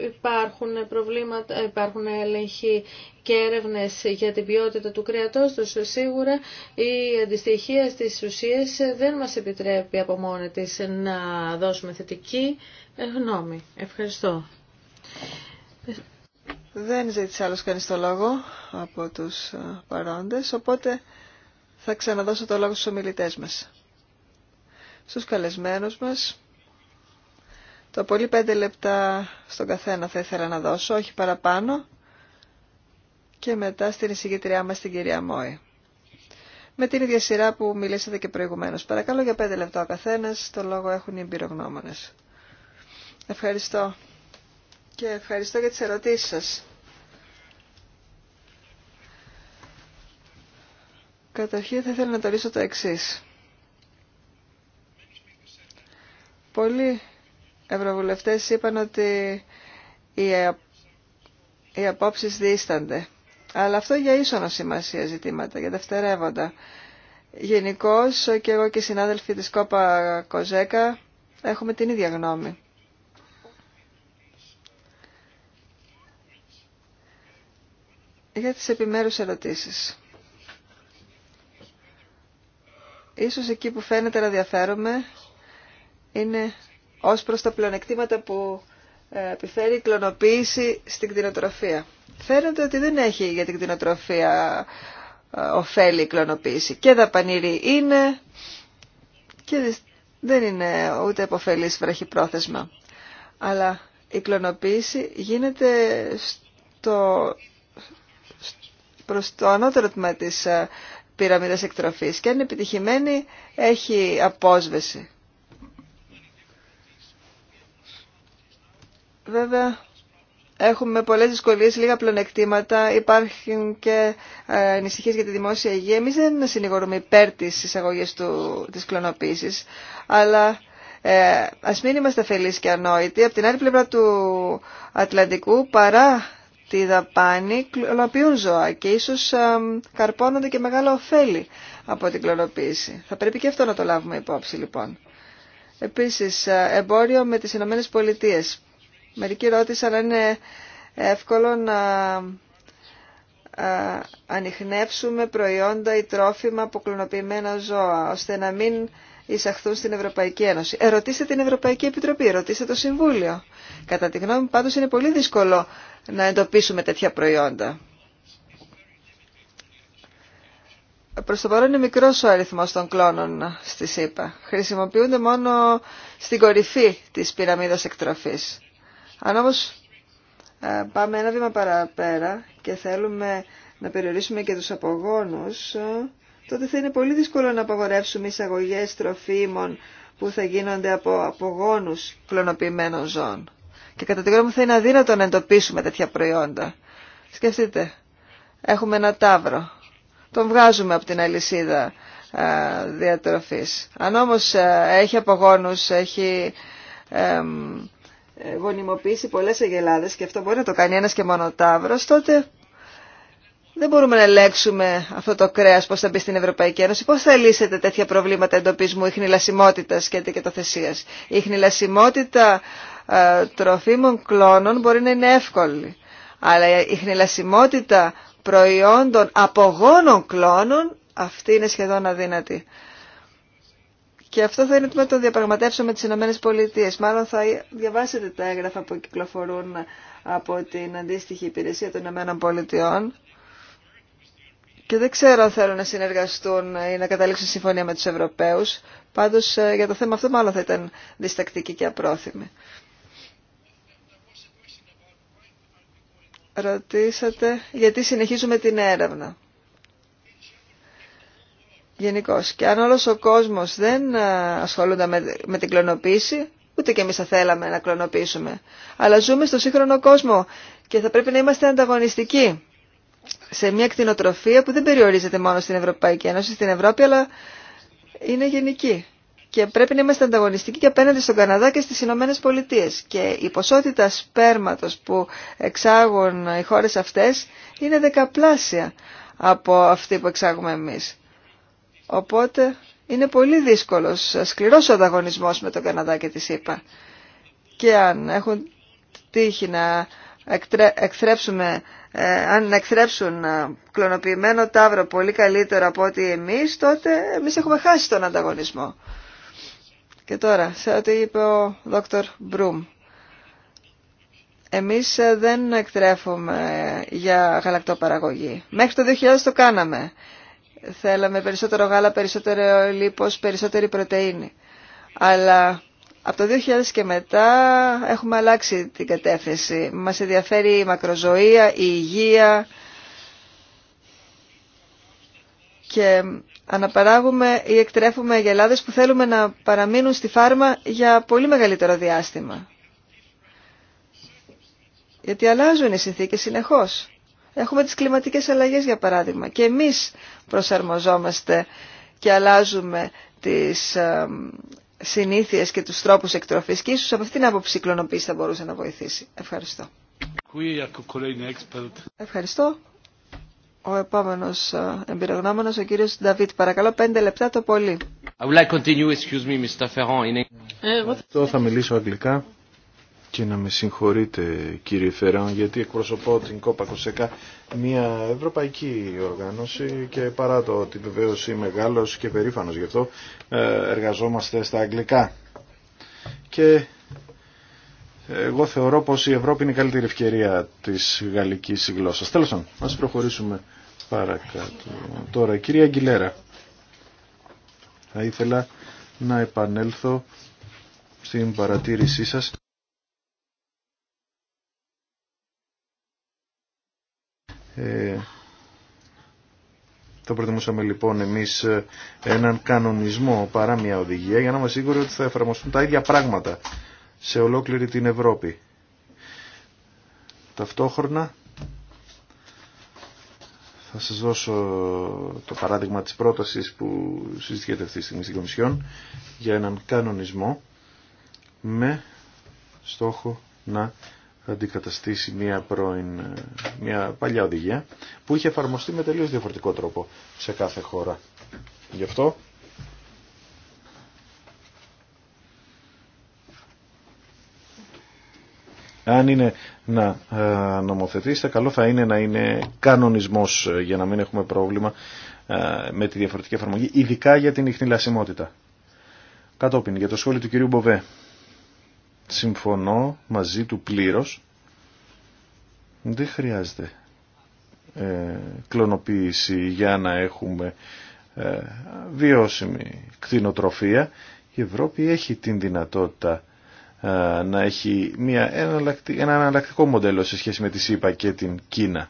υπάρχουν προβλήματα, υπάρχουν έλεγχοι και έρευνες για την ποιότητα του κρεατός τους, σίγουρα η αντιστοιχεία στις ουσίες δεν μας επιτρέπει από μόνη της να δώσουμε
θετική γνώμη. Ευχαριστώ. Δεν ζήτησε άλλος κανείς το λόγο από τους παρόντες, οπότε θα ξαναδώσω το λόγο στους ομιλητές μας. Στους καλεσμένους μας. Το πολύ πέντε λεπτά στον καθένα θα ήθελα να δώσω, όχι παραπάνω και μετά στην εισηγητριά μας την κυρία Μόη. Με την ίδια σειρά που μιλήσατε και προηγουμένως. Παρακαλώ για πέντε λεπτά ο καθένας, το λόγο έχουν οι εμπειρογνώμονες. Ευχαριστώ και ευχαριστώ για τις ερωτήσεις σας. Καταρχήν θα ήθελα να τονίσω το εξής. Πολλοί ευρωβουλευτές είπαν ότι οι, απόψει απόψεις δίστανται αλλά αυτό για ίσονο σημασία ζητήματα, για δευτερεύοντα. Γενικώ και εγώ και οι συνάδελφοι της Κόπα Κοζέκα έχουμε την ίδια γνώμη. Για τις επιμέρους ερωτήσεις. Ίσως εκεί που φαίνεται να διαφέρουμε είναι ως προς τα πλεονεκτήματα που ε, επιφέρει η κλωνοποίηση στην κτηνοτροφία φαίνεται ότι δεν έχει για την κτηνοτροφία ε, ωφέλη η κλωνοποίηση. Και δαπανηρή είναι και δεν είναι ούτε επωφελής βραχυπρόθεσμα. Αλλά η κλωνοποίηση γίνεται στο, προς το ανώτερο τμήμα της ε, πυραμίδας εκτροφής και αν είναι επιτυχημένη έχει απόσβεση. Βέβαια, Έχουμε πολλές δυσκολίες, λίγα πλονεκτήματα, υπάρχουν και ε, ανησυχίες για τη δημόσια υγεία. Εμείς δεν συνηγορούμε υπέρ της εισαγωγής του, της κλωνοποίησης, αλλά ε, ας μην είμαστε αφελείς και ανόητοι. Από την άλλη πλευρά του Ατλαντικού, παρά τη δαπάνη, κλωνοποιούν ζώα και ίσως ε, καρπώνονται και μεγάλα ωφέλη από την κλωνοποίηση. Θα πρέπει και αυτό να το λάβουμε υπόψη λοιπόν. Επίσης, ε, εμπόριο με τις Ηνωμένες Πολιτείες. Μερικοί ρώτησαν αν είναι εύκολο να ανοιχνεύσουμε προϊόντα ή τρόφιμα από κλωνοποιημένα ζώα, ώστε να μην εισαχθούν στην Ευρωπαϊκή Ένωση. Ερωτήστε την Ευρωπαϊκή Επιτροπή, ερωτήστε το Συμβούλιο. Κατά τη γνώμη μου πάντως είναι πολύ δύσκολο να εντοπίσουμε τέτοια προϊόντα. Προς το παρόν είναι μικρός ο αριθμός των κλώνων στη ΣΥΠΑ. Χρησιμοποιούνται μόνο στην κορυφή της πυραμίδας εκτροφής. Αν όμως ε, πάμε ένα βήμα παραπέρα και θέλουμε να περιορίσουμε και τους απογόνους, ε, τότε θα είναι πολύ δύσκολο να απαγορεύσουμε εισαγωγές τροφίμων που θα γίνονται από απογόνους κλωνοποιημένων ζώων. Και κατά τη γνώμη μου θα είναι αδύνατο να εντοπίσουμε τέτοια προϊόντα. Σκεφτείτε, έχουμε ένα τάβρο. Τον βγάζουμε από την αλυσίδα ε, διατροφής. Αν όμως έχει απογόνους, έχει γονιμοποιήσει πολλές αγελάδες και αυτό μπορεί να το κάνει ένας και μόνο τότε δεν μπορούμε να ελέγξουμε αυτό το κρέας πώς θα μπει στην Ευρωπαϊκή Ένωση. Πώς θα λύσετε τέτοια προβλήματα εντοπισμού, ηχνηλασιμότητας και θεσίας Η ηχνηλασιμότητα ε, τροφίμων κλώνων μπορεί να είναι εύκολη. Αλλά η προϊόντων απογόνων κλώνων αυτή είναι σχεδόν αδύνατη. Και αυτό θα είναι το μέτρο με τις Ηνωμένε Πολιτείες. Μάλλον θα διαβάσετε τα έγγραφα που κυκλοφορούν από την αντίστοιχη υπηρεσία των Ηνωμένων Πολιτειών. Και δεν ξέρω αν θέλουν να συνεργαστούν ή να καταλήξουν συμφωνία με τους Ευρωπαίους. Πάντως ε, για το θέμα αυτό μάλλον θα ήταν διστακτική και απρόθυμη. Ρωτήσατε γιατί συνεχίζουμε την έρευνα. Γενικώ. Και αν όλο ο κόσμο δεν ε, ασχολούνται με, με την κλωνοποίηση, ούτε και εμεί θα θέλαμε να κλωνοποιήσουμε. Αλλά ζούμε στο σύγχρονο κόσμο και θα πρέπει να είμαστε ανταγωνιστικοί σε μια κτηνοτροφία που δεν περιορίζεται μόνο στην Ευρωπαϊκή Ένωση, στην Ευρώπη, αλλά είναι γενική. Και πρέπει να είμαστε ανταγωνιστικοί και απέναντι στον Καναδά και στις Ηνωμένε Πολιτείε. Και η ποσότητα σπέρματος που εξάγουν οι χώρες αυτές είναι δεκαπλάσια από αυτή που εξάγουμε εμείς. Οπότε είναι πολύ δύσκολος, σκληρός ο ανταγωνισμός με τον Καναδά και τη ΣΥΠΑ. Και αν έχουν τύχει να εκθρέψουμε, ε, αν εκθρέψουν ε, κλωνοποιημένο τάβρο πολύ καλύτερο από ό,τι εμείς, τότε εμείς έχουμε χάσει τον ανταγωνισμό. Και τώρα, σε ό,τι είπε ο Δόκτωρ Μπρούμ. Εμείς ε, δεν εκτρέφουμε για γαλακτοπαραγωγή. Μέχρι το 2000 το κάναμε θέλαμε περισσότερο γάλα, περισσότερο λίπος, περισσότερη πρωτεΐνη. Αλλά από το 2000 και μετά έχουμε αλλάξει την κατεύθυνση. Μας ενδιαφέρει η μακροζωία, η υγεία και αναπαράγουμε ή εκτρέφουμε γελάδες που θέλουμε να παραμείνουν στη φάρμα για πολύ μεγαλύτερο διάστημα. Γιατί αλλάζουν οι συνθήκες συνεχώς. Έχουμε τις κλιματικές αλλαγές για παράδειγμα και εμείς προσαρμοζόμαστε και αλλάζουμε τις συνήθειες και τους τρόπους εκτροφής και ίσως από αυτήν την άποψη κλωνοποίηση θα μπορούσε να βοηθήσει. Ευχαριστώ. Ευχαριστώ. Ο επόμενος ε, εμπειρογνώμονος, ο κύριος Νταβίτ. Παρακαλώ, πέντε λεπτά το πολύ.
Εγώ θα
μιλήσω αγγλικά και να με συγχωρείτε κύριε Φεράν γιατί εκπροσωπώ την Κόπα Κοσέκα μια ευρωπαϊκή οργάνωση και παρά το ότι βεβαίω είμαι μεγάλος και περήφανος γι' αυτό ε, εργαζόμαστε στα αγγλικά και εγώ θεωρώ πως η Ευρώπη είναι η καλύτερη ευκαιρία της γαλλικής γλώσσας. Τέλος πάντων, ας προχωρήσουμε παρακάτω. Τώρα, κυρία Αγγιλέρα, θα ήθελα να επανέλθω στην παρατήρησή σας Ε, θα προτιμούσαμε λοιπόν εμείς ε, έναν κανονισμό παρά μια οδηγία για να είμαστε σίγουροι ότι θα εφαρμοστούν τα ίδια πράγματα σε ολόκληρη την Ευρώπη. Ταυτόχρονα θα σας δώσω το παράδειγμα της πρότασης που συζητιέται αυτή τη στιγμή στην Κομισιόν για έναν κανονισμό με στόχο να αντικαταστήσει μια, πρώην, μια παλιά οδηγία που είχε εφαρμοστεί με τελείως διαφορετικό τρόπο σε κάθε χώρα. Γι' αυτό αν είναι να ε, νομοθετήσετε καλό θα είναι να είναι κανονισμός ε, για να μην έχουμε πρόβλημα ε, με τη διαφορετική εφαρμογή ειδικά για την ιχνηλασιμότητα. Κατόπιν για το σχόλιο του κυρίου Μποβέ συμφωνώ μαζί του πλήρως. Δεν χρειάζεται ε, κλωνοποίηση για να έχουμε ε, βιώσιμη κτηνοτροφία. Η Ευρώπη έχει την δυνατότητα ε, να έχει μια, ένα αναλλακτικό μοντέλο σε σχέση με τη ΣΥΠΑ και την Κίνα.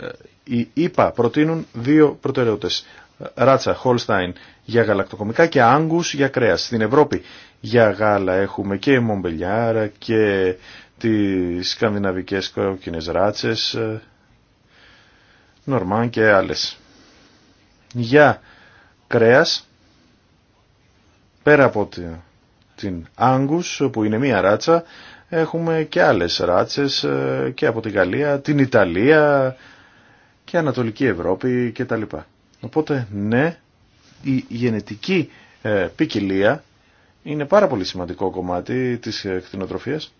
Ε, οι ΙΠΑ προτείνουν δύο προτεραιότητες ράτσα, Χολστάιν για γαλακτοκομικά και Άγκους για κρέας. Στην Ευρώπη για γάλα έχουμε και Μομπελιάρα και τις σκανδιναβικές κόκκινες ράτσες, Νορμάν και άλλες. Για κρέας, πέρα από την Άγκους που είναι μία ράτσα, έχουμε και άλλες ράτσες ε, και από τη Γαλλία, την Ιταλία και Ανατολική Ευρώπη κτλ. Οπότε ναι, η γενετική ε, ποικιλία είναι πάρα πολύ σημαντικό κομμάτι της ε, κτηνοτροφίας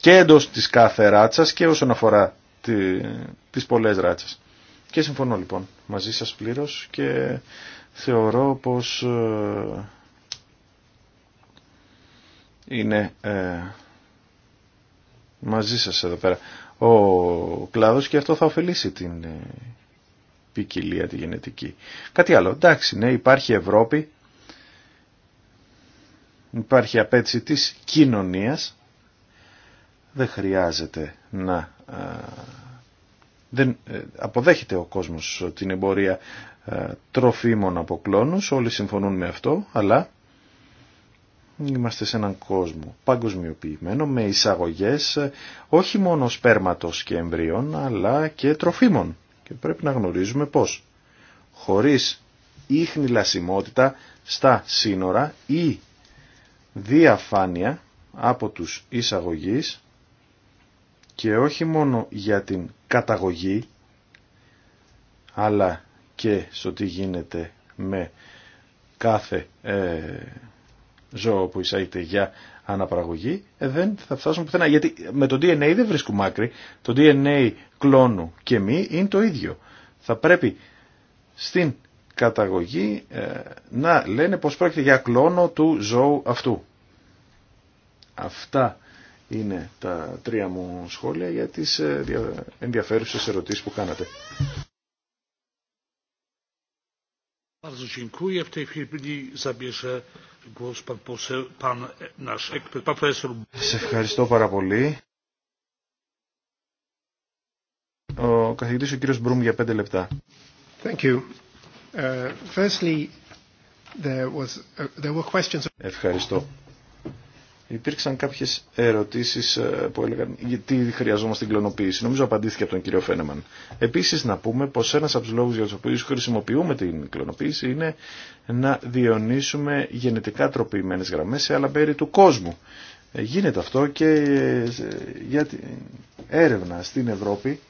και εντός της κάθε ράτσας και όσον αφορά τη, τις πολλές ράτσες. Και συμφωνώ λοιπόν μαζί σας πλήρως και θεωρώ πως ε, είναι ε, μαζί σας εδώ πέρα ο κλάδος και αυτό θα ωφελήσει την ποικιλία τη γενετική. Κάτι άλλο. Εντάξει, ναι, υπάρχει Ευρώπη, υπάρχει απέτηση της κοινωνίας, δεν χρειάζεται να... Ε, δεν, ε, αποδέχεται ο κόσμος την εμπορία ε, τροφίμων από κλόνους, όλοι συμφωνούν με αυτό, αλλά είμαστε σε έναν κόσμο παγκοσμιοποιημένο με εισαγωγές όχι μόνο σπέρματος και εμβρίων αλλά και τροφίμων. Και πρέπει να γνωρίζουμε πώς. Χωρίς ίχνη λασιμότητα στα σύνορα ή διαφάνεια από τους εισαγωγείς και όχι μόνο για την καταγωγή αλλά και στο τι γίνεται με κάθε ε, ζώο που εισάγεται για αναπαραγωγή, ε, δεν θα φτάσουμε πουθενά. Γιατί με το DNA δεν βρίσκουμε άκρη. Το DNA κλόνου και μη είναι το ίδιο. Θα πρέπει στην καταγωγή ε, να λένε πως πρόκειται για κλόνο του ζώου αυτού. Αυτά είναι τα τρία μου σχόλια για τις ε, ενδιαφέρουσες ερωτήσεις που κάνατε. Σε ευχαριστώ πάρα πολύ. Ο καθηγητής ο κύριος Μπρούμ για πέντε λεπτά. Thank you.
Uh, firstly, there was, uh, there were questions...
Ευχαριστώ. Υπήρξαν κάποιες ερωτήσεις ε, που έλεγαν γιατί χρειαζόμαστε την κλωνοποίηση. Νομίζω απαντήθηκε από τον κύριο Φένεμαν. Επίσης να πούμε πως ένας από τους λόγους για τους οποίους χρησιμοποιούμε την κλωνοποίηση είναι να διονύσουμε γενετικά τροποιημένες γραμμές σε άλλα μέρη του κόσμου. Ε, γίνεται αυτό και ε, για την έρευνα στην Ευρώπη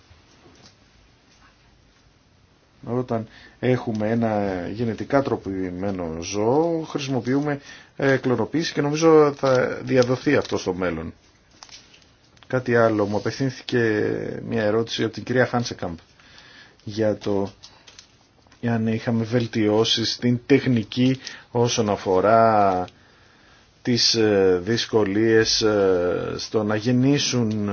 όταν έχουμε ένα γενετικά τροποποιημένο ζώο, χρησιμοποιούμε ε, κλωνοποίηση και νομίζω θα διαδοθεί αυτό στο μέλλον. Κάτι άλλο. Μου απευθύνθηκε μια ερώτηση από την κυρία Χάνσεκαμπ για το αν είχαμε βελτιώσει στην τεχνική όσον αφορά τις ε, δυσκολίες ε, στο να γεννήσουν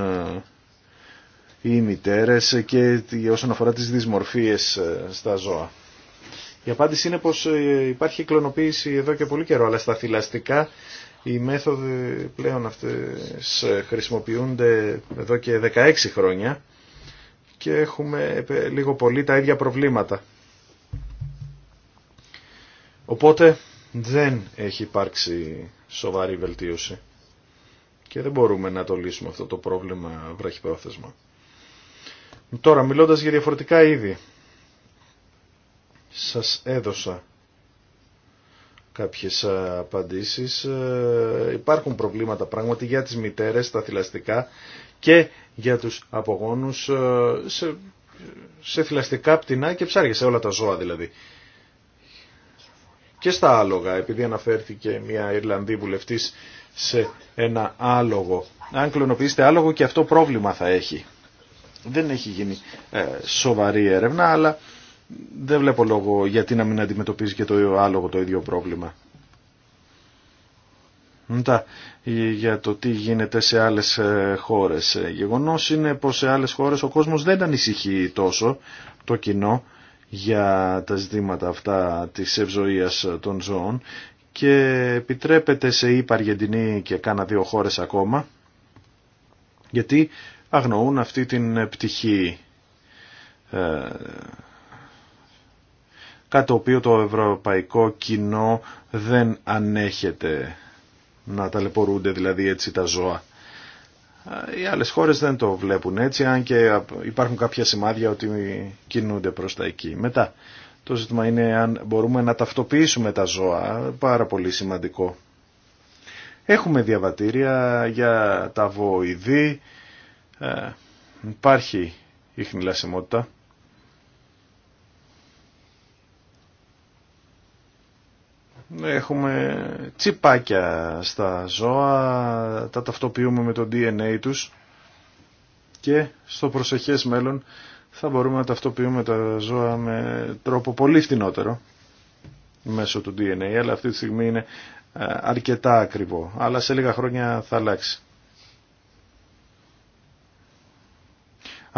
οι μητέρες και όσον αφορά τις δυσμορφίες ε, στα ζώα. Η απάντηση είναι πως ε, υπάρχει κλωνοποίηση εδώ και πολύ καιρό, αλλά στα θηλαστικά οι μέθοδοι πλέον αυτές ε, χρησιμοποιούνται εδώ και 16 χρόνια και έχουμε λίγο πολύ τα ίδια προβλήματα. Οπότε δεν έχει υπάρξει σοβαρή βελτίωση και δεν μπορούμε να το λύσουμε αυτό το πρόβλημα βραχυπρόθεσμα. Τώρα, μιλώντας για διαφορετικά είδη, σας έδωσα κάποιες απαντήσεις. Ε, υπάρχουν προβλήματα πράγματι για τις μητέρες, τα θηλαστικά και για τους απογόνους ε, σε, σε θηλαστικά πτηνά και ψάρια, σε όλα τα ζώα δηλαδή. Και στα άλογα, επειδή αναφέρθηκε μια Ιρλανδή βουλευτής σε ένα άλογο. Αν κλωνοποιήσετε άλογο και αυτό πρόβλημα θα έχει δεν έχει γίνει ε, σοβαρή έρευνα, αλλά δεν βλέπω λόγο γιατί να μην αντιμετωπίζει και το άλογο το ίδιο πρόβλημα. για το τι γίνεται σε άλλες ε, χώρες. Ε, γεγονός είναι πως σε άλλες χώρες ο κόσμος δεν ανησυχεί τόσο το κοινό για τα ζητήματα αυτά της ευζοίας των ζώων και επιτρέπεται σε ιπα Αργεντινή και κάνα δύο χώρες ακόμα γιατί αγνοούν αυτή την πτυχή ε, κάτι το οποίο το ευρωπαϊκό κοινό δεν ανέχεται να ταλαιπωρούνται δηλαδή έτσι τα ζώα. Ε, οι άλλες χώρες δεν το βλέπουν έτσι, αν και υπάρχουν κάποια σημάδια ότι κινούνται προς τα εκεί. Μετά, το ζήτημα είναι αν μπορούμε να ταυτοποιήσουμε τα ζώα, πάρα πολύ σημαντικό. Έχουμε διαβατήρια για τα βοηδή, ε, υπάρχει η χνηλασιμότητα. Έχουμε τσιπάκια στα ζώα, τα ταυτοποιούμε με το DNA τους και στο προσεχές μέλλον θα μπορούμε να ταυτοποιούμε τα ζώα με τρόπο πολύ φτηνότερο μέσω του DNA, αλλά αυτή τη στιγμή είναι ε, αρκετά ακριβό. Αλλά σε λίγα χρόνια θα αλλάξει.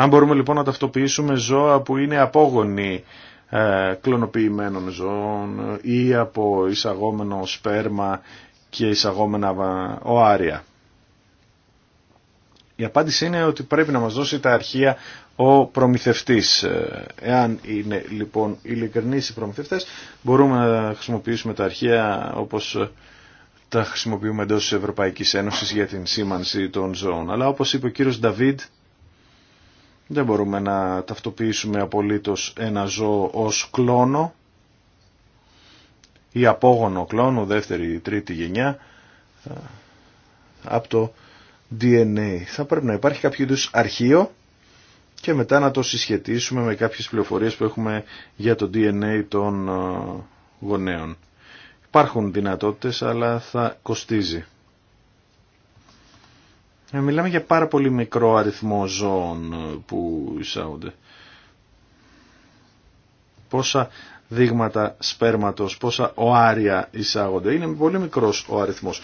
Αν μπορούμε λοιπόν να ταυτοποιήσουμε ζώα που είναι απόγονοι ε, κλωνοποιημένων ζώων ή από εισαγόμενο σπέρμα και εισαγόμενα οάρια. Η απάντηση είναι ότι πρέπει να μας δώσει τα αρχεία ο προμηθευτής. Ε, εάν είναι λοιπόν ειλικρινείς οι προμηθευτές μπορούμε να χρησιμοποιήσουμε τα αρχεία όπως τα χρησιμοποιούμε εντός της Ευρωπαϊκής Ένωσης για την σήμανση των ζώων. Αλλά όπως είπε ο κύριος Νταβίδ δεν μπορούμε να ταυτοποιήσουμε απολύτως ένα ζώο ως κλόνο ή απόγονο κλόνο, δεύτερη ή τρίτη γενιά, ε, από το DNA. Θα πρέπει να υπάρχει κάποιο αρχείο και μετά να το συσχετίσουμε με κάποιες πληροφορίες που έχουμε για το DNA των ε, γονέων. Υπάρχουν δυνατότητες αλλά θα κοστίζει. Ε, μιλάμε για πάρα πολύ μικρό αριθμό ζώων ε, που εισάγονται. Πόσα δείγματα σπέρματος, πόσα οάρια εισάγονται. Είναι πολύ μικρός ο αριθμός.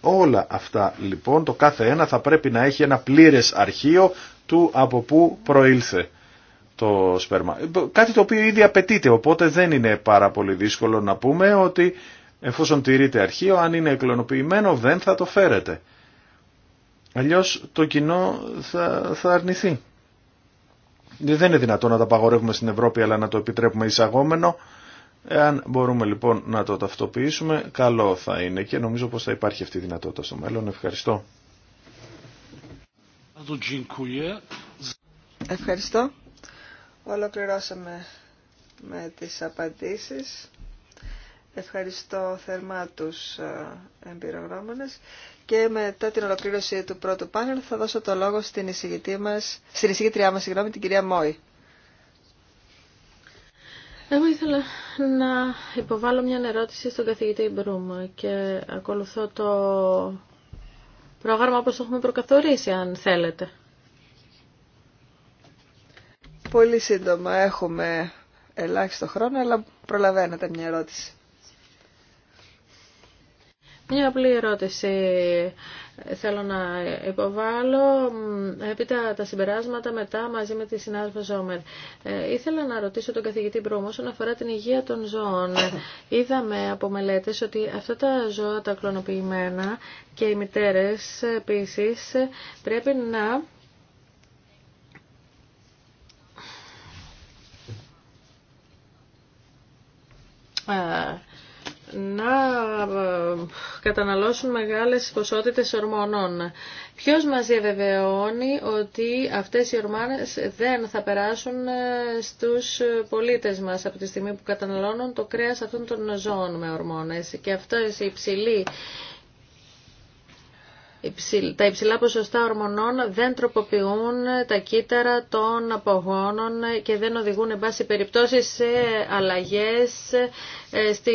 Όλα αυτά λοιπόν, το κάθε ένα θα πρέπει να έχει ένα πλήρες αρχείο του από πού προήλθε το σπέρμα. Ε, κάτι το οποίο ήδη απαιτείται, οπότε δεν είναι πάρα πολύ δύσκολο να πούμε ότι εφόσον τηρείται αρχείο, αν είναι εκλονοποιημένο δεν θα το φέρετε. Αλλιώς το κοινό θα, θα αρνηθεί. Δεν είναι δυνατόν να τα απαγορεύουμε στην Ευρώπη αλλά να το επιτρέπουμε εισαγόμενο. Εάν μπορούμε λοιπόν να το ταυτοποιήσουμε, καλό θα είναι και νομίζω πως θα υπάρχει αυτή η δυνατότητα στο μέλλον. Ευχαριστώ.
Ευχαριστώ.
Ολοκληρώσαμε με τις απαντήσεις. Ευχαριστώ θερμά τους ε, εμπειρογνώμονες και μετά την ολοκλήρωση του πρώτου πάνελ θα δώσω το λόγο στην, μας, στην εισηγητριά μας, συγγνώμη, την κυρία Μόη.
Εγώ ήθελα να υποβάλω μια ερώτηση στον καθηγητή Μπρούμ και ακολουθώ το
πρόγραμμα όπως το έχουμε προκαθορίσει, αν θέλετε. Πολύ σύντομα έχουμε ελάχιστο χρόνο, αλλά προλαβαίνετε μια ερώτηση.
Μια απλή ερώτηση θέλω να υποβάλω έπειτα τα συμπεράσματα μετά μαζί με τη συνάδελφο Ζόμερ. Ε, ήθελα να ρωτήσω τον καθηγητή Μπρούμ όσον αφορά την υγεία των ζώων. Είδαμε από μελέτε ότι αυτά τα ζώα τα κλωνοποιημένα και οι μητέρε επίση πρέπει να ε, να ε, καταναλώσουν μεγάλες ποσότητες ορμονών. Ποιος μας διαβεβαιώνει ότι αυτές οι ορμάνες δεν θα περάσουν ε, στους πολίτες μας από τη στιγμή που καταναλώνουν το κρέας αυτών των ζώων με ορμόνες. Και αυτό η υψηλή τα υψηλά ποσοστά ορμονών δεν τροποποιούν τα κύτταρα των απογόνων και δεν οδηγούν εν πάση περιπτώσει σε αλλαγές ε, στη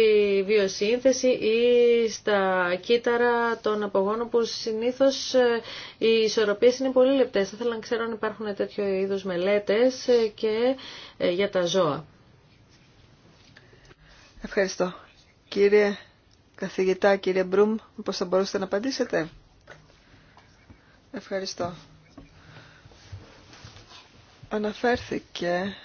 βιοσύνθεση ή στα κύτταρα των απογόνων που συνήθως ε, οι ισορροπίες είναι πολύ λεπτές. Θα ήθελα να ξέρω αν υπάρχουν τέτοιο είδους
μελέτες ε, και για τα ζώα. Ευχαριστώ. Κύριε καθηγητά, κύριε Μπρούμ, πώς θα μπορούσατε να απαντήσετε. Ευχαριστώ. Αναφέρθηκε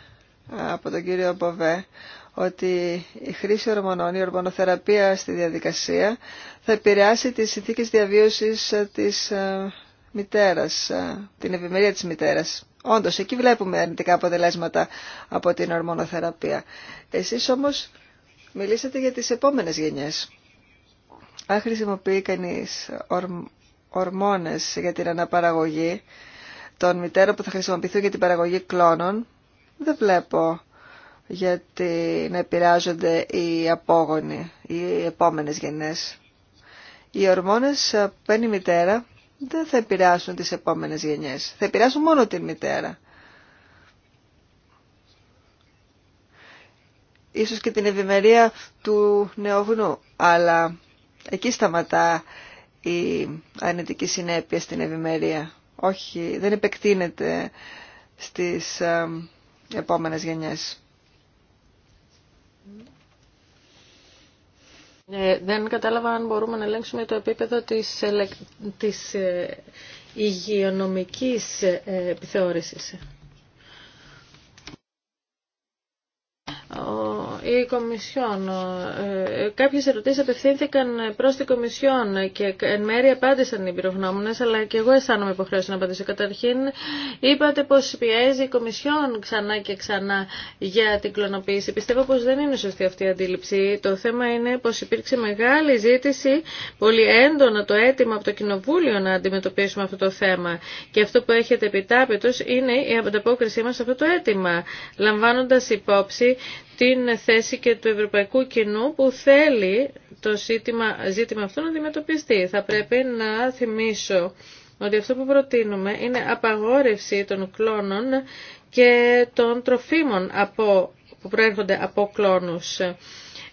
από τον κύριο Μποβέ ότι η χρήση ορμονών, η ορμονοθεραπεία στη διαδικασία θα επηρεάσει τις συνθήκες διαβίωσης της μητέρας, την ευημερία της μητέρας. Όντως, εκεί βλέπουμε αρνητικά αποτελέσματα από την ορμονοθεραπεία. Εσείς όμως μιλήσατε για τις επόμενες γενιές. Αν χρησιμοποιεί κανείς ορμόνες για την αναπαραγωγή των μητέρων που θα χρησιμοποιηθούν για την παραγωγή κλώνων, δεν βλέπω γιατί να επηρεάζονται οι απόγονοι, οι επόμενες γενιές. Οι ορμόνες που παίρνει η μητέρα δεν θα επηρεάσουν τις επόμενες γενιές. Θα επηρεάσουν μόνο την μητέρα. Ίσως και την ευημερία του νεογνού. Αλλά εκεί σταματά η αρνητική συνέπεια στην ευημερία. Όχι, δεν επεκτείνεται στις ε, επόμενες γενιές.
Ε, δεν κατάλαβα αν μπορούμε να ελέγξουμε το επίπεδο της, της ε, υγειονομικής ε, επιθεώρησης. η Κομισιόν. Ε, κάποιες ερωτήσει απευθύνθηκαν προς την Κομισιόν και εν μέρει απάντησαν οι πυρογνώμονες, αλλά και εγώ αισθάνομαι υποχρέωση να απαντήσω. Καταρχήν, είπατε πως πιέζει η Κομισιόν ξανά και ξανά για την κλωνοποίηση. Πιστεύω πως δεν είναι σωστή αυτή η αντίληψη. Το θέμα είναι πως υπήρξε μεγάλη ζήτηση, πολύ έντονο το αίτημα από το Κοινοβούλιο να αντιμετωπίσουμε αυτό το θέμα. Και αυτό που έχετε επιτάπητος είναι η ανταπόκρισή μας σε αυτό το αίτημα, λαμβάνοντας υπόψη την θέση και του ευρωπαϊκού κοινού που θέλει το ζήτημα, ζήτημα αυτό να αντιμετωπιστεί. Θα πρέπει να θυμίσω ότι αυτό που προτείνουμε είναι απαγόρευση των κλώνων και των τροφίμων από, που προέρχονται από κλόνους.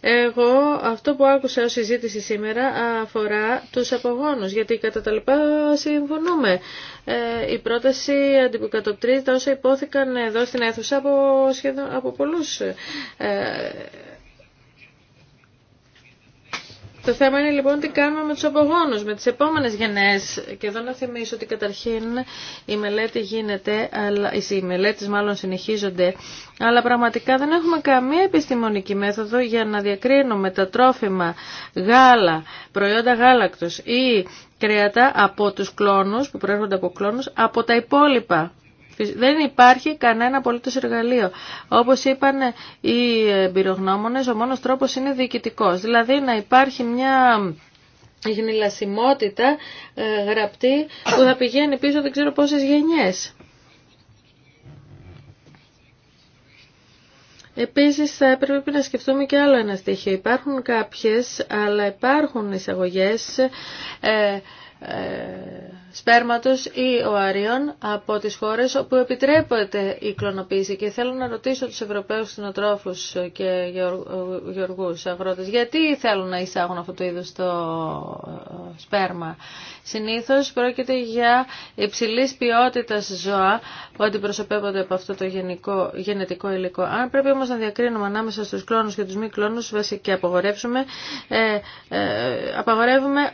Εγώ αυτό που άκουσα ως συζήτηση σήμερα αφορά τους απογόνους, γιατί κατά τα λοιπά συμφωνούμε. Ε, η πρόταση αντιποκατοπτρίζει τα όσα υπόθηκαν εδώ στην αίθουσα από, σχεδόν, από πολλούς ε, το θέμα είναι λοιπόν τι κάνουμε με τους απογόνους, με τις επόμενες γενναίες. Και εδώ να θυμίσω ότι καταρχήν η μελέτη γίνεται, αλλά, οι μελέτες μάλλον συνεχίζονται, αλλά πραγματικά δεν έχουμε καμία επιστημονική μέθοδο για να διακρίνουμε τα τρόφιμα γάλα, προϊόντα γάλακτος ή κρέατα από τους κλόνους, που προέρχονται από κλόνους, από τα υπόλοιπα δεν υπάρχει κανένα απολύτω εργαλείο. Όπως είπαν οι εμπειρογνώμονε, ο μόνος τρόπος είναι διοικητικό. Δηλαδή να υπάρχει μια γνηλασιμότητα ε, γραπτή που θα πηγαίνει πίσω δεν ξέρω πόσες γενιές. Επίσης θα έπρεπε να σκεφτούμε και άλλο ένα στοιχείο. Υπάρχουν κάποιες, αλλά υπάρχουν εισαγωγέ. Ε, ε, σπέρματος ή οαρίων από τις χώρες όπου επιτρέπεται η κλωνοποίηση και θέλω να ρωτήσω τους Ευρωπαίους κτηνοτρόφους και γεωργούς αγρότες γιατί θέλουν να εισάγουν αυτό το είδος το ε, σπέρμα. Συνήθως πρόκειται για υψηλή ποιότητας ζώα που αντιπροσωπεύονται από αυτό το γενικό, γενετικό υλικό. Αν πρέπει όμως να διακρίνουμε ανάμεσα στους κλώνους και τους μη κλόνους και ε, ε, απαγορεύουμε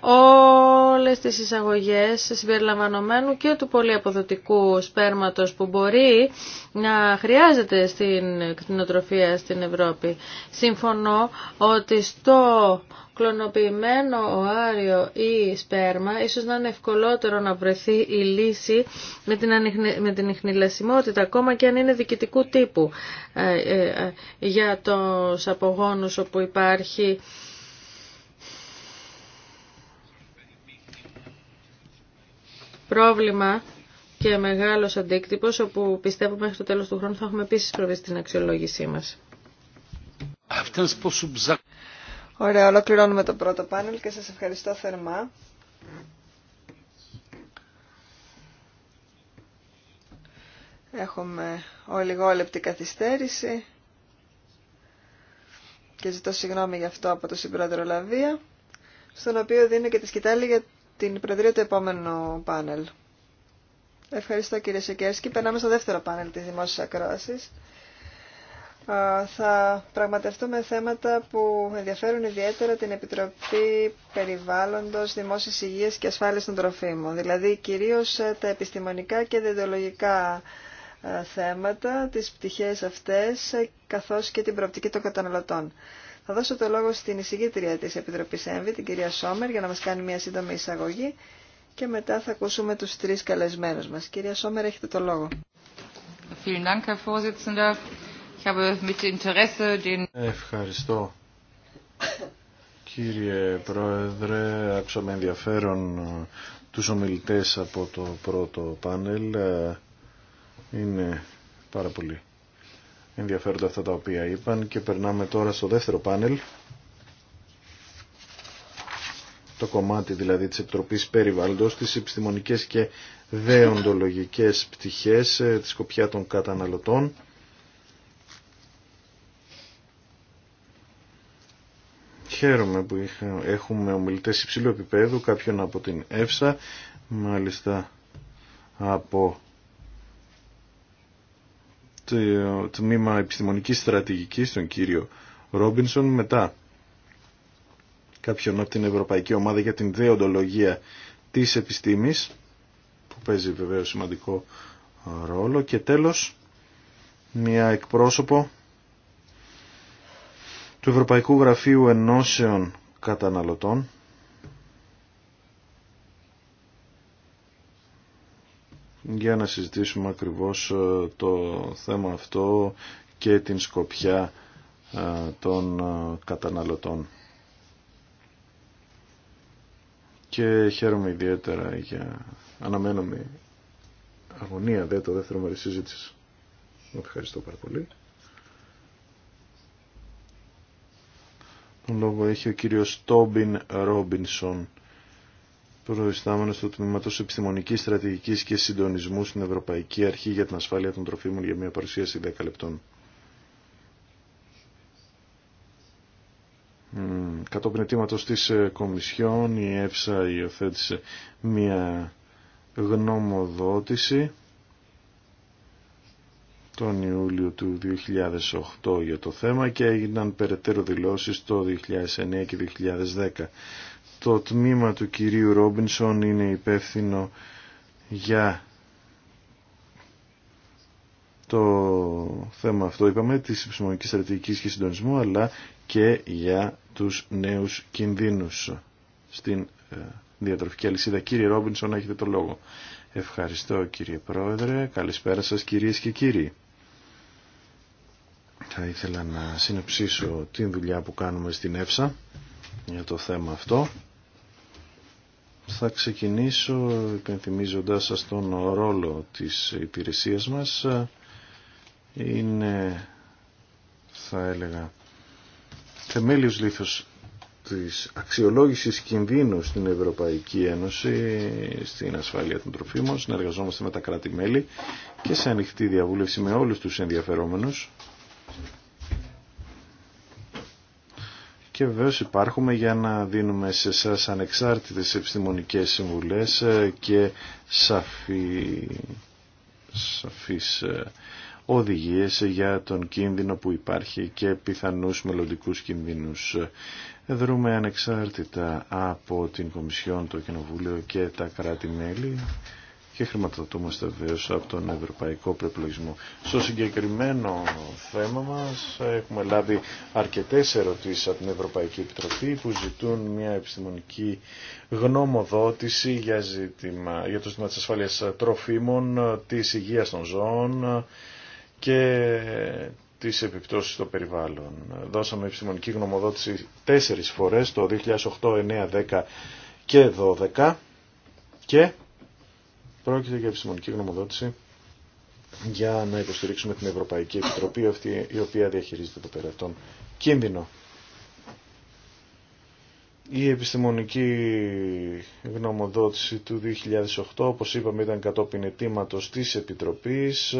όλες τις εισαγωγές συμπεριλαμβανομένου και του πολυαποδοτικού σπέρματος που μπορεί να χρειάζεται στην κτηνοτροφία στην Ευρώπη. Συμφωνώ ότι στο κλωνοποιημένο οάριο ή σπέρμα ίσως να είναι ευκολότερο να βρεθεί η λύση με την, με την ακόμα και αν είναι διοικητικού τύπου ε, ε, ε, για τους απογόνους όπου υπάρχει πρόβλημα και μεγάλος αντίκτυπος, όπου πιστεύω μέχρι το
τέλος του χρόνου θα έχουμε επίσης προβεί στην αξιολόγησή μας. Ωραία, ολοκληρώνουμε το πρώτο πάνελ και σας ευχαριστώ θερμά. Έχουμε ολιγόλεπτη καθυστέρηση και ζητώ συγγνώμη γι' αυτό από τον συμπρόεδρο Λαβία, στον οποίο δίνω και τη σκητάλη για την Προεδρία του επόμενου πάνελ. Ευχαριστώ κύριε Σεκέρσκι. Περνάμε στο δεύτερο πάνελ της Δημόσιας Ακρόασης. Θα πραγματευτούμε θέματα που ενδιαφέρουν ιδιαίτερα την Επιτροπή Περιβάλλοντος, Δημόσιας Υγείας και Ασφάλειας των Τροφίμων, δηλαδή κυρίως ε, τα επιστημονικά και διδεολογικά ε, θέματα, τις πτυχές αυτές, ε, καθώς και την προοπτική των καταναλωτών. Θα δώσω το λόγο στην εισηγήτρια της Επιτροπής ΕΜΒΗ, την κυρία Σόμερ, για να μας κάνει μια σύντομη εισαγωγή και μετά θα ακούσουμε τους τρεις καλεσμένους μας. Κυρία Σόμερ, έχετε το λόγο.
Ευχαριστώ. Κύριε Πρόεδρε, άκουσα με ενδιαφέρον ε, τους ομιλητές από το πρώτο πάνελ. Ε, είναι πάρα πολύ ενδιαφέροντα αυτά τα οποία είπαν και περνάμε τώρα στο δεύτερο πάνελ το κομμάτι δηλαδή της Επιτροπής Περιβάλλοντος, τις επιστημονικές και δεοντολογικές πτυχές ε, της κοπιά των καταναλωτών. Χαίρομαι που έχουμε ομιλητές υψηλού επίπεδου, κάποιον από την ΕΦΣΑ, μάλιστα από το τμήμα επιστημονικής στρατηγικής τον κύριο Ρόμπινσον μετά κάποιον από την Ευρωπαϊκή Ομάδα για την Δεοντολογία της Επιστήμης που παίζει βεβαίω σημαντικό ρόλο και τέλος μια εκπρόσωπο του Ευρωπαϊκού Γραφείου Ενώσεων Καταναλωτών για να συζητήσουμε ακριβώς ε, το θέμα αυτό και την σκοπιά ε, των ε, καταναλωτών. Και χαίρομαι ιδιαίτερα για... αναμένομη αγωνία δε το δεύτερο μέρος συζήτησης. Ευχαριστώ πάρα πολύ. Τον λόγο έχει ο κύριος Τόμπιν Ρόμπινσον προϊστάμενο του τμήματο επιστημονική στρατηγική και συντονισμού στην Ευρωπαϊκή Αρχή για την Ασφάλεια των Τροφίμων για μια παρουσίαση 10 λεπτών. Κατόπιν ετήματο τη ε, Κομισιόν η ΕΦΣΑ υιοθέτησε μια γνωμοδότηση τον Ιούλιο του 2008 για το θέμα και έγιναν περαιτέρω δηλώσεις το 2009 και 2010 το τμήμα του κυρίου Ρόμπινσον είναι υπεύθυνο για το θέμα αυτό, είπαμε, της επιστημονικής στρατηγικής και συντονισμού, αλλά και για τους νέους κινδύνους στην ε, διατροφική αλυσίδα. Κύριε Ρόμπινσον, έχετε το λόγο. Ευχαριστώ κύριε Πρόεδρε, καλησπέρα σας κυρίες και κύριοι. Θα ήθελα να συνεψίσω την δουλειά που κάνουμε στην ΕΦΣΑ για το θέμα αυτό. Θα ξεκινήσω υπενθυμίζοντάς σας τον ρόλο της υπηρεσίας μας. Είναι, θα έλεγα, θεμέλιος λήθος της αξιολόγησης κινδύνου στην Ευρωπαϊκή Ένωση στην ασφάλεια των τροφίμων. Συνεργαζόμαστε με τα κράτη-μέλη και σε ανοιχτή διαβούλευση με όλους τους ενδιαφερόμενους και βεβαίω υπάρχουμε για να δίνουμε σε εσά ανεξάρτητες επιστημονικές συμβουλές ε, και σαφή, σαφείς ε, οδηγίες για τον κίνδυνο που υπάρχει και πιθανούς μελλοντικού κινδύνους. Ε, δρούμε ανεξάρτητα από την Κομισιόν, το Κοινοβούλιο και τα κράτη-μέλη και χρηματοδοτούμαστε βεβαίως από τον Ευρωπαϊκό Προεπλογισμό. Στο συγκεκριμένο θέμα μας έχουμε λάβει αρκετές ερωτήσεις από την Ευρωπαϊκή Επιτροπή που ζητούν μια επιστημονική γνωμοδότηση για, ζήτημα, για το ζήτημα της ασφάλειας τροφίμων, της υγείας των ζώων και τις επιπτώσεις στο περιβάλλον. Δώσαμε επιστημονική γνωμοδότηση τέσσερις φορές το 2008, 2009, 2010 και 2012 και Πρόκειται για επιστημονική γνωμοδότηση για να υποστηρίξουμε την Ευρωπαϊκή Επιτροπή αυτή η οποία διαχειρίζεται το πέρα κίνδυνο. Η επιστημονική γνωμοδότηση του 2008, όπως είπαμε, ήταν κατόπιν ετήματος της Επιτροπής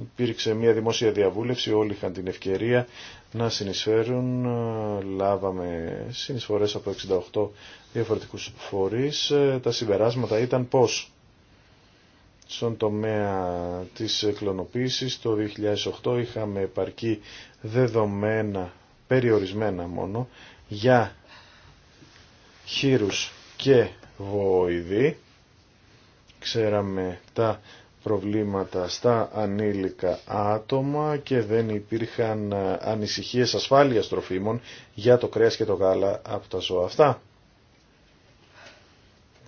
Υπήρξε μια δημόσια διαβούλευση, όλοι είχαν την ευκαιρία να συνεισφέρουν. Ε, λάβαμε συνεισφορές από 68 διαφορετικούς φορείς. Ε, τα συμπεράσματα ήταν πώς. Στον τομέα της κλωνοποίησης το 2008 είχαμε επαρκή δεδομένα, περιορισμένα μόνο, για χείρους και βοηδοί. Ξέραμε τα προβλήματα στα ανήλικα άτομα και δεν υπήρχαν ε, ανησυχίες ασφάλειας τροφίμων για το κρέας και το γάλα από τα ζώα αυτά.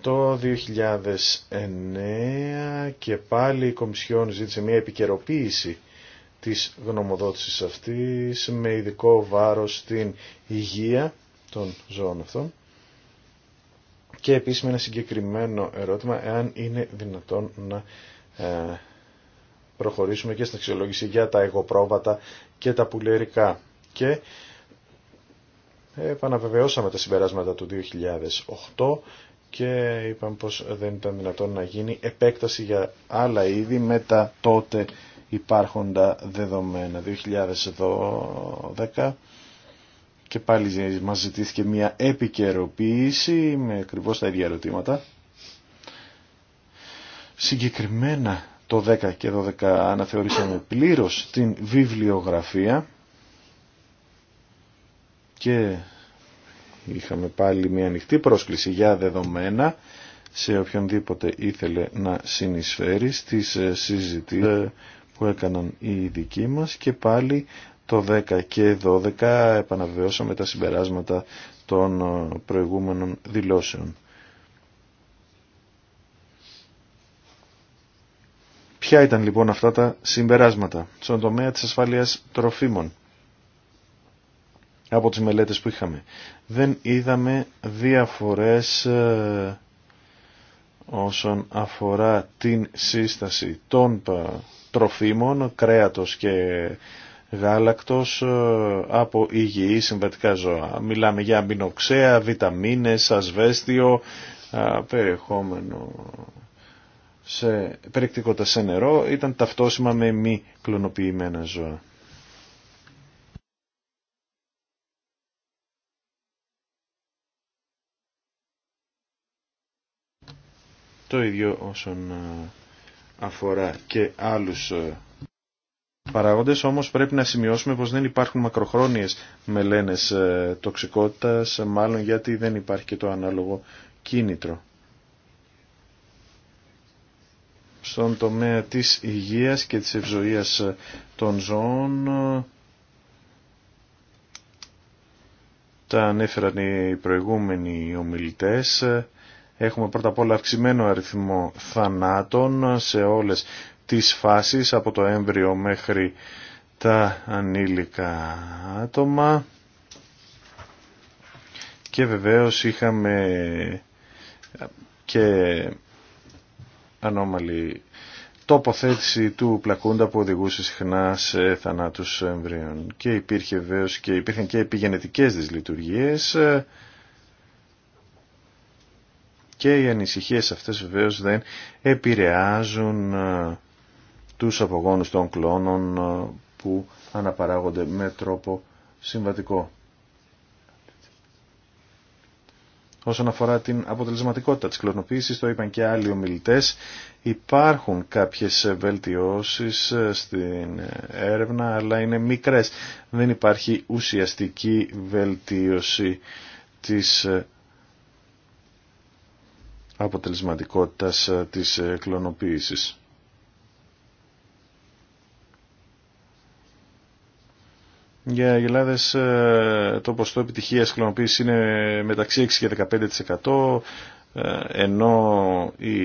Το 2009 και πάλι η Κομισιόν ζήτησε μια επικαιροποίηση της γνωμοδότησης αυτής με ειδικό βάρος στην υγεία των ζώων αυτών και επίσης με ένα συγκεκριμένο ερώτημα εάν είναι δυνατόν να ε, προχωρήσουμε και στην αξιολόγηση για τα εγωπρόβατα και τα πουλερικά. Και επαναβεβαιώσαμε τα συμπεράσματα του 2008 και είπαμε πως δεν ήταν δυνατόν να γίνει επέκταση για άλλα είδη με τα τότε υπάρχοντα δεδομένα. 2012 και πάλι μας ζητήθηκε μια επικαιροποίηση με ακριβώ τα ίδια ερωτήματα Συγκεκριμένα το 10 και 12 αναθεωρήσαμε πλήρως την βιβλιογραφία και είχαμε πάλι μια ανοιχτή πρόσκληση για δεδομένα σε οποιονδήποτε ήθελε να συνεισφέρει στις ε, συζητήσεις ε, που έκαναν οι ειδικοί μας και πάλι το 10 και 12 επαναβεβαιώσαμε τα συμπεράσματα των ε, προηγούμενων δηλώσεων. Ποια ήταν λοιπόν αυτά τα συμπεράσματα στον τομέα της ασφάλειας τροφίμων από τις μελέτες που είχαμε. Δεν είδαμε διαφορές ε, όσον αφορά την σύσταση των ε, τροφίμων, κρέατος και γάλακτος ε, από υγιή συμβατικά ζώα. Μιλάμε για αμπινοξέα, βιταμίνες, ασβέστιο, περιεχόμενο σε περιεκτικότητα σε νερό ήταν ταυτόσιμα με μη κλωνοποιημένα ζώα. Το ίδιο όσον ε, αφορά και άλλους ε, παράγοντες, όμως πρέπει να σημειώσουμε πως δεν υπάρχουν μακροχρόνιες μελένες ε, τοξικότητας, μάλλον γιατί δεν υπάρχει και το ανάλογο κίνητρο. στον τομέα της υγείας και της ευζοίας των ζώων. Τα ανέφεραν οι προηγούμενοι ομιλητές. Έχουμε πρώτα απ' όλα αυξημένο αριθμό θανάτων σε όλες τις φάσεις από το έμβριο μέχρι τα ανήλικα άτομα. Και βεβαίως είχαμε και ανώμαλη τοποθέτηση του πλακούντα που οδηγούσε συχνά σε θανάτους εμβρίων. Και, υπήρχε βέβαιος, και υπήρχαν και επιγενετικές δυσλειτουργίες και οι ανησυχίες αυτές βεβαίω δεν επηρεάζουν ε, τους απογόνους των κλώνων ε, που αναπαράγονται με τρόπο συμβατικό. Όσον αφορά την αποτελεσματικότητα της κλωνοποίησης, το είπαν και άλλοι ομιλητές, υπάρχουν κάποιες βελτιώσεις ε, στην έρευνα, αλλά είναι μικρές. Δεν υπάρχει ουσιαστική βελτίωση της ε, αποτελεσματικότητας ε, της κλωνοποίησης. Για γελάδες ε, το ποστό επιτυχίας κλωνοποίησης είναι μεταξύ 6 και 15% ε, ενώ η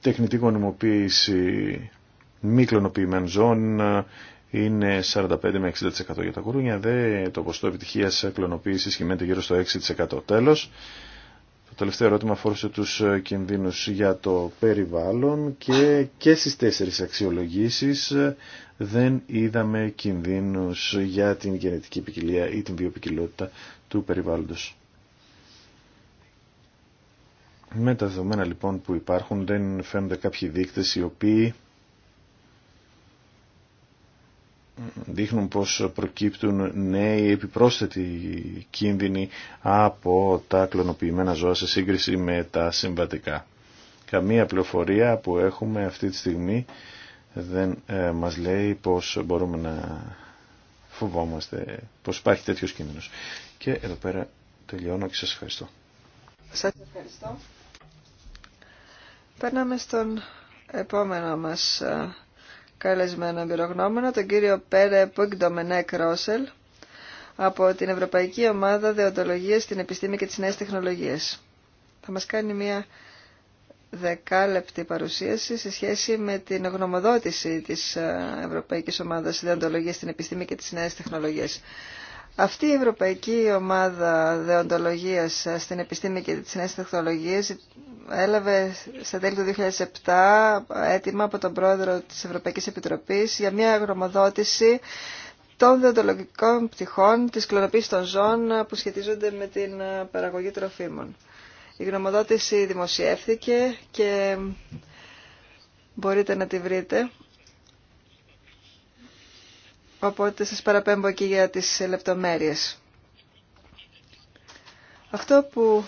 τεχνητή κονομοποίηση μη κλωνοποιημένων ζώων ε, είναι 45 με 60% για τα κουρούνια, δε το ποστό επιτυχίας κλωνοποίησης κυμαίνεται γύρω στο 6%. Τέλος, το τελευταίο ερώτημα αφορούσε τους ε, κινδύνους για το περιβάλλον και, και στις τέσσερις αξιολογήσεις ε, δεν είδαμε κινδύνους για την γενετική ποικιλία ή την βιοποικιλότητα του περιβάλλοντος. Με τα δεδομένα λοιπόν που υπάρχουν δεν φαίνονται κάποιοι δείκτες οι οποίοι δείχνουν πως προκύπτουν νέοι επιπρόσθετοι κίνδυνοι από τα κλωνοποιημένα ζώα σε σύγκριση με τα συμβατικά. Καμία πληροφορία που έχουμε αυτή τη στιγμή δεν ε, μας λέει πως μπορούμε να φοβόμαστε, πως υπάρχει τέτοιος κίνδυνος. Και εδώ πέρα τελειώνω και σας
ευχαριστώ. Σας ευχαριστώ. Περνάμε στον επόμενο μας ε, καλεσμένο εμπειρογνώμονα, τον κύριο Πέρε Πουγκντομενέκ Ρόσελ, από την Ευρωπαϊκή Ομάδα Δεοντολογίας στην Επιστήμη και τις Νέες Τεχνολογίες. Θα μας κάνει μια δεκάλεπτη παρουσίαση σε σχέση με την γνωμοδότηση της ε, Ευρωπαϊκής Ομάδας Δεοντολογίας στην Επιστήμη και τις Νέες Τεχνολογίες. Αυτή η Ευρωπαϊκή Ομάδα Δεοντολογίας στην Επιστήμη και τις Νέες Τεχνολογίες έλαβε στα τέλη του 2007 έτοιμα από τον πρόεδρο της Ευρωπαϊκής Επιτροπής για μια γνωμοδότηση των δεοντολογικών πτυχών της κλωνοποίησης των ζώων που σχετίζονται με την παραγωγή τροφίμων. Η γνωμοδότηση δημοσιεύθηκε και μπορείτε να τη βρείτε Οπότε σας παραπέμπω και για τις λεπτομέρειες. Αυτό που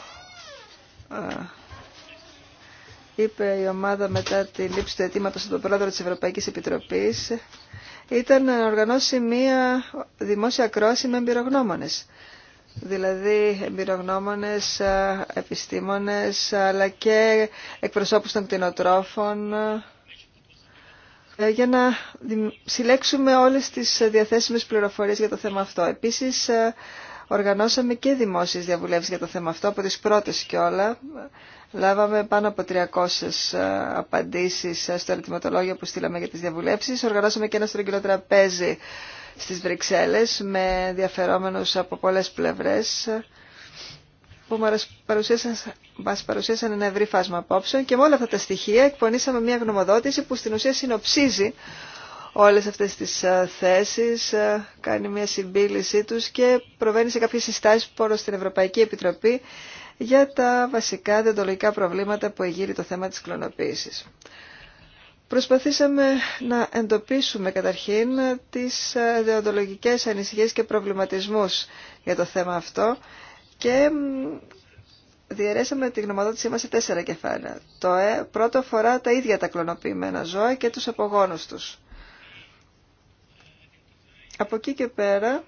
είπε η ομάδα μετά τη λήψη του αιτήματο από τον πρόεδρο της Ευρωπαϊκής Επιτροπής ήταν να οργανώσει μία δημόσια κρόση με εμπειρογνώμονες. Δηλαδή εμπειρογνώμονες, επιστήμονες αλλά και εκπροσώπους των κτηνοτρόφων ε, για να συλλέξουμε όλες τις διαθέσιμες πληροφορίες για το θέμα αυτό. Επίσης, ε, οργανώσαμε και δημόσιες διαβουλεύσεις για το θέμα αυτό, από τις πρώτες και όλα. Λάβαμε πάνω από 300 ε, απαντήσεις στο ερωτηματολόγιο που στείλαμε για τις διαβουλεύσεις. Οργανώσαμε και ένα στρογγυλό τραπέζι στις Βρυξέλλες με διαφερόμενους από πολλές πλευρές που μας παρουσίασαν, ένα ευρύ φάσμα απόψεων και με όλα αυτά τα στοιχεία εκπονήσαμε μια γνωμοδότηση που στην ουσία συνοψίζει όλες αυτές τις ε, θέσεις, ε, κάνει μια συμπίλησή τους και προβαίνει σε κάποιες συστάσεις προς την Ευρωπαϊκή Επιτροπή για τα βασικά δεντολογικά προβλήματα που εγείρει το θέμα της κλωνοποίησης. Προσπαθήσαμε να εντοπίσουμε καταρχήν τις ε, δεοντολογικές ανησυχίες και προβληματισμούς για το θέμα αυτό και διαιρέσαμε τη γνωμοδότησή μας σε τέσσερα κεφάλαια. Το ε, πρώτο αφορά τα ίδια τα κλωνοποιημένα ζώα και τους απογόνους τους. Από εκεί και πέρα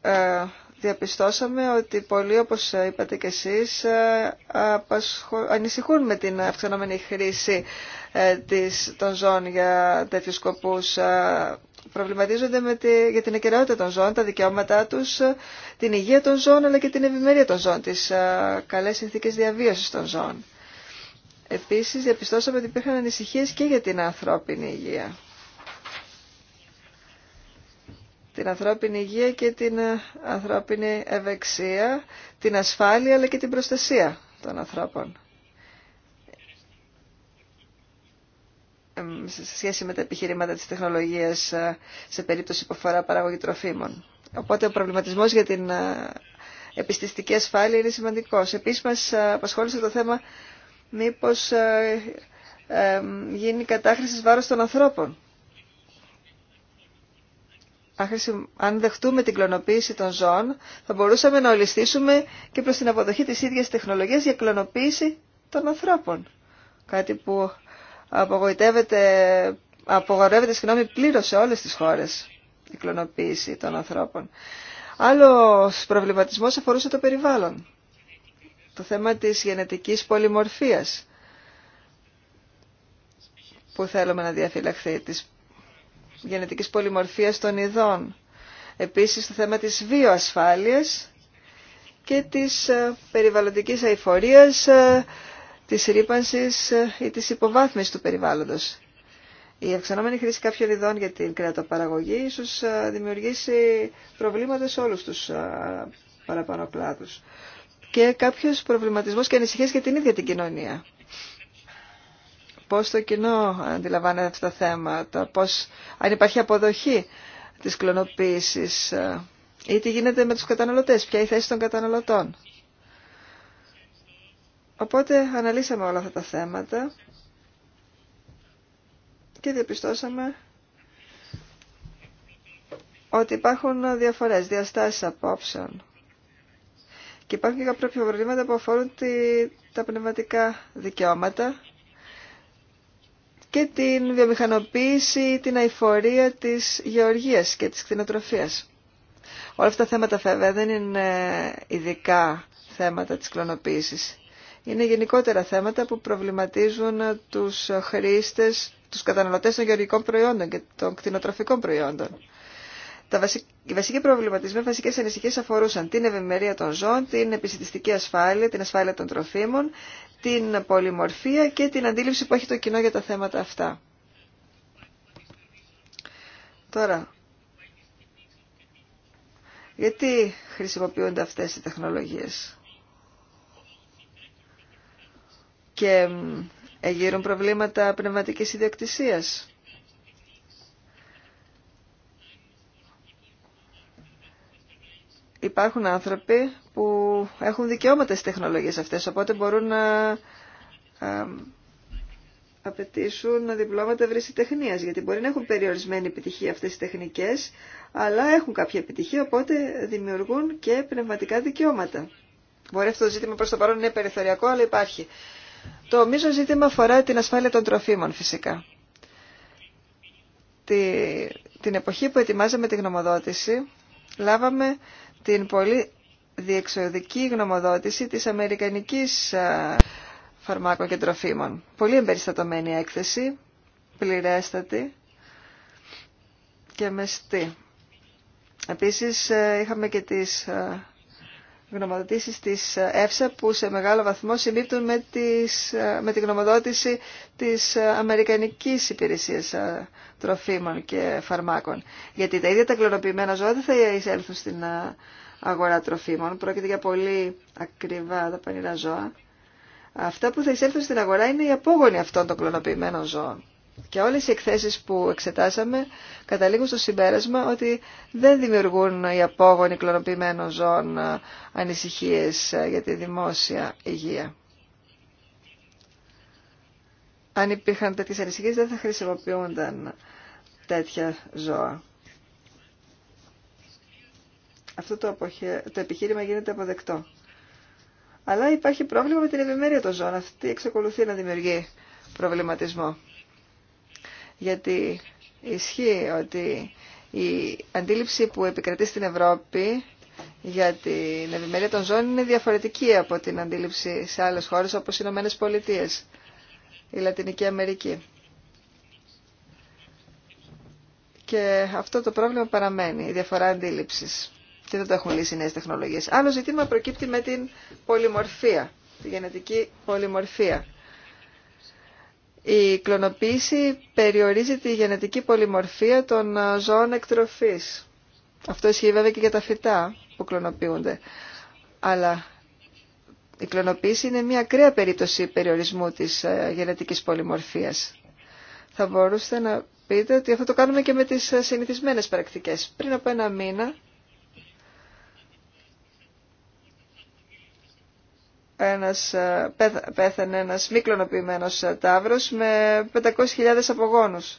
ε, διαπιστώσαμε ότι πολλοί, όπως είπατε και εσείς, ε, ανησυχούν με την αυξανόμενη χρήση ε, των ζώων για τέτοιους σκοπούς. Ε, προβληματίζονται με τη, για την ακεραιότητα των ζώων, τα δικαιώματά τους, την υγεία των ζώων, αλλά και την ευημερία των ζώων, τις καλές συνθήκες διαβίωσης των ζώων. Επίσης, διαπιστώσαμε ότι υπήρχαν ανησυχίες και για την ανθρώπινη υγεία. την ανθρώπινη υγεία και την ε, ανθρώπινη ευεξία, την ασφάλεια αλλά και την προστασία των ανθρώπων. σε σχέση με τα επιχειρήματα της τεχνολογίας ε, σε περίπτωση που αφορά παράγωγη τροφίμων. Οπότε ο προβληματισμός για την ε, επιστηστική ασφάλεια είναι σημαντικός. Επίσης μας απασχόλησε το θέμα μήπως γίνει κατάχρηση βάρος των ανθρώπων αν δεχτούμε την κλωνοποίηση των ζώων, θα μπορούσαμε να ολιστήσουμε και προς την αποδοχή της ίδιας τεχνολογίας για κλωνοποίηση των ανθρώπων. Κάτι που απογοητεύεται, απογορεύεται συγγνώμη, πλήρως σε όλες τις χώρες η κλωνοποίηση των ανθρώπων. Άλλος προβληματισμός αφορούσε το περιβάλλον. Το θέμα της γενετικής πολυμορφίας που θέλουμε να διαφυλαχθεί, της γενετικής πολυμορφίας των ειδών. Επίσης το θέμα της βιοασφάλειας και της ε, περιβαλλοντικής αηφορίας, ε, της ρήπανσης ε, ή της υποβάθμισης του περιβάλλοντος. Η αυξανόμενη χρήση κάποιων ειδών για την κρεατοπαραγωγή ίσως δημιουργήσει προβλήματα σε όλους τους παραπάνω πλάτους. Και κάποιος προβληματισμός και ανησυχίες για την ίδια την κοινωνία πώς το κοινό αντιλαμβάνεται αυτά τα θέματα, πώς, αν υπάρχει αποδοχή της κλωνοποίησης ε, ή τι γίνεται με τους καταναλωτές, ποια είναι η θέση των καταναλωτών. Οπότε αναλύσαμε όλα αυτά τα θέματα και διαπιστώσαμε ότι υπάρχουν διαφορές, διαστάσεις απόψεων. Και υπάρχουν και κάποια προβλήματα που αφορούν τα πνευματικά δικαιώματα και την βιομηχανοποίηση, την αηφορία της γεωργίας και της κτηνοτροφίας. Όλα αυτά τα θέματα βέβαια δεν είναι ειδικά θέματα της κλωνοποίησης. Είναι γενικότερα θέματα που προβληματίζουν τους χρήστες, τους καταναλωτές των γεωργικών προϊόντων και των κτηνοτροφικών προϊόντων. Τα οι βασικοί προβληματισμοί, οι βασικές αφορούσαν την ευημερία των ζώων, την επιστημιστική ασφάλεια, την ασφάλεια των τροφίμων, την πολυμορφία και την αντίληψη που έχει το κοινό για τα θέματα αυτά. Τώρα, γιατί χρησιμοποιούνται αυτές οι τεχνολογίες και εγείρουν προβλήματα πνευματικής ιδιοκτησίας. υπάρχουν άνθρωποι που έχουν δικαιώματα στις τεχνολογίες αυτές, οπότε μπορούν να απαιτήσουν διπλώματα τεχνίας, γιατί μπορεί να έχουν περιορισμένη επιτυχία αυτές οι τεχνικές, αλλά έχουν κάποια επιτυχία, οπότε δημιουργούν και πνευματικά δικαιώματα. Μπορεί αυτό το ζήτημα προς το παρόν είναι περιθωριακό, αλλά υπάρχει. Το μείζον ζήτημα αφορά την ασφάλεια των τροφίμων φυσικά. την εποχή που ετοιμάζαμε τη γνωμοδότηση, λάβαμε την πολύ διεξοδική γνωμοδότηση της Αμερικανικής Φαρμάκων και Τροφίμων. Πολύ εμπεριστατωμένη έκθεση, πληρέστατη και μεστή. Επίσης ε, είχαμε και τις ε, γνωμοδοτήσεις τη ΕΦΣΑ που σε μεγάλο βαθμό συμπίπτουν με, τις, με τη γνωμοδότηση της Αμερικανικής Υπηρεσίας ε, Τροφίμων και Φαρμάκων. Γιατί τα ίδια τα κλωνοποιημένα ζώα δεν θα εισέλθουν στην ε, αγορά τροφίμων. Πρόκειται για πολύ ακριβά τα πανηρά ζώα. Αυτά που θα εισέλθουν στην αγορά είναι οι απόγονοι αυτών των κλωνοποιημένων ζώων. Και όλες οι εκθέσεις που εξετάσαμε καταλήγουν στο συμπέρασμα ότι δεν δημιουργούν οι απόγονοι κλωνοποιημένων ζώων ε, ανησυχίες ε, για τη δημόσια υγεία. Αν υπήρχαν τέτοιες ανησυχίες δεν θα χρησιμοποιούνταν τέτοια ζώα. Αυτό το, το επιχείρημα γίνεται αποδεκτό. Αλλά υπάρχει πρόβλημα με την ευημερία των ζώων. Αυτή εξακολουθεί να δημιουργεί προβληματισμό γιατί ισχύει ότι η αντίληψη που επικρατεί στην Ευρώπη για την ευημερία των ζώων είναι διαφορετική από την αντίληψη σε άλλες χώρες όπως οι Ηνωμένες Πολιτείες, η Λατινική Αμερική. Και αυτό το πρόβλημα παραμένει, η διαφορά αντίληψης. Και δεν το έχουν λύσει οι νέες τεχνολογίες. Άλλο ζήτημα προκύπτει με την πολυμορφία, τη γενετική πολυμορφία. Η κλωνοποίηση περιορίζει τη γενετική πολυμορφία των ε, ζώων εκτροφής. Αυτό ισχύει βέβαια και για τα φυτά που κλωνοποιούνται. Αλλά η κλωνοποίηση είναι μια ακραία περίπτωση περιορισμού της ε, γενετικής πολυμορφίας. Θα μπορούσατε να πείτε ότι αυτό το κάνουμε και με τις ε, συνηθισμένες πρακτικές. Πριν από ένα μήνα ένας, ε, πέθανε ένας μη κλωνοποιημένος ε, τάβρος με 500.000 απογόνους.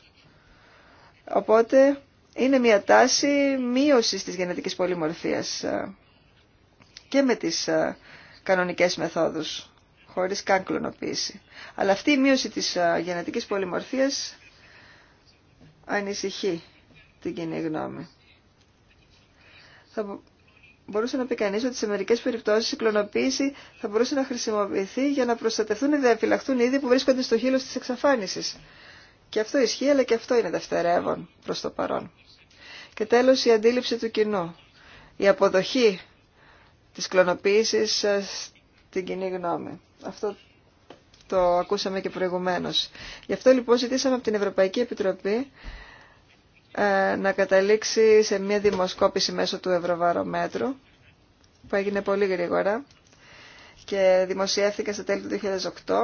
Οπότε είναι μια τάση μείωσης της γενετικής πολυμορφίας ε, και με τις κανονικές μεθόδους, χωρίς καν κλωνοποίηση. Αλλά αυτή η μείωση της γενετικής πολυμορφίας ανησυχεί την κοινή γνώμη μπορούσε να πει κανείς ότι σε μερικέ περιπτώσεις η κλωνοποίηση θα μπορούσε να χρησιμοποιηθεί για να προστατευτούν ή διαφυλαχθούν είδη που βρίσκονται στο χείλος της εξαφάνισης. Και αυτό ισχύει, αλλά και αυτό είναι δευτερεύον προς το παρόν. Και τέλο, η αντίληψη του κοινού. Η αποδοχή της κλωνοποίηση ε, στην κοινή γνώμη. Αυτό το ακούσαμε και προηγουμένως. Γι' αυτό λοιπόν ζητήσαμε από την Ευρωπαϊκή Επιτροπή ε, να καταλήξει σε μια δημοσκόπηση μέσω του Ευρωβαρομέτρου που έγινε πολύ γρήγορα και δημοσιεύθηκε στα τέλη του 2008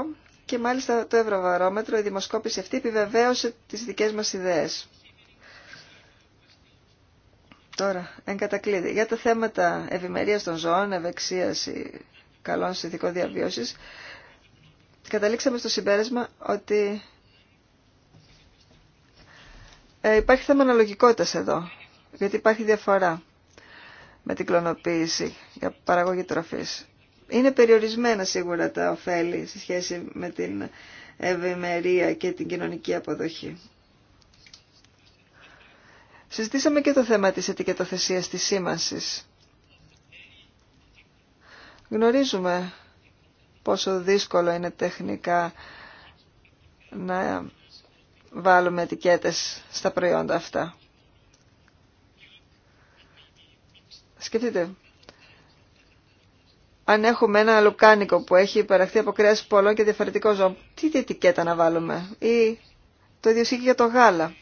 και μάλιστα το Ευρωβαρόμετρο η δημοσκόπηση αυτή επιβεβαίωσε τις δικές μας ιδέες. Τώρα, εν κατακλείδη, για τα θέματα ευημερίας των ζώων, ευεξίας ή καλών συνθηκών διαβίωσης, καταλήξαμε στο συμπέρασμα ότι ε, υπάρχει θέμα αναλογικότητας εδώ, γιατί υπάρχει διαφορά με την κλωνοποίηση για παραγωγή τροφής. Είναι περιορισμένα σίγουρα τα ωφέλη σε σχέση με την ευημερία και την κοινωνική αποδοχή. Συζητήσαμε και το θέμα της ετικετοθεσίας της σήμανσης. Γνωρίζουμε πόσο δύσκολο είναι τεχνικά να βάλουμε ετικέτες στα προϊόντα αυτά. Σκεφτείτε, αν έχουμε ένα λουκάνικο που έχει υπεραχθεί από κρέας πολλών και διαφορετικό ζώο, τι ετικέτα να βάλουμε ή το ίδιο ισχύει για το γάλα.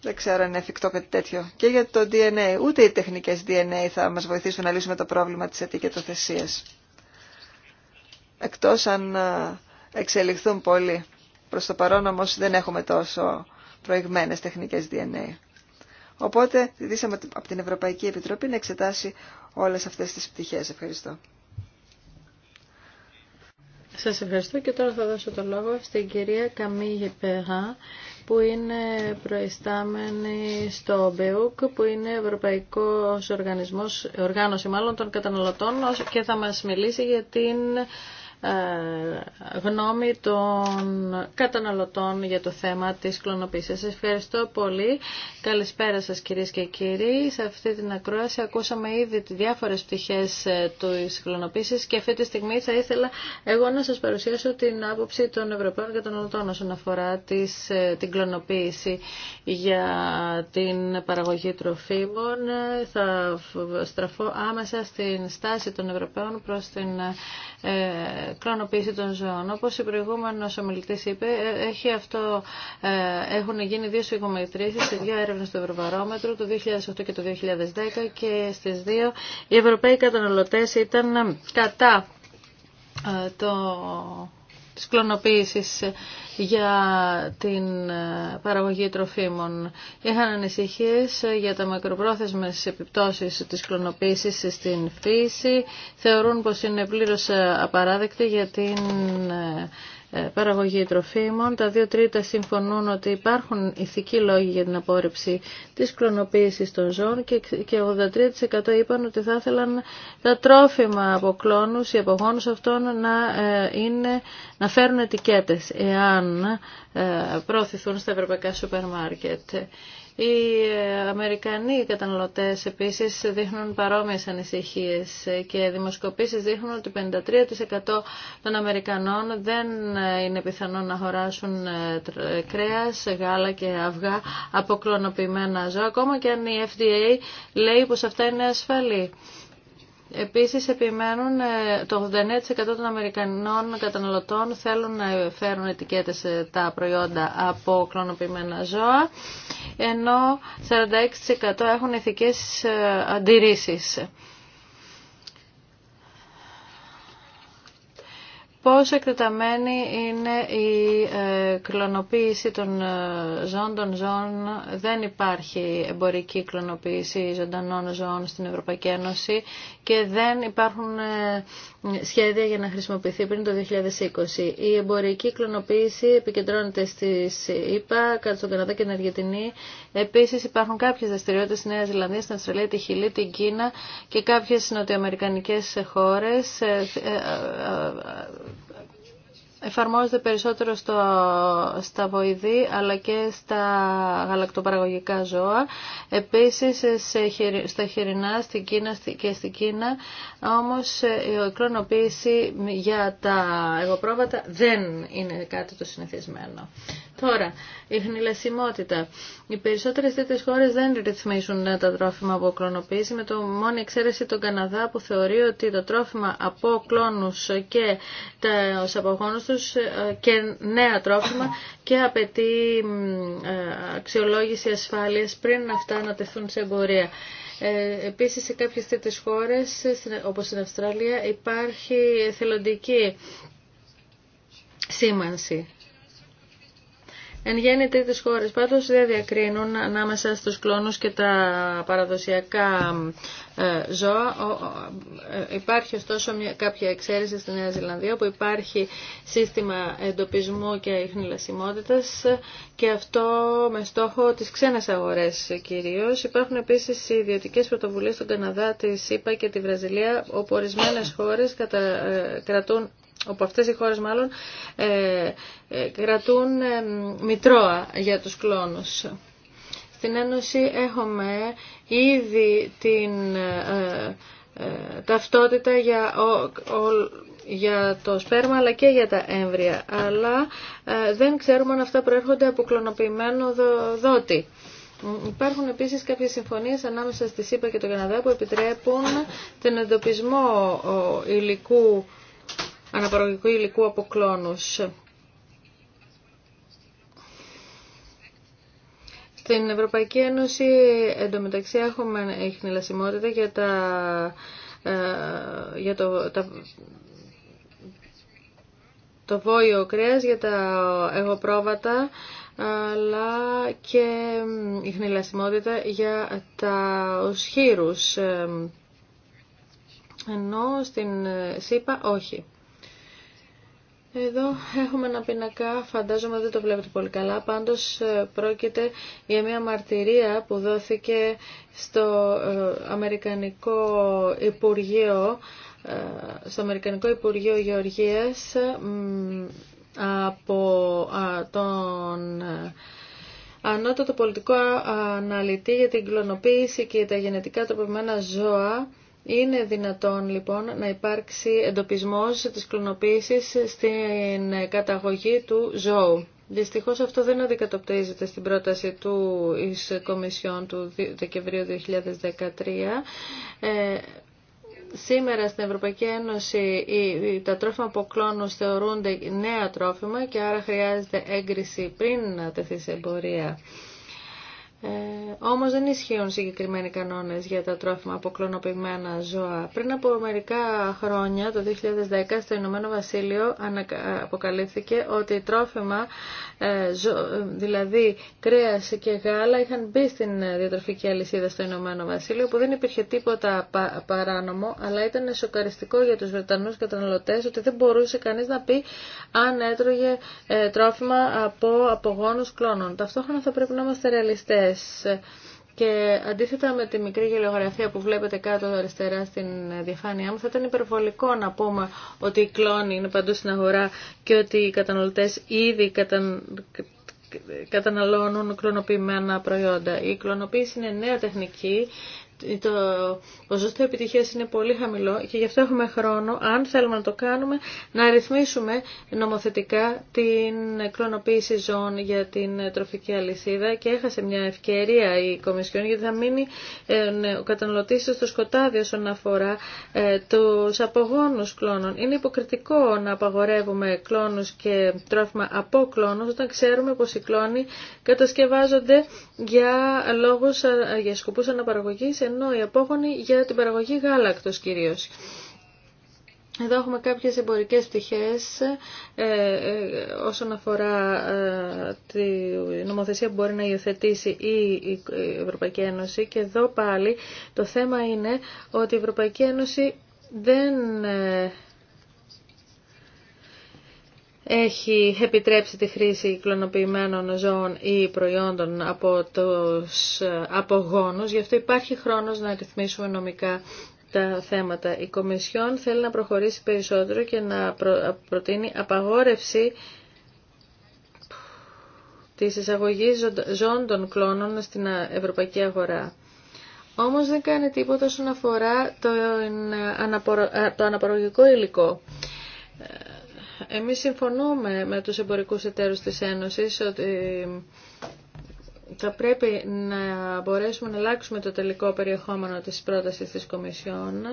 Δεν ξέρω αν είναι εφικτό κάτι τέτοιο. Και για το DNA, ούτε οι τεχνικές DNA θα μας βοηθήσουν να λύσουμε το πρόβλημα της ετικετοθεσίας. Εκτός αν ε, εξελιχθούν πολύ Προς το παρόν όμως δεν έχουμε τόσο προηγμένες τεχνικές DNA. Οπότε ζητήσαμε από την Ευρωπαϊκή Επιτροπή να εξετάσει όλες αυτές τις πτυχές. Ευχαριστώ.
Σας ευχαριστώ και τώρα θα δώσω το λόγο στην κυρία Καμίγε Πεγά που είναι προϊστάμενη στο ΜΠΕΟΚ που είναι Ευρωπαϊκός Οργανισμός, Οργάνωση μάλλον των Καταναλωτών και θα μας μιλήσει για την ε, γνώμη των καταναλωτών για το θέμα της κλωνοποίησης. Σας ευχαριστώ πολύ. Καλησπέρα σας κυρίες και κύριοι. Σε αυτή την ακρόαση ακούσαμε ήδη διάφορες πτυχές ε, της κλωνοποίησης και αυτή τη στιγμή θα ήθελα εγώ να σας παρουσιάσω την άποψη των Ευρωπαίων καταναλωτών όσον αφορά της, ε, την κλωνοποίηση για την παραγωγή τροφίμων. Θα στραφώ άμεσα στην στάση των Ευρωπαίων προς την κλωνοποίηση των ζώων. Όπως ο προηγούμενος ομιλητής είπε, ε, έχει αυτό, ε, έχουν γίνει δύο σφυγμομετρήσεις σε δύο έρευνες του Ευρωβαρόμετρου το 2008 και το 2010 και στις δύο οι Ευρωπαίοι καταναλωτές ήταν κατά ε, το της κλωνοποίησης για την ε, παραγωγή τροφίμων. Είχαν ανησυχίες ε, για τα μακροπρόθεσμες επιπτώσεις της κλωνοποίησης στην φύση. Θεωρούν πως είναι πλήρως ε, απαράδεκτη για την ε, παραγωγή τροφίμων. Τα δύο τρίτα συμφωνούν ότι υπάρχουν ηθικοί λόγοι για την απόρριψη της κλωνοποίησης των ζώων και 83% είπαν ότι θα ήθελαν τα τρόφιμα από κλόνους ή από γόνους αυτών να, ε, είναι, να φέρουν ετικέτες εάν ε, προωθηθούν στα ευρωπαϊκά σούπερ μάρκετ. Οι Αμερικανοί καταναλωτές επίσης δείχνουν παρόμοιες ανησυχίες και δημοσκοπήσεις δείχνουν ότι 53% των Αμερικανών δεν είναι πιθανό να αγοράσουν ε, κρέας, γάλα και αυγά από κλωνοποιημένα ζώα, ακόμα και αν η FDA λέει πως αυτά είναι ασφαλή. Επίσης επιμένουν ε, το 89% των Αμερικανών καταναλωτών θέλουν να φέρουν ετικέτες ε, τα προϊόντα από κλωνοποιημένα ζώα, ενώ 46% έχουν ηθικές ε, αντιρρήσεις. πόσο εκτεταμένη είναι η ε, κλωνοποίηση των ε, ζώων των ζώων. Δεν υπάρχει εμπορική κλωνοποίηση ζωντανών ζώων στην Ευρωπαϊκή Ένωση και δεν υπάρχουν ε, σχέδια για να χρησιμοποιηθεί πριν το 2020. Η εμπορική κλωνοποίηση επικεντρώνεται στι ΗΠΑ, στον Καναδά και την Αργεντινή. Επίσης υπάρχουν κάποιε δραστηριότητε στη Νέα Ζηλανδία, στην Αυστραλία, τη Χιλή, την Κίνα και κάποιες νοτιοαμερικανικέ χώρε. Ε, ε, ε, εφαρμόζεται περισσότερο στο, στα βοηδή αλλά και στα γαλακτοπαραγωγικά ζώα. Επίσης στα χοιρινά στην Κίνα, και στην Κίνα όμως η κλωνοποίηση για τα εγωπρόβατα δεν είναι κάτι το συνηθισμένο. Τώρα, η χνηλασιμότητα. Οι περισσότερες τέτοιες χώρες δεν ρυθμίζουν τα τρόφιμα από κλωνοποίηση με το μόνο εξαίρεση τον Καναδά που θεωρεί ότι το τρόφιμα από κλώνους και τα απογόνους ε, και νέα τρόφιμα και απαιτεί ε, αξιολόγηση ασφάλειας πριν αυτά να τεθούν σε εμπορία. Ε, επίσης σε κάποιες τέτοιες χώρες, όπως στην Αυστραλία, υπάρχει θελοντική σήμανση Εν γέννη τι χώρες πάντως δεν διακρίνουν ανάμεσα στου κλόνου και τα παραδοσιακά ε, ζώα. Ε, υπάρχει ωστόσο κάποια εξαίρεση στη Νέα Ζηλανδία όπου υπάρχει σύστημα εντοπισμού και ιχνηλασιμότητα, και αυτό με στόχο τι ξένε αγορέ κυρίως. Υπάρχουν επίσης ιδιωτικέ πρωτοβουλίε στον Καναδά, τη ΣΥΠΑ και τη Βραζιλία όπου ορισμένε χώρε ε, κρατούν όπου αυτές οι χώρες μάλλον ε, ε, κρατούν ε, μητρώα για τους κλόνους. Στην Ένωση έχουμε ήδη την ταυτότητα για, για το σπέρμα αλλά και για τα έμβρια. Αλλά δεν ξέρουμε αν αυτά προέρχονται από κλωνοποιημένο δότη. Υπάρχουν επίσης κάποιες συμφωνίες ανάμεσα στη ΣΥΠΑ και το Καναδά που επιτρέπουν τον εντοπισμό υλικού αναπαραγωγικού υλικού από Στην Ευρωπαϊκή Ένωση εντωμεταξύ έχουμε ειχνηλασιμότητα για τα, ε, για το, το βόλιο κρέας, για τα εγωπρόβατα, αλλά και χνηλασιμότητα για τα χείρου. Ε, ενώ στην ε, ΣΥΠΑ όχι. Εδώ έχουμε ένα πίνακα, φαντάζομαι δεν το βλέπετε πολύ καλά, πάντως ε, πρόκειται για μια μαρτυρία που δόθηκε στο ε, Αμερικανικό Υπουργείο, ε, στο Αμερικανικό Υπουργείο Γεωργίας από τον ανώτατο πολιτικό αναλυτή για την κλωνοποίηση και τα γενετικά τροποποιημένα ζώα είναι δυνατόν λοιπόν να υπάρξει εντοπισμός της κλωνοποίησης στην καταγωγή του ζώου. Δυστυχώ αυτό δεν αντικατοπτρίζεται στην πρόταση του εις Κομισιόν του Δεκεμβρίου 2013. Ε, σήμερα στην Ευρωπαϊκή Ένωση τα τρόφιμα από κλόνους θεωρούνται νέα τρόφιμα και άρα χρειάζεται έγκριση πριν να τεθεί σε εμπορία. Ε, όμως δεν ισχύουν συγκεκριμένοι κανόνες για τα τρόφιμα από κλωνοποιημένα ζώα. Πριν από μερικά χρόνια, το 2010, στο Ηνωμένο Βασίλειο αποκαλύφθηκε ότι τρόφιμα, ε, ε, δηλαδή κρέας και γάλα, είχαν μπει στην διατροφική αλυσίδα στο Ηνωμένο Βασίλειο, που δεν υπήρχε τίποτα παράνομο, αλλά ήταν σοκαριστικό για τους Βρετανούς καταναλωτές ότι δεν μπορούσε κανείς να πει αν έτρωγε ε, τρόφιμα από απογόνους κλώνων. Ταυτόχρονα θα πρέπει να είμαστε ρεαλιστές και αντίθετα με τη μικρή γελιογραφία που βλέπετε κάτω αριστερά στην διαφάνειά μου, θα ήταν υπερβολικό να πούμε ότι οι κλόνοι είναι παντού στην αγορά και ότι οι καταναλωτές ήδη καταναλώνουν κλωνοποιημένα προϊόντα. Η κλωνοποίηση είναι νέα τεχνική, το ποσοστό επιτυχία είναι πολύ χαμηλό και γι' αυτό έχουμε χρόνο, αν θέλουμε να το κάνουμε, να ρυθμίσουμε νομοθετικά την κλωνοποίηση ζώων για την τροφική αλυσίδα και έχασε μια ευκαιρία η Κομισιόν γιατί θα μείνει ε, ναι, ο καταναλωτή στο σκοτάδι όσον αφορά ε, του απόγόνου κλώνων. Είναι υποκριτικό να απαγορεύουμε κλώνους και τρόφιμα από κλώνου όταν ξέρουμε πω οι κλώνοι κατασκευάζονται για, λόγους, ε, για σκοπούς αναπαραγωγής ενώ οι απόγονοι για την παραγωγή γάλακτος κυρίως. Εδώ έχουμε κάποιες εμπορικές πτυχές ε, ε, όσον αφορά ε, τη νομοθεσία που μπορεί να υιοθετήσει η Ευρωπαϊκή Ένωση και εδώ πάλι το θέμα είναι ότι η Ευρωπαϊκή Ένωση δεν έχει επιτρέψει τη χρήση κλωνοποιημένων ζώων ή προϊόντων από τους ε, απογόνους. Γι' αυτό υπάρχει χρόνος να ρυθμίσουμε νομικά τα θέματα. Η Κομισιόν θέλει να προχωρήσει περισσότερο και να προτείνει απαγόρευση της εισαγωγής ζώων των κλώνων στην ε, ευρωπαϊκή αγορά. Όμως δεν κάνει τίποτα όσον αφορά το ε, αναπαραγωγικό υλικό. Εμείς συμφωνούμε με τους εμπορικούς εταίρους της Ένωσης ότι θα πρέπει να μπορέσουμε να αλλάξουμε το τελικό περιεχόμενο της πρότασης της Κομισιόν.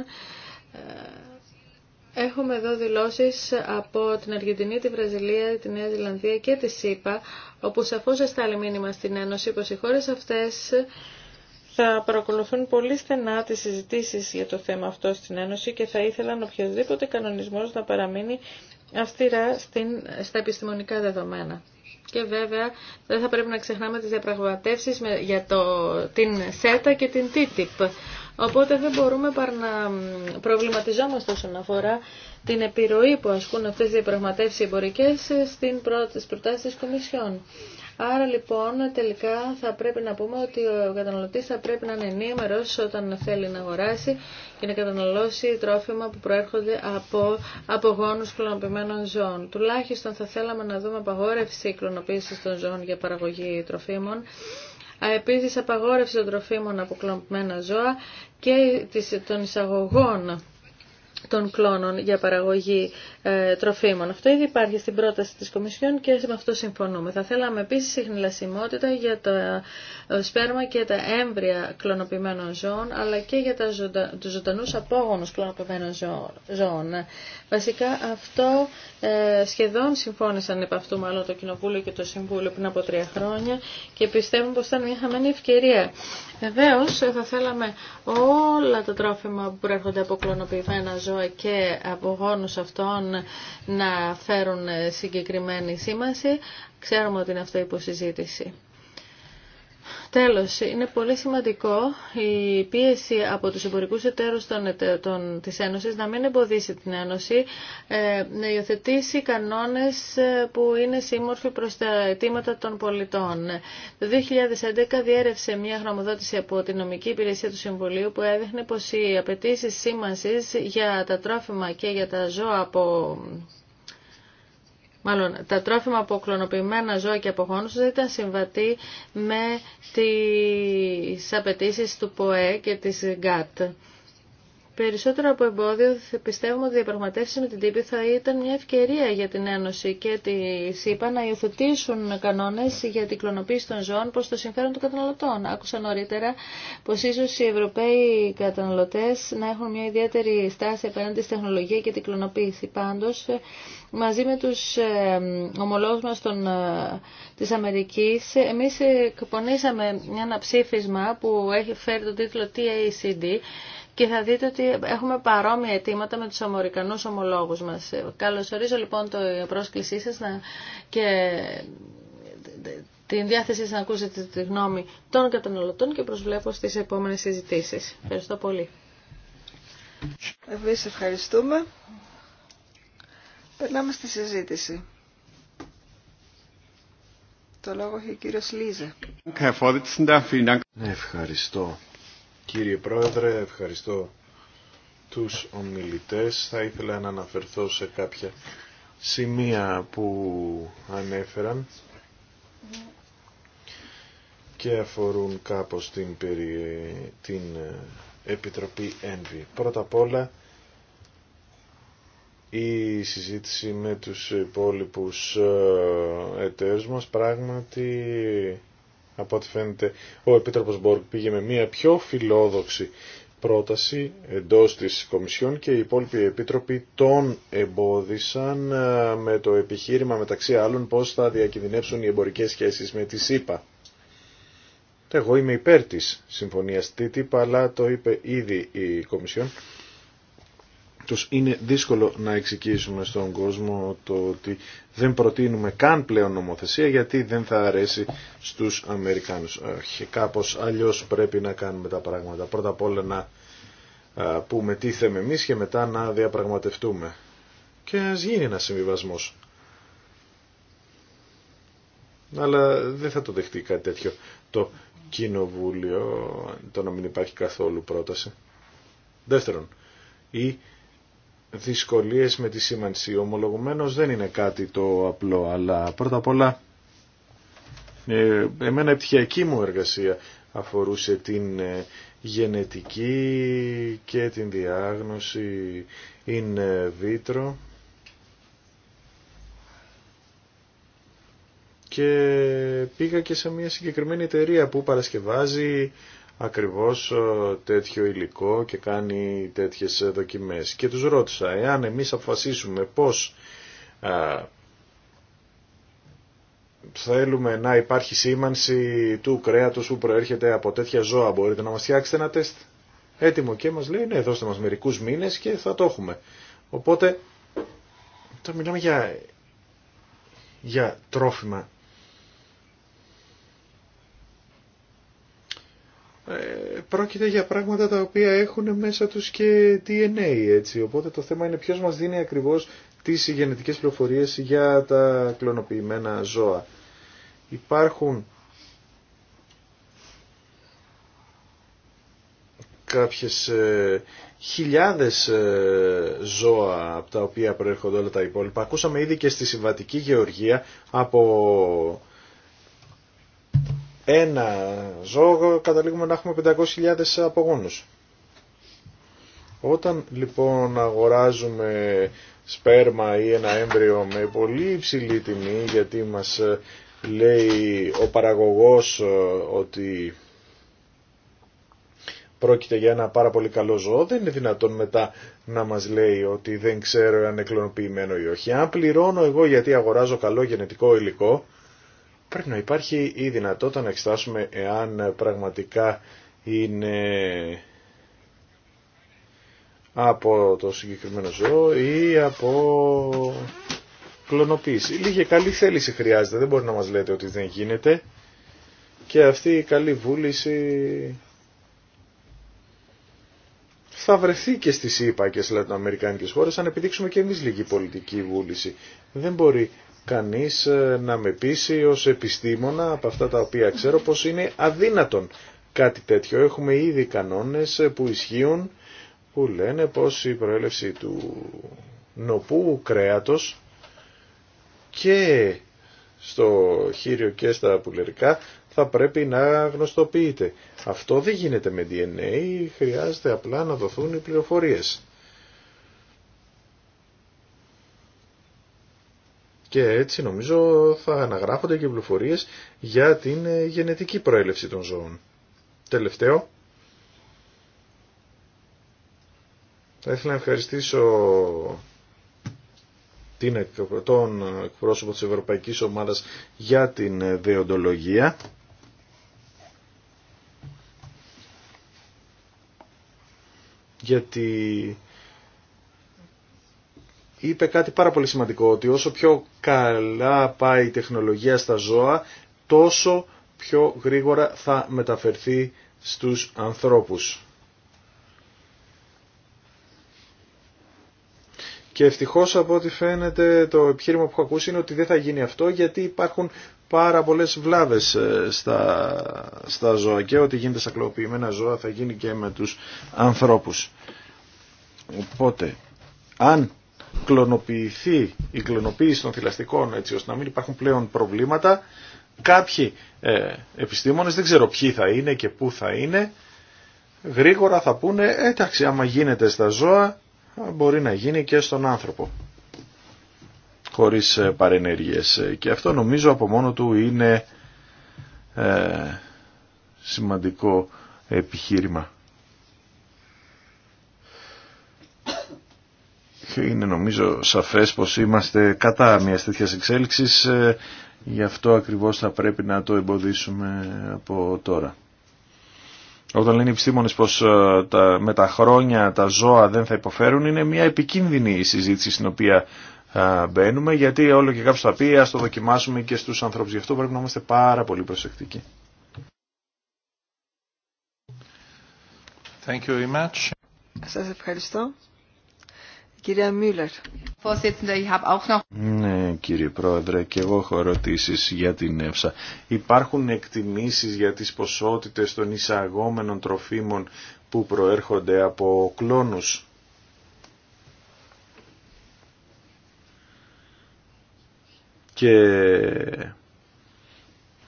Έχουμε εδώ δηλώσεις από την Αργεντινή, τη Βραζιλία, τη Νέα Ζηλανδία και τη ΣΥΠΑ, όπου σαφώς εστάλει μήνυμα στην Ένωση πως οι χώρες αυτές θα παρακολουθούν πολύ στενά τις συζητήσεις για το θέμα αυτό στην Ένωση και θα ήθελαν οποιοδήποτε κανονισμός να παραμείνει αυστηρά στην, στα επιστημονικά δεδομένα. Και βέβαια δεν θα πρέπει να ξεχνάμε τις διαπραγματεύσεις με, για το, την ΣΕΤΑ και την ΤΙΤΙΠ. Οπότε δεν μπορούμε παρά να προβληματιζόμαστε όσον αφορά την επιρροή που ασκούν αυτές οι διαπραγματεύσεις εμπορικές στις προτάσει προτάσεις της Κομισιόν. Άρα λοιπόν τελικά θα πρέπει να πούμε ότι ο καταναλωτή θα πρέπει να είναι ενήμερο όταν θέλει να αγοράσει και να καταναλώσει τρόφιμα που προέρχονται από απογόνους κλωνοποιημένων ζώων. Τουλάχιστον θα θέλαμε να δούμε απαγόρευση κλωνοποίηση των ζώων για παραγωγή τροφίμων επίσης απαγόρευση των τροφίμων από κλωνοποιημένα ζώα και των εισαγωγών των κλώνων για παραγωγή ε, τροφίμων. Αυτό ήδη υπάρχει στην πρόταση της Κομισιόν και με αυτό συμφωνούμε. Θα θέλαμε επίσης συχνηλασιμότητα για το ε, σπέρμα και τα έμβρια κλωνοποιημένων ζώων, αλλά και για τα ζωτα... τους ζωντανούς απόγονους κλωνοποιημένων ζώων. Βασικά αυτό ε, σχεδόν συμφώνησαν επ' αυτού μάλλον το Κοινοβούλιο και το Συμβούλιο πριν από τρία χρόνια και πιστεύουν πως ήταν μια χαμένη ευκαιρία. Βεβαίω θα θέλαμε όλα τα τρόφιμα που προέρχονται από κλωνοποιημένα ζώα και από γόνους αυτών να φέρουν συγκεκριμένη σήμανση. Ξέρουμε ότι είναι αυτό υποσυζήτηση. Τέλος, είναι πολύ σημαντικό η πίεση από τους εμπορικούς εταίρους των, των, της Ένωσης να μην εμποδίσει την Ένωση ε, να υιοθετήσει κανόνες ε, που είναι σύμμορφοι προς τα αιτήματα των πολιτών. Το 2011 διέρευσε μια γνωμοδότηση από την νομική υπηρεσία του Συμβουλίου που έδειχνε πως οι απαιτήσει σήμανσης για τα τρόφιμα και για τα ζώα από μάλλον τα τρόφιμα από κλωνοποιημένα ζώα και αποχώνους δεν ήταν συμβατή με τις απαιτήσεις του ΠΟΕ και της ΓΚΑΤ. Περισσότερο από εμπόδιο πιστεύουμε ότι η διαπραγματεύσει με την ΤΥΠΗ θα ήταν μια ευκαιρία για την Ένωση και τη ΣΥΠΑ να υιοθετήσουν κανόνε για την κλωνοποίηση των ζώων προ το συμφέρον των καταναλωτών. Άκουσα νωρίτερα πω ίσω οι Ευρωπαίοι καταναλωτέ να έχουν μια ιδιαίτερη στάση απέναντι στη τεχνολογία και την κλωνοποίηση. Πάντω, μαζί με του ε, ομολόγου μα ε, τη Αμερική, εμεί εκπονήσαμε ένα ψήφισμα που έχει φέρει τον τίτλο TACD και θα δείτε ότι έχουμε παρόμοια αιτήματα με τους ομορικανούς ομολόγους μας. Καλωσορίζω λοιπόν το πρόσκλησή σας να... και την διάθεσή σας να ακούσετε τη γνώμη των καταναλωτών και προσβλέπω στις επόμενες συζητήσεις. Ευχαριστώ πολύ.
Εμείς ευχαριστούμε. Περνάμε στη συζήτηση. Το λόγο έχει ο κύριος Λίζε.
Ευχαριστώ Κύριε Πρόεδρε, ευχαριστώ τους ομιλητές. Θα ήθελα να αναφερθώ σε κάποια σημεία που ανέφεραν και αφορούν κάπως την, περι... την ε, Επιτροπή ΕΝΒΗ. Πρώτα απ' όλα η συζήτηση με τους υπόλοιπους ε, εταίρους μας πράγματι από ό,τι φαίνεται ο Επίτροπος Μπόρκ πήγε με μια πιο φιλόδοξη πρόταση εντός της Κομισιόν και οι υπόλοιποι επίτροποι τον εμπόδισαν ε, με το επιχείρημα μεταξύ άλλων πώς θα διακινδυνεύσουν οι εμπορικές σχέσεις με τη ΣΥΠΑ. Εγώ είμαι υπέρ της συμφωνίας TTIP αλλά το είπε ήδη η Κομισιόν τους είναι δύσκολο να εξηγήσουμε στον κόσμο το ότι δεν προτείνουμε καν πλέον νομοθεσία γιατί δεν θα αρέσει στους Αμερικάνους. Ε, Κάπω κάπως αλλιώς πρέπει να κάνουμε τα πράγματα. Πρώτα απ' όλα να ε, πούμε τι θέμε εμείς και μετά να διαπραγματευτούμε. Και ας γίνει ένα συμβιβασμός. Αλλά δεν θα το δεχτεί κάτι τέτοιο το κοινοβούλιο, το να μην υπάρχει καθόλου πρόταση. Δεύτερον, η δυσκολίες με τη σήμανση. Ομολογουμένως δεν είναι κάτι το απλό, αλλά πρώτα απ' όλα ε, εμένα η πτυχιακή μου εργασία αφορούσε την ε, γενετική και την διάγνωση in vitro και πήγα και σε μια συγκεκριμένη εταιρεία που παρασκευάζει ακριβώς ε, τέτοιο υλικό και κάνει τέτοιες δοκιμές. Και τους ρώτησα, εάν εμείς αποφασίσουμε πώς α, ε, θέλουμε να υπάρχει σήμανση του κρέατος που προέρχεται από τέτοια ζώα, μπορείτε να μας φτιάξετε ένα τεστ έτοιμο και μας λέει ναι δώστε μας μερικούς μήνες και θα το έχουμε. Οπότε τώρα μιλάμε για, για τρόφιμα Ε, πρόκειται για πράγματα τα οποία έχουν μέσα τους και DNA έτσι. Οπότε το θέμα είναι ποιος μας δίνει ακριβώς τις γενετικές πληροφορίες για τα κλωνοποιημένα ζώα. Υπάρχουν κάποιες ε, χιλιάδες ε, ζώα από τα οποία προέρχονται όλα τα υπόλοιπα. Ακούσαμε ήδη και στη συμβατική γεωργία από ένα ζώο καταλήγουμε να έχουμε 500.000 απογόνους. Όταν λοιπόν αγοράζουμε σπέρμα ή ένα έμβριο με πολύ υψηλή τιμή γιατί μας ε, λέει ο παραγωγός ε, ότι πρόκειται για ένα πάρα πολύ καλό ζώο, δεν είναι δυνατόν μετά να μας λέει ότι δεν ξέρω αν εκλονοποιημένο ή όχι. Αν πληρώνω εγώ γιατί αγοράζω καλό γενετικό υλικό, πρέπει να υπάρχει η δυνατότητα να εξετάσουμε εάν πραγματικά είναι από το συγκεκριμένο ζώο ή από κλωνοποίηση. Λίγη καλή θέληση χρειάζεται, δεν μπορεί να μας λέτε ότι δεν γίνεται και αυτή η καλή βούληση θα βρεθεί και στις ΗΠΑ και στις λατινοαμερικάνικες χώρες αν επιδείξουμε και εμείς λίγη πολιτική βούληση. Δεν μπορεί κανείς ε, να με πείσει ως επιστήμονα από αυτά τα οποία ξέρω πως είναι αδύνατον κάτι τέτοιο. Έχουμε ήδη κανόνες ε, που ισχύουν που λένε πως η προέλευση του νοπού κρέατος και στο χείριο και στα πουλερικά θα πρέπει να γνωστοποιείται. Αυτό δεν γίνεται με DNA, χρειάζεται απλά να δοθούν οι πληροφορίες. Και έτσι νομίζω θα αναγράφονται και πληροφορίες για την ε, γενετική προέλευση των ζώων. Τελευταίο. Θα ήθελα να ευχαριστήσω την, τον εκπρόσωπο της Ευρωπαϊκής Ομάδας για την ε, δεοντολογία. Γιατί είπε κάτι πάρα πολύ σημαντικό, ότι όσο πιο καλά πάει η τεχνολογία στα ζώα, τόσο πιο γρήγορα θα μεταφερθεί στους ανθρώπους. Και ευτυχώς από ό,τι φαίνεται το επιχείρημα που έχω ακούσει είναι ότι δεν θα γίνει αυτό γιατί υπάρχουν πάρα πολλές βλάβες ε, στα, στα ζώα και ό,τι γίνεται στα κλωοποιημένα ζώα θα γίνει και με τους ανθρώπους. Οπότε, αν κλωνοποιηθεί η κλωνοποίηση των θηλαστικών έτσι ώστε να μην υπάρχουν πλέον προβλήματα. Κάποιοι ε, επιστήμονες, δεν ξέρω ποιοι θα είναι και πού θα είναι, γρήγορα θα πούνε «Ε, «Εντάξει, άμα γίνεται στα ζώα, μπορεί να γίνει και στον άνθρωπο» χωρίς ε, παρενέργειες. Και αυτό νομίζω από μόνο του είναι ε, σημαντικό επιχείρημα. είναι νομίζω σαφές πως είμαστε κατά μιας τέτοιας εξέλιξης, ε, γι' αυτό ακριβώς θα πρέπει να το εμποδίσουμε από τώρα. Όταν λένε οι επιστήμονες πως ε, με τα χρόνια τα ζώα δεν θα υποφέρουν, είναι μια επικίνδυνη συζήτηση στην οποία ε, μπαίνουμε, γιατί όλο και κάποιος θα πει ας το δοκιμάσουμε και στους ανθρώπους. Γι' αυτό πρέπει να είμαστε πάρα πολύ προσεκτικοί. Thank
ευχαριστώ. Κυρία Μιούλερ.
Ναι, κύριε Πρόεδρε, και εγώ έχω ερωτήσει για την ΕΦΣΑ. Υπάρχουν εκτιμήσεις για τις ποσότητες των εισαγόμενων τροφίμων που προέρχονται από κλόνους. Και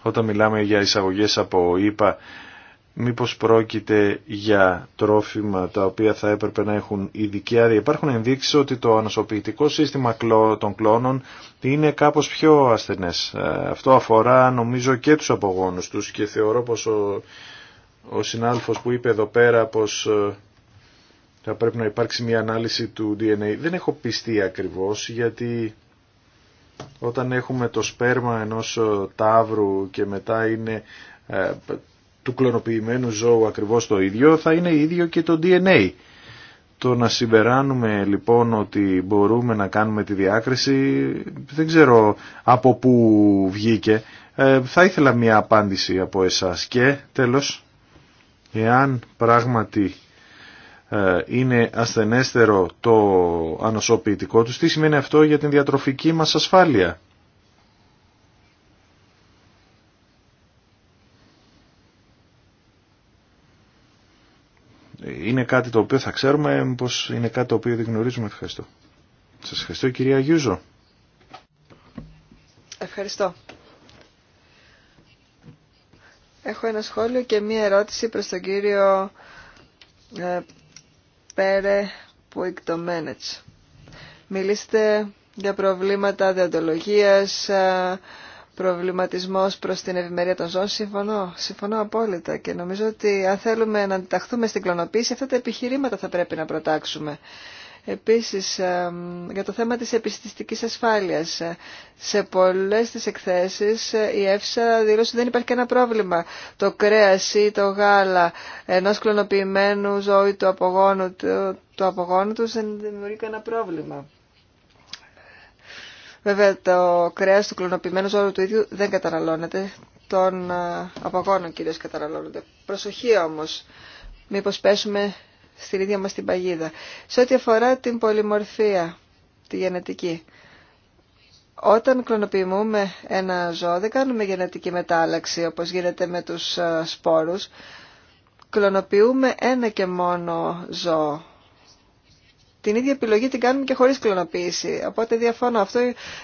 όταν μιλάμε για εισαγωγές από ΙΠΑ, μήπως πρόκειται για τρόφιμα τα οποία θα έπρεπε να έχουν ειδική άδεια. Υπάρχουν ενδείξεις ότι το ανοσοποιητικό σύστημα των κλώνων είναι κάπως πιο ασθενές. Ε, αυτό αφορά νομίζω και τους απογόνους τους και θεωρώ πως ο, ο που είπε εδώ πέρα πως ε, θα πρέπει να υπάρξει μια ανάλυση του DNA. Δεν έχω πιστεί ακριβώς γιατί όταν έχουμε το σπέρμα ενός ε, τάβρου και μετά είναι του κλωνοποιημένου ζώου ακριβώς το ίδιο, θα είναι ίδιο και το DNA. Το να συμπεράνουμε λοιπόν ότι μπορούμε να κάνουμε τη διάκριση, δεν ξέρω από πού βγήκε. Ε, θα ήθελα μια απάντηση από εσάς. Και τέλος, εάν πράγματι ε, είναι ασθενέστερο το ανοσοποιητικό τους, τι σημαίνει αυτό για την διατροφική μας ασφάλεια. είναι κάτι το οποίο θα ξέρουμε, πως είναι κάτι το οποίο δεν γνωρίζουμε. Ευχαριστώ. Σας ευχαριστώ κυρία Γιούζο.
Ευχαριστώ. Έχω ένα σχόλιο και μία ερώτηση προς τον κύριο ε, Πέρε Πουικτομένετς. Μιλήσετε για προβλήματα διοντολογίας, ε, προβληματισμός προς την ευημερία των ζώων, συμφωνώ, συμφωνώ απόλυτα και νομίζω ότι αν θέλουμε να αντιταχθούμε στην κλωνοποίηση, αυτά τα επιχειρήματα θα πρέπει να προτάξουμε. Επίσης, για το θέμα της επιστηστικής ασφάλειας, ε, σε πολλές τις εκθέσεις ε, η ΕΦΣΑ δήλωσε ότι δεν υπάρχει κανένα πρόβλημα. Το κρέας ή το γάλα ενός κλωνοποιημένου ζώου ή του απογόνου, του, του απογόνου τους δεν δημιουργεί κανένα πρόβλημα. Βέβαια το κρέας του κλωνοποιημένου ζώου του ίδιου δεν καταναλώνεται. Των απογόνων κυρίως καταναλώνεται. Προσοχή όμως, μήπως πέσουμε στην ίδια μας την παγίδα. Σε ό,τι αφορά την πολυμορφία, τη γενετική. Όταν κλωνοποιούμε ένα ζώο δεν κάνουμε γενετική μετάλλαξη όπως γίνεται με τους σπόρους. Κλωνοποιούμε ένα και μόνο ζώο την ίδια επιλογή την κάνουμε και χωρίς κλωνοποίηση. Οπότε διαφωνώ. Αυτό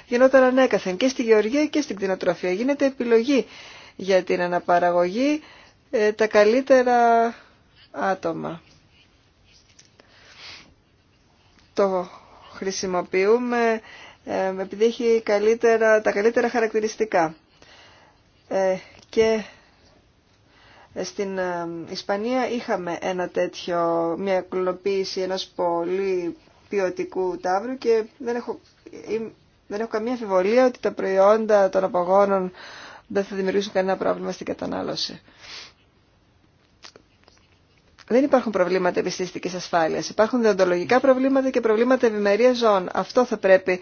γινόταν ανέκαθεν και στη γεωργία και στην κτηνοτροφία. Γίνεται επιλογή για την αναπαραγωγή ε, τα καλύτερα άτομα. Το χρησιμοποιούμε ε, επειδή έχει καλύτερα, τα καλύτερα χαρακτηριστικά. Ε, και στην ε, Ισπανία είχαμε ένα τέτοιο, μια κλοποίηση ενός πολύ ποιοτικού τάβρου και δεν έχω, δεν έχω καμία αφιβολία ότι τα προϊόντα των απογόνων δεν θα δημιουργήσουν κανένα πρόβλημα στην κατανάλωση. Δεν υπάρχουν προβλήματα επιστήστικης ασφάλειας. Υπάρχουν διοντολογικά προβλήματα και προβλήματα ευημερία ζώων. Αυτό θα πρέπει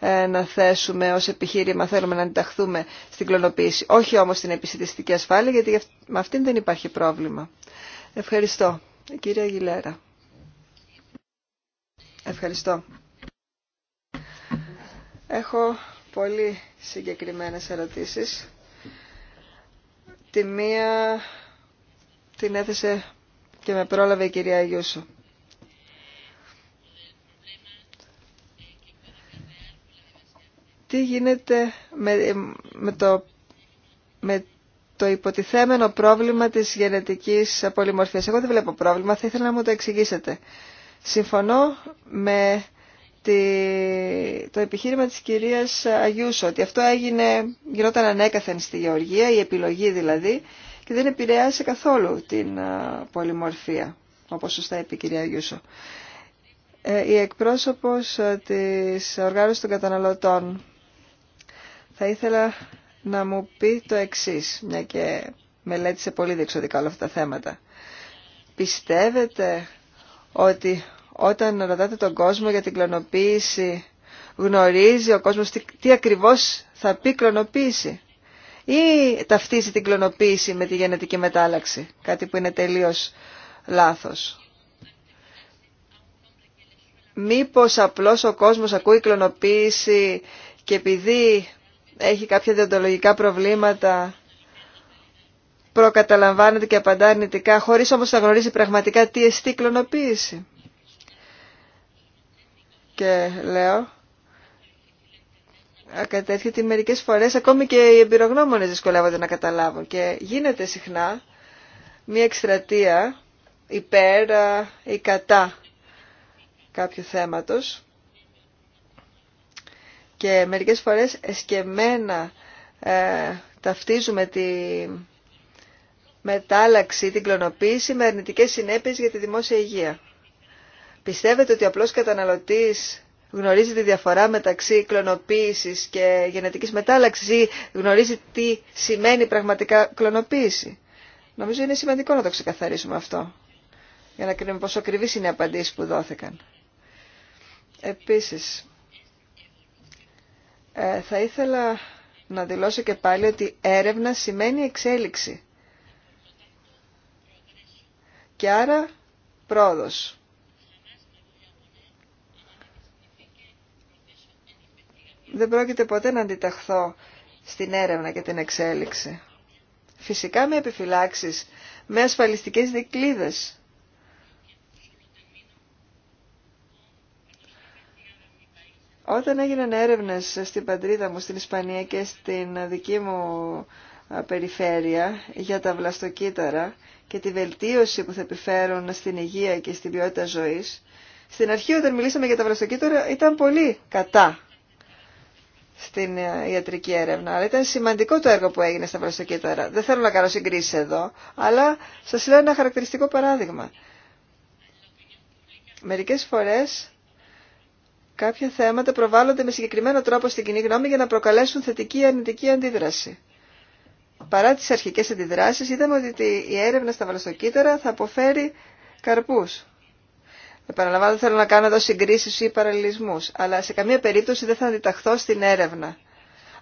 ε, να θέσουμε ως επιχείρημα. Θέλουμε να αντιταχθούμε στην κλωνοποίηση. Όχι όμως στην επιστήστικη ασφάλεια, γιατί με αυτήν δεν υπάρχει πρόβλημα. Ευχαριστώ. κύριε Αγγιλέρα. Ευχαριστώ. Έχω πολύ συγκεκριμένες ερωτήσεις. Τη μία την έθεσε και με πρόλαβε η κυρία Γιούσου. Τι γίνεται με, το, με υποτιθέμενο πρόβλημα της γενετικής πολυμορφίας. Εγώ δεν βλέπω πρόβλημα, θα ήθελα να μου το εξηγήσετε. Συμφωνώ με το επιχείρημα της κυρίας Αγιούσο, ότι αυτό έγινε, γινόταν ανέκαθεν στη Γεωργία, η επιλογή δηλαδή, και δεν επηρέασε καθόλου την πολυμορφία, όπως σωστά είπε η κυρία Γιούσο. Ε, η εκπρόσωπος της Οργάνωσης των Καταναλωτών θα ήθελα να μου πει το εξής, μια και μελέτησε πολύ διεξοδικά όλα αυτά τα θέματα. Πιστεύετε ότι όταν ρωτάτε τον κόσμο για την κλωνοποίηση γνωρίζει ο κόσμος τι, τι ακριβώς θα πει κλωνοποίηση ή ταυτίζει την κλωνοποίηση με τη γενετική μετάλλαξη, κάτι που είναι τελείως λάθος. Μήπως απλώς ο κόσμος ακούει κλωνοποίηση και επειδή έχει κάποια διοντολογικά προβλήματα προκαταλαμβάνεται και απαντά αρνητικά χωρίς όμως να γνωρίζει πραγματικά τι εστί κλωνοποίηση. Και λέω κάτι τέτοιο ότι μερικές φορές ακόμη και οι εμπειρογνώμονες δυσκολεύονται να καταλάβουν και γίνεται συχνά μια εκστρατεία υπέρ ή κατά κάποιου θέματος και μερικές φορές εσκεμμένα ε, ταυτίζουμε τη μετάλλαξη, την κλωνοποίηση με αρνητικές συνέπειες για τη δημόσια υγεία. Πιστεύετε ότι ο απλός καταναλωτής γνωρίζει τη διαφορά μεταξύ κλωνοποίησης και γενετικής μετάλλαξης ή γνωρίζει τι σημαίνει πραγματικά κλωνοποίηση. Νομίζω είναι σημαντικό να το ξεκαθαρίσουμε αυτό, για να κρίνουμε πόσο ακριβείς είναι οι απαντήσεις που δόθηκαν. Επίσης, ε, θα ήθελα να δηλώσω και πάλι ότι έρευνα σημαίνει εξέλιξη και άρα πρόοδος. δεν πρόκειται ποτέ να αντιταχθώ στην έρευνα και την εξέλιξη. Φυσικά με επιφυλάξεις, με ασφαλιστικές δικλίδες. Όταν έγιναν έρευνες στην πατρίδα μου, στην Ισπανία και στην δική μου περιφέρεια για τα βλαστοκύτταρα και τη βελτίωση που θα επιφέρουν στην υγεία και στην ποιότητα ζωής, στην αρχή όταν μιλήσαμε για τα βλαστοκύτταρα ήταν πολύ κατά στην ε, ιατρική έρευνα. Αλλά ήταν σημαντικό το έργο που έγινε στα βραστοκύτταρα. Δεν θέλω να κάνω συγκρίσει εδώ, αλλά σας λέω ένα χαρακτηριστικό παράδειγμα. Μερικέ φορέ κάποια θέματα προβάλλονται με συγκεκριμένο τρόπο στην κοινή γνώμη για να προκαλέσουν θετική ή αρνητική αντίδραση. Παρά τις αρχικές αντιδράσεις είδαμε ότι η αρνητικη αντιδραση παρα τι αρχικέ αντιδράσει ειδαμε οτι η ερευνα στα βραστοκύτταρα θα αποφέρει καρπούς. Επαναλαμβάνω, δεν θέλω να κάνω εδώ συγκρίσει ή παραλληλισμού, αλλά σε καμία περίπτωση δεν θα αντιταχθώ στην έρευνα.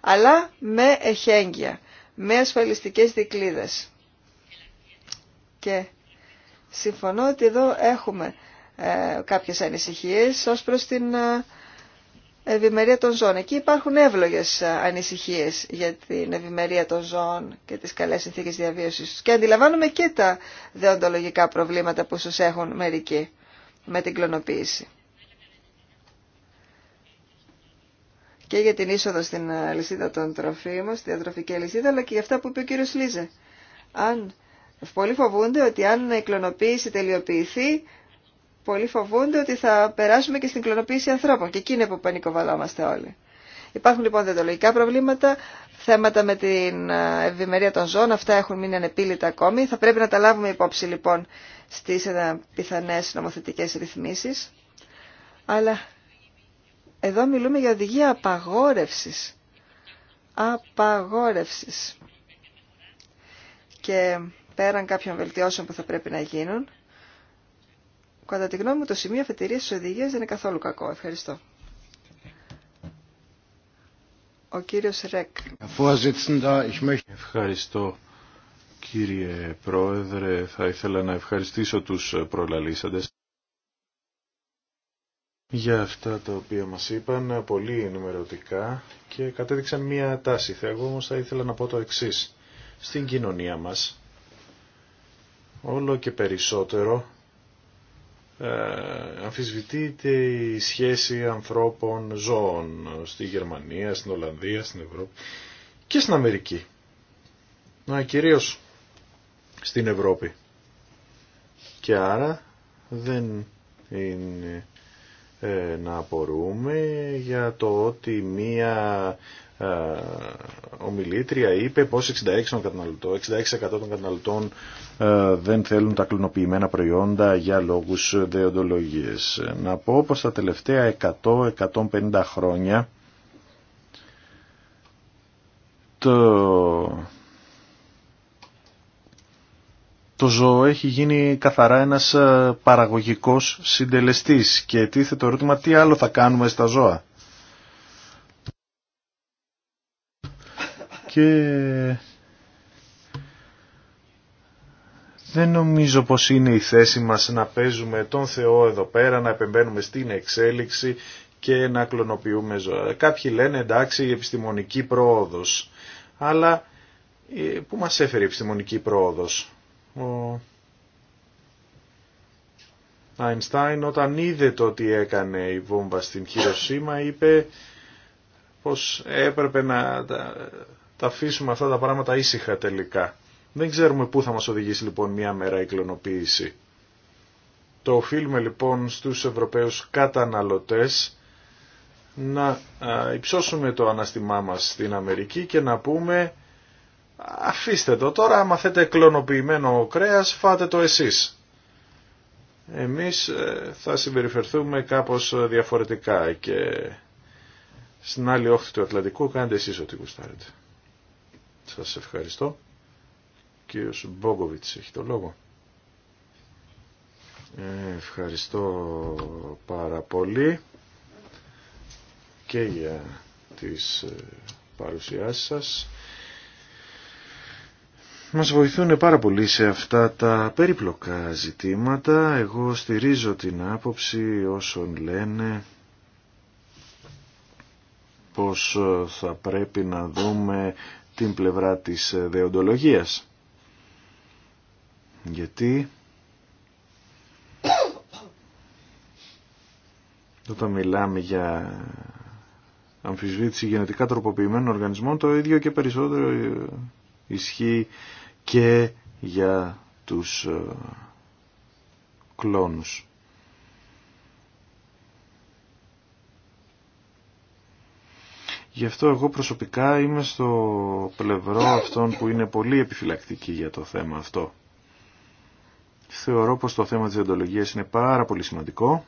Αλλά με εχέγγυα, με ασφαλιστικέ δικλείδε. Και συμφωνώ ότι εδώ έχουμε ε, κάποιες ανησυχίες ως προς την ε, ευημερία των ζώων. Εκεί υπάρχουν εύλογες ε, ανησυχίες για την ευημερία των ζώων και τις καλές συνθήκες διαβίωσης. Και αντιλαμβάνομαι και τα δεοντολογικά προβλήματα που σας έχουν μερικοί με την κλωνοποίηση. Και για την είσοδο στην αλυσίδα ε, των τροφίμων, στη διατροφική αλυσίδα, αλλά και για αυτά που είπε ο κύριος Λίζε. Αν, πολλοί φοβούνται ότι αν η κλωνοποίηση τελειοποιηθεί, πολλοί φοβούνται ότι θα περάσουμε και στην κλωνοποίηση ανθρώπων. Και εκεί είναι που πανικοβαλόμαστε όλοι. Υπάρχουν λοιπόν δεντολογικά προβλήματα, θέματα με την ε, ευημερία των ζώων, αυτά έχουν μείνει ανεπίλητα ακόμη. Θα πρέπει να τα λάβουμε υπόψη λοιπόν στις ε, πιθανές νομοθετικές ρυθμίσεις. Αλλά εδώ μιλούμε για οδηγία απαγόρευσης. Απαγόρευσης. Και πέραν κάποιων βελτιώσεων που θα πρέπει να γίνουν, κατά τη γνώμη μου το σημείο αφετηρίας της οδηγίας δεν είναι καθόλου κακό. Ευχαριστώ. Ο κύριος Ρεκ.
Ευχαριστώ Κύριε Πρόεδρε, θα ήθελα να ευχαριστήσω τους προλαλήσαντες για αυτά τα οποία μας είπαν, πολύ ενημερωτικά και κατέδειξαν μία τάση. Εγώ όμως θα ήθελα να πω το εξής. Στην κοινωνία μας, όλο και περισσότερο, ε, αμφισβητείται η σχέση ανθρώπων ζώων στη Γερμανία, στην Ολλανδία, στην Ευρώπη και στην Αμερική. Να, κυρίως στην Ευρώπη. Και άρα δεν είναι ε, να απορούμε για το ότι μία ε, ομιλήτρια είπε πως 66% των καταναλωτών, 66 των καταναλωτών ε, δεν θέλουν τα κλεινοποιημένα προϊόντα για λόγους δεοντολογίες. Να πω πως τα τελευταία 100-150 χρόνια το το ζώο έχει γίνει καθαρά ένας ε, παραγωγικός συντελεστής και τίθεται το ερώτημα τι άλλο θα κάνουμε στα ζώα. Και δεν νομίζω πως είναι η θέση μας να παίζουμε τον Θεό εδώ πέρα, να επεμβαίνουμε στην εξέλιξη και να κλωνοποιούμε ζώα. Κάποιοι λένε εντάξει η επιστημονική πρόοδος, αλλά ε, που μας έφερε η επιστημονική πρόοδος ο Αϊνστάιν όταν είδε το τι έκανε η βόμβα στην Χειροσύμα είπε πως έπρεπε να τα, τα αφήσουμε αυτά τα πράγματα ήσυχα τελικά. Δεν ξέρουμε πού θα μας οδηγήσει λοιπόν μια μέρα η κλωνοποίηση. Το οφείλουμε λοιπόν στους Ευρωπαίους καταναλωτές να υψώσουμε το αναστημά μας στην Αμερική και να πούμε Αφήστε το τώρα, άμα θέτε κλωνοποιημένο κρέας, φάτε το εσείς. Εμείς ε, θα συμπεριφερθούμε κάπως διαφορετικά και στην άλλη όχθη του Ατλαντικού κάντε εσείς ό,τι γουστάρετε. Σας ευχαριστώ. Ο κύριος Μπόγκοβιτς έχει το λόγο. Ε, ευχαριστώ πάρα πολύ και για τις ε, παρουσιάσεις σας μας βοηθούν πάρα πολύ σε αυτά τα περίπλοκα ζητήματα. Εγώ στηρίζω την άποψη όσων λένε πως ε, θα πρέπει να δούμε την πλευρά της ε, δεοντολογίας. Γιατί όταν μιλάμε για αμφισβήτηση γενετικά τροποποιημένων οργανισμών το ίδιο και περισσότερο ε, ισχύει και για τους ε, κλόνους. Γι' αυτό εγώ προσωπικά είμαι στο πλευρό αυτών που είναι πολύ επιφυλακτικοί για το θέμα αυτό. Θεωρώ πως το θέμα της διοντολογίας είναι πάρα πολύ σημαντικό,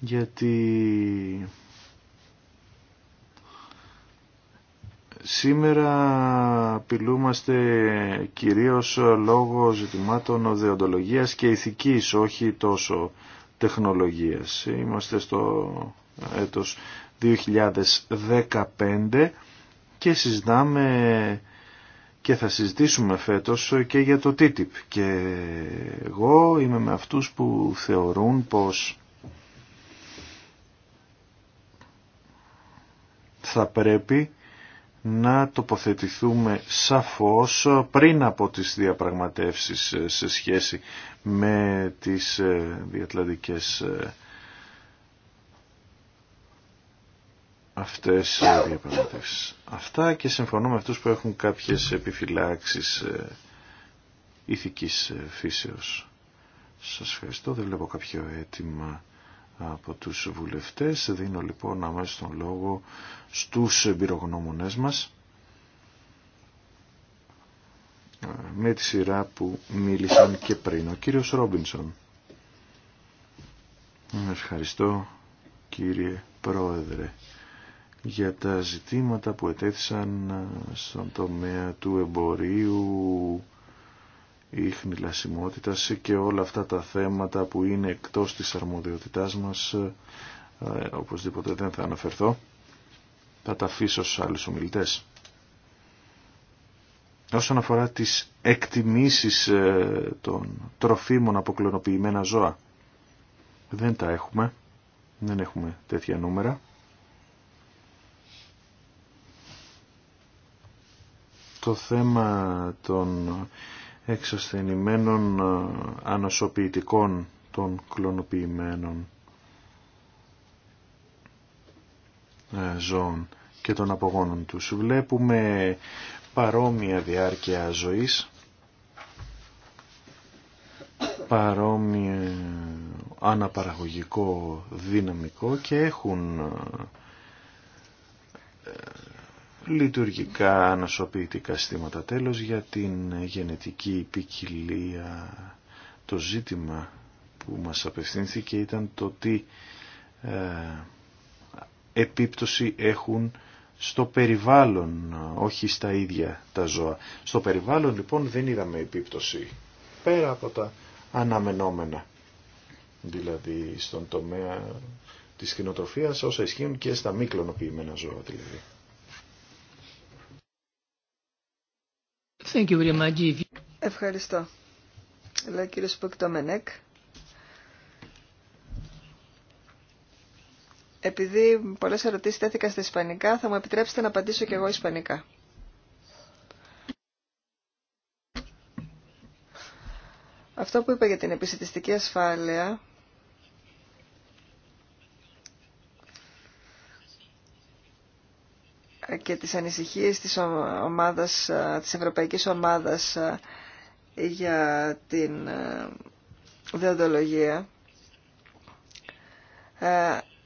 γιατί Σήμερα απειλούμαστε κυρίως λόγω ζητημάτων οδεοντολογίας και ηθικής, όχι τόσο τεχνολογίας. Είμαστε στο έτος 2015 και συζητάμε και θα συζητήσουμε φέτος και για το TTIP. Και εγώ είμαι με αυτούς που θεωρούν πως θα πρέπει να τοποθετηθούμε σαφώς πριν από τις διαπραγματεύσεις σε σχέση με τις ε, διατλαντικές ε, αυτές ε, διαπραγματεύσεις. Αυτά και συμφωνώ με αυτούς που έχουν κάποιες επιφυλάξεις ηθικής φύσεως. Σας ευχαριστώ, δεν βλέπω κάποιο αίτημα από τους βουλευτές. Δίνω λοιπόν αμέσως τον λόγο στους εμπειρογνώμονές μας με τη σειρά που μίλησαν και πριν. Ο κύριος Ρόμπινσον. Ευχαριστώ κύριε Πρόεδρε για τα ζητήματα που ετέθησαν στον τομέα του εμπορίου η λασιμότητας και όλα αυτά τα θέματα που είναι εκτός της αρμοδιότητάς μας ε, οπωσδήποτε δεν θα αναφερθώ θα τα αφήσω στους άλλους ομιλητές όσον αφορά τις εκτιμήσεις ε, των τροφίμων από κλωνοποιημένα ζώα δεν τα έχουμε δεν έχουμε τέτοια νούμερα το θέμα των εξασθενημένων ε, ανοσοποιητικών των κλωνοποιημένων ε, ζώων και των απογόνων τους. Βλέπουμε παρόμοια διάρκεια ζωής, παρόμοιο αναπαραγωγικό δυναμικό και έχουν ε, λειτουργικά ανασωπητικά στήματα Τέλος για την γενετική ποικιλία το ζήτημα που μας απευθύνθηκε ήταν το τι ε, επίπτωση έχουν στο περιβάλλον, όχι στα ίδια τα ζώα. Στο περιβάλλον λοιπόν δεν είδαμε επίπτωση πέρα από τα αναμενόμενα. Δηλαδή στον τομέα της κοινοτροφίας όσα ισχύουν και στα μη κλωνοποιημένα ζώα δηλαδή.
Ευχαριστώ. κύριος Επειδή πολλές ερωτήσεις τέθηκαν στα ισπανικά, θα μου επιτρέψετε να απαντήσω και εγώ ισπανικά. Αυτό που είπα για την επιστημιστική ασφάλεια και τις ανησυχίες της, ομάδας, ε, της Ευρωπαϊκής Ομάδας ε, για την ε, διοντολογία.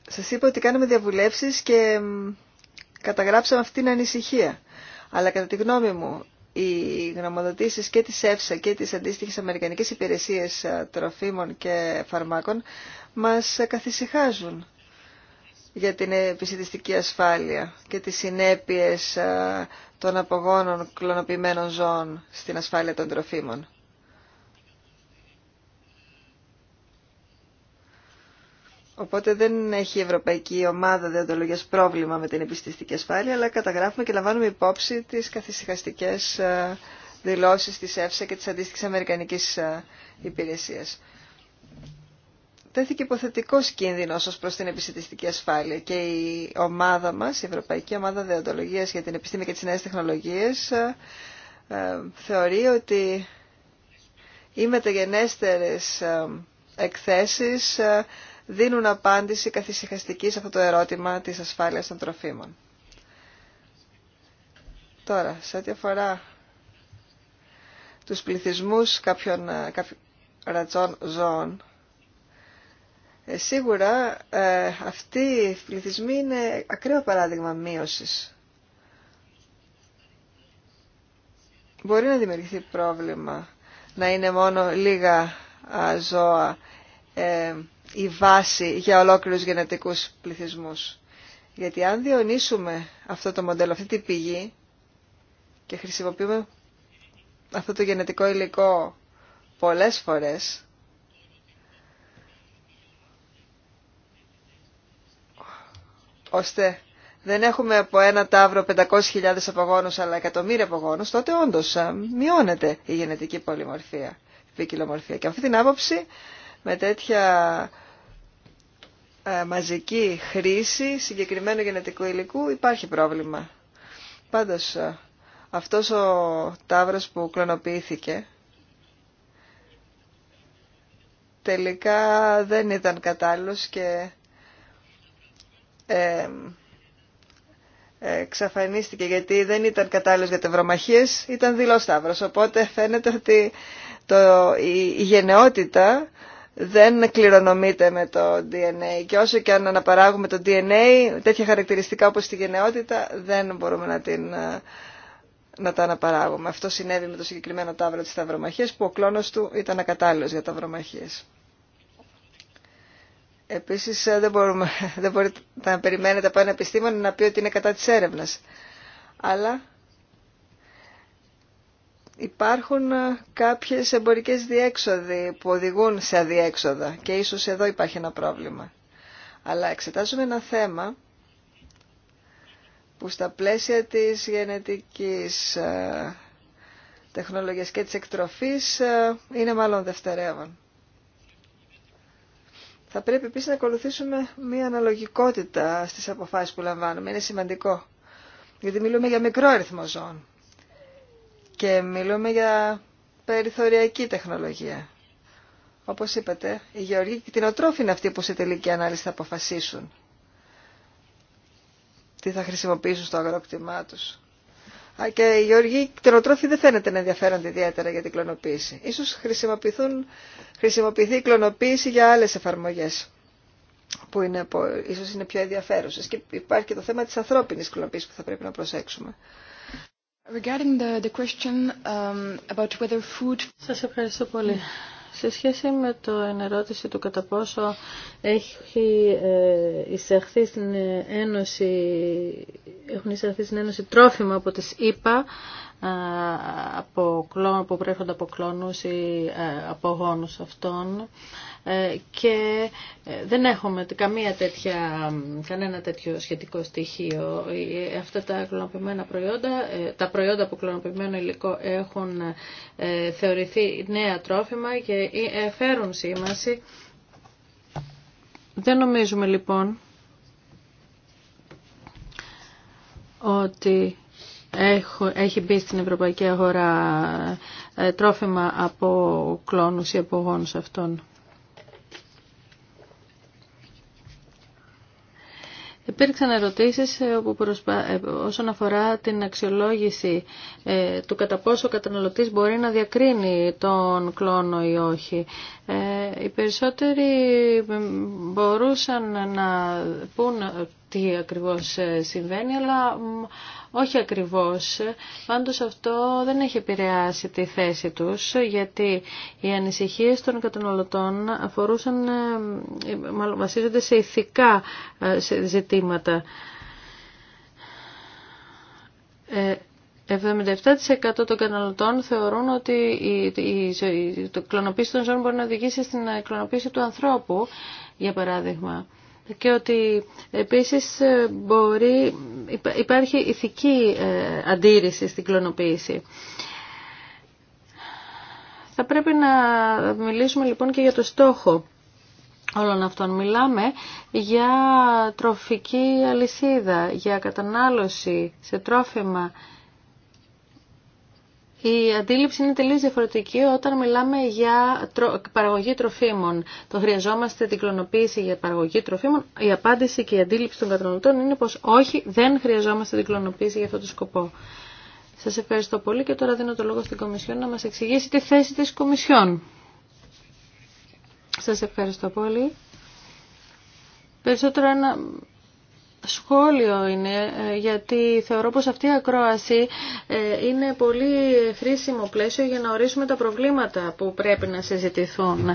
Σας είπα ότι κάναμε διαβουλεύσεις και καταγράψαμε αυτήν την ανησυχία. Αλλά κατά τη γνώμη μου, οι γνωμοδοτήσεις και της ΕΦΣΑ και της αντίστοιχης Αμερικανικής Υπηρεσίας Τροφίμων και Φαρμάκων μας καθησυχάζουν για την επιστημιστική ασφάλεια και τις συνέπειες των απογόνων κλωνοποιημένων ζώων στην ασφάλεια των τροφίμων. Οπότε δεν έχει η Ευρωπαϊκή Ομάδα Διοντολογίας πρόβλημα με την επιστημιστική ασφάλεια, αλλά καταγράφουμε και λαμβάνουμε υπόψη τις καθησυχαστικές δηλώσεις της ΕΦΣΑ και της αντίστοιχης Αμερικανικής Υπηρεσίας τέθηκε υποθετικό κίνδυνο ως προς την επιστημιστική ασφάλεια και η ομάδα μας, η Ευρωπαϊκή Ομάδα Δεοντολογίας για την Επιστήμη και τις Νέες Τεχνολογίες ε, ε, θεωρεί ότι οι μεταγενέστερες ε, εκθέσεις δίνουν απάντηση καθησυχαστική σε αυτό το ερώτημα της ασφάλειας των τροφίμων. Τώρα, σε ό,τι αφορά τους πληθυσμούς κάποιων, κάποιων ρατσών ζώων, ε, σίγουρα ε, αυτοί οι πληθυσμοί είναι ακραίο παράδειγμα μείωσης. Μπορεί να δημιουργηθεί πρόβλημα να είναι μόνο λίγα ζώα ε, η βάση για ολόκληρους γενετικούς πληθυσμούς. Γιατί αν διονύσουμε αυτό το μοντέλο, αυτή την πηγή και χρησιμοποιούμε αυτό το γενετικό υλικό πολλές φορές, ώστε δεν έχουμε από ένα τάβρο 500.000 απογόνους αλλά εκατομμύρια απογόνους, τότε όντως ε, μειώνεται η γενετική πολυμορφία, η ποικιλομορφία. Και αυτή την άποψη με τέτοια ε, μαζική χρήση συγκεκριμένου γενετικού υλικού υπάρχει πρόβλημα. Πάντως ε, αυτός ο τάβρο που κλωνοποιήθηκε τελικά δεν ήταν κατάλληλος και ε, εξαφανίστηκε γιατί δεν ήταν κατάλληλος για τευρομαχίες, ήταν δηλός Οπότε φαίνεται ότι το, η, η γενναιότητα δεν κληρονομείται με το DNA και όσο και αν αναπαράγουμε το DNA, τέτοια χαρακτηριστικά όπως τη γενναιότητα δεν μπορούμε να, την, ε, να τα αναπαράγουμε. Αυτό συνέβη με το συγκεκριμένο τάβρο της ταυρομαχίας που ο κλόνος του ήταν ακατάλληλος για ταυρομαχίες. Επίσης ε, δεν, μπορούμε, δεν μπορείτε να περιμένετε από ένα επιστήμονα να πει ότι είναι κατά της έρευνας. Αλλά υπάρχουν ε, κάποιες εμπορικές διέξοδοι που οδηγούν σε αδιέξοδα και ίσως εδώ υπάρχει ένα πρόβλημα. Αλλά εξετάζουμε ένα θέμα που στα πλαίσια της γενετικής ε, τεχνολογίας και της εκτροφής είναι μάλλον δευτερεύον. Θα πρέπει επίσης να ακολουθήσουμε μία αναλογικότητα στις αποφάσεις που λαμβάνουμε. Είναι σημαντικό. Γιατί μιλούμε για μικρό αριθμό ζώων. Και μιλούμε για περιθωριακή τεχνολογία. Όπως είπατε, η γεωργοί και οι κτηνοτρόφοι είναι αυτοί που σε τελική ανάλυση θα αποφασίσουν τι θα χρησιμοποιήσουν στο αγρόκτημά τους και οι γεωργοί κτηνοτρόφοι δεν φαίνεται να ενδιαφέρονται ιδιαίτερα για την κλωνοποίηση. Ίσως χρησιμοποιηθούν, χρησιμοποιηθεί η κλωνοποίηση για άλλες εφαρμογές που είναι, ίσως είναι πιο ενδιαφέρουσες. Και υπάρχει και το θέμα της ανθρώπινης κλωνοποίησης που θα πρέπει να προσέξουμε.
Um,
Σας ευχαριστώ πολύ. Σε σχέση με το ερώτηση του κατά πόσο έχει ε, εισαχθεί στην Ένωση, έχουν εισαχθεί στην Ένωση τρόφιμα από τις ΗΠΑ, από που προέρχονται από κλόνους ή ε, από γόνους αυτών ε, και ε, δεν έχουμε καμία τέτοια, κανένα τέτοιο σχετικό στοιχείο. Αυτά τα κλωνοποιημένα προϊόντα, τα προϊόντα από κλωνοποιημένο υλικό έχουν θεωρηθεί νέα τρόφιμα και φέρουν σήμαση. Δεν νομίζουμε λοιπόν ότι έχει μπει στην ευρωπαϊκή αγορά ε, τρόφιμα από κλόνους ή από γόνους αυτών. Υπήρξαν ερωτήσεις ε, όπου προσπα... Ε, όσον αφορά την αξιολόγηση του κατά πόσο ο καταναλωτής μπορεί να διακρίνει τον κλόνο ή όχι. Ε, οι περισσότεροι μπορούσαν να πούν τι ακριβώς ε, συμβαίνει, αλλά όχι ακριβώς. Πάντως αυτό δεν έχει επηρεάσει τη θέση τους, γιατί οι ανησυχίες των καταναλωτών αφορούσαν, ε, μάλλον βασίζονται σε ηθικά ζητήματα. 77% των καταναλωτών θεωρούν ότι η, το κλωνοποίηση των ζώων μπορεί να οδηγήσει στην ε, κλωνοποίηση του ανθρώπου, για παράδειγμα. Και ότι ε, επίσης ε, μπορεί, υπάρχει ηθική αντίρρηση στην κλωνοποίηση. Θα πρέπει να μιλήσουμε λοιπόν και για το στόχο όλων αυτών. Μιλάμε για τροφική αλυσίδα, για κατανάλωση σε τρόφιμα η αντίληψη είναι τελείως διαφορετική όταν μιλάμε για παραγωγή τροφίμων. Το χρειαζόμαστε την κλωνοποίηση για παραγωγή τροφίμων. Η απάντηση και η αντίληψη των καταναλωτών είναι πως όχι, δεν χρειαζόμαστε την κλωνοποίηση για αυτόν τον σκοπό. Σας ευχαριστώ πολύ και τώρα δίνω το λόγο στην Κομισιόν να μας εξηγήσει τη θέση της Κομισιόν. Σας ευχαριστώ πολύ. Περισσότερο σχόλιο είναι, ε, γιατί θεωρώ πως αυτή η ακρόαση ε, είναι πολύ χρήσιμο πλαίσιο για να ορίσουμε τα προβλήματα που πρέπει να συζητηθούν.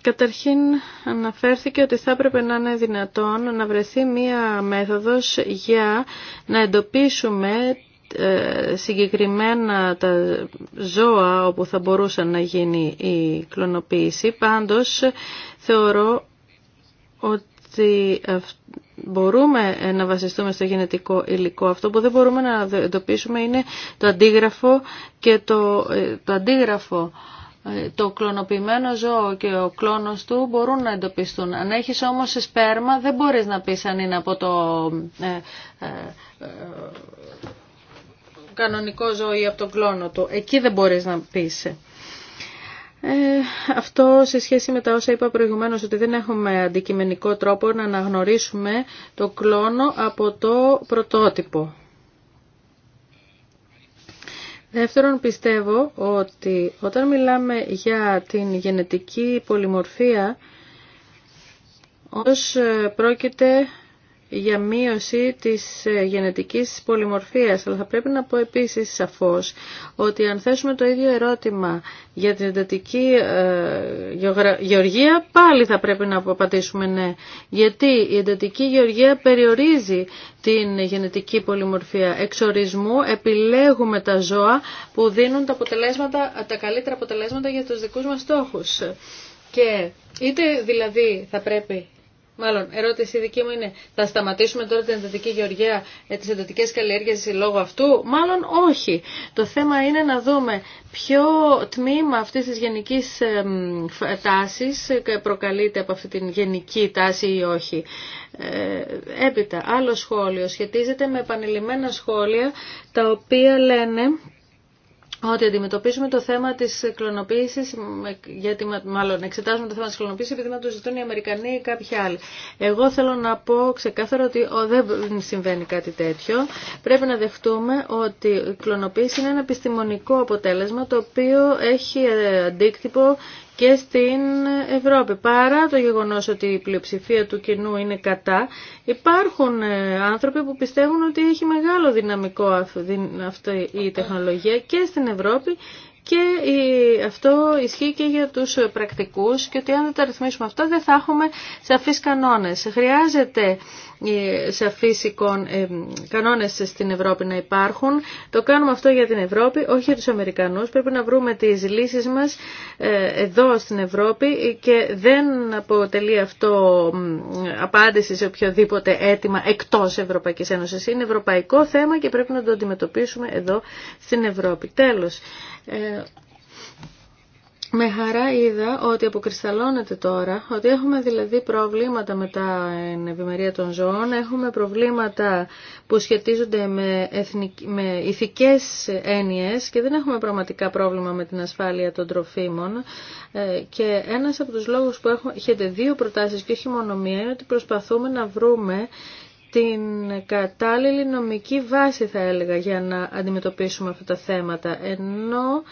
Καταρχήν αναφέρθηκε ότι θα έπρεπε να είναι δυνατόν να βρεθεί μία μέθοδος για να εντοπίσουμε ε, συγκεκριμένα τα ζώα όπου θα μπορούσαν να γίνει η κλωνοποίηση. Πάντως θεωρώ ότι αυτή, ε, μπορούμε ε, να βασιστούμε στο γενετικό υλικό. Αυτό που δεν μπορούμε να εντοπίσουμε είναι το αντίγραφο και το, ε, το αντίγραφο το κλωνοποιημένο ζώο και ο κλώνος του μπορούν να εντοπιστούν. Αν έχεις όμως σπέρμα δεν μπορείς να πεις αν είναι από το κανονικό ζώο ή από τον κλώνο του. Εκεί δεν μπορείς να πεις. Ε, αυτό σε σχέση με τα όσα είπα προηγουμένως ότι δεν έχουμε αντικειμενικό τρόπο να αναγνωρίσουμε το κλόνο από το πρωτότυπο. Δεύτερον, πιστεύω ότι όταν μιλάμε για την γενετική πολυμορφία, όντως ε, πρόκειται για μείωση της ε, γενετικής πολυμορφίας. Αλλά θα πρέπει να πω επίσης σαφώς ότι αν θέσουμε το ίδιο ερώτημα για την εντατική ε, γεωργία, πάλι θα πρέπει να απαντήσουμε ναι. Γιατί η εντατική γεωργία περιορίζει την γενετική πολυμορφία. Εξορισμού επιλέγουμε τα ζώα που δίνουν τα, αποτελέσματα, τα καλύτερα αποτελέσματα για τους δικούς μας στόχους. Και είτε δηλαδή θα πρέπει Μάλλον, ερώτηση δική μου είναι, θα σταματήσουμε τώρα την εντατική γεωργία, ε, τις εντατικές καλλιέργειες λόγω αυτού. Μάλλον όχι. Το θέμα είναι να δούμε ποιο τμήμα αυτής της γενικής τάσης ε, προκαλείται από αυτή την γενική τάση ή όχι. Ε, έπειτα, άλλο σχόλιο σχετίζεται με επανειλημμένα σχόλια τα οποία λένε ότι αντιμετωπίζουμε το θέμα της κλωνοποίηση, γιατί μάλλον εξετάζουμε το θέμα της κλωνοποίηση επειδή να το ζητούν οι Αμερικανοί ή κάποιοι άλλοι. Εγώ θέλω να πω ξεκάθαρα ότι δεν συμβαίνει κάτι τέτοιο. Πρέπει να δεχτούμε ότι η κλωνοποίηση είναι ένα επιστημονικό αποτέλεσμα το οποίο έχει ε, αντίκτυπο και στην Ευρώπη. Παρά το γεγονός ότι η πλειοψηφία του κοινού είναι κατά, υπάρχουν ε, άνθρωποι που πιστεύουν ότι έχει μεγάλο δυναμικό αυτή η τεχνολογία και στην Ευρώπη και αυτό ισχύει και για τους πρακτικούς και ότι αν δεν τα ρυθμίσουμε αυτά δεν θα έχουμε σαφείς κανόνες. Χρειάζεται ε, κανόνες στην Ευρώπη να υπάρχουν. Το κάνουμε αυτό για την Ευρώπη, όχι για τους Αμερικανούς. Πρέπει να βρούμε τις λύσεις μας ε, εδώ στην Ευρώπη και δεν αποτελεί αυτό απάντηση σε οποιοδήποτε αίτημα εκτός Ευρωπαϊκής Ένωσης. Είναι ευρωπαϊκό θέμα και πρέπει να το αντιμετωπίσουμε εδώ στην Ευρώπη. Τέλος, ε, με χαρά είδα ότι αποκρισταλώνεται τώρα, ότι έχουμε δηλαδή προβλήματα με την ευημερία των ζώων, έχουμε προβλήματα που σχετίζονται με, εθνικ... με ηθικές έννοιες και δεν έχουμε πραγματικά πρόβλημα με την ασφάλεια των τροφίμων. Ε, και ένας από τους λόγους που έχουμε... έχετε δύο προτάσεις και όχι μόνο μία είναι ότι προσπαθούμε να βρούμε την κατάλληλη νομική βάση θα έλεγα για να αντιμετωπίσουμε αυτά τα θέματα. Ενώ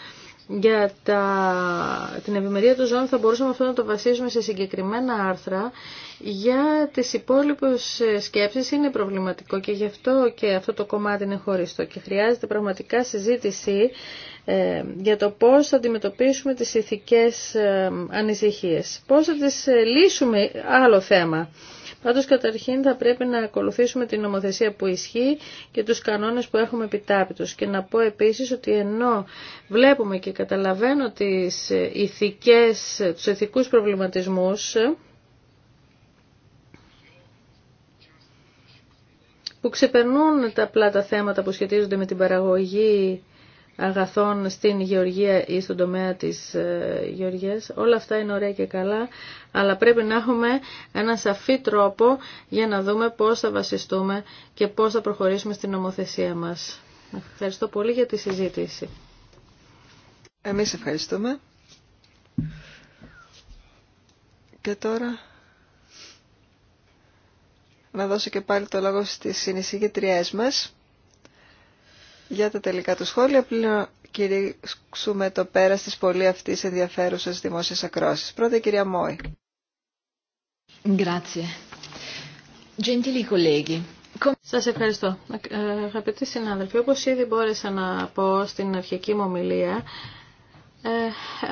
για τα, την ευημερία του ζώων θα μπορούσαμε αυτό να το βασίσουμε σε συγκεκριμένα άρθρα. Για τις υπόλοιπες ε, σκέψεις είναι προβληματικό και γι' αυτό και αυτό το κομμάτι είναι χωριστό και χρειάζεται πραγματικά συζήτηση ε, για το πώς θα αντιμετωπίσουμε τις ηθικές ε, ανησυχίες. Πώς θα τις λύσουμε άλλο θέμα. Πάντως καταρχήν θα πρέπει να ακολουθήσουμε την νομοθεσία που ισχύει και τους κανόνες που έχουμε επιτάπητος. Και να πω επίσης ότι ενώ βλέπουμε και καταλαβαίνω τις ηθικές, τους ηθικούς προβληματισμούς που ξεπερνούν τα πλάτα θέματα που σχετίζονται με την παραγωγή αγαθών στην γεωργία ή στον τομέα της ε, γεωργίας. Όλα αυτά είναι ωραία και καλά, αλλά πρέπει να έχουμε ένα σαφή τρόπο για να δούμε πώς θα βασιστούμε και πώς θα προχωρήσουμε στην νομοθεσία μας. Ευχαριστώ πολύ για
τη συζήτηση. Εμείς ευχαριστούμε. Και τώρα να δώσω και πάλι το λόγο στη συνεισηγητριές μας για τα τελικά του σχόλια. Πλέον κηρύξουμε το πέρα της πολύ αυτής ενδιαφέρουσας δημόσιας ακρόσεις. Πρώτα η κυρία Μόη.
Σας ευχαριστώ. Ε, αγαπητοί συνάδελφοι, όπως ήδη μπόρεσα να πω στην αρχική μου ομιλία, ε,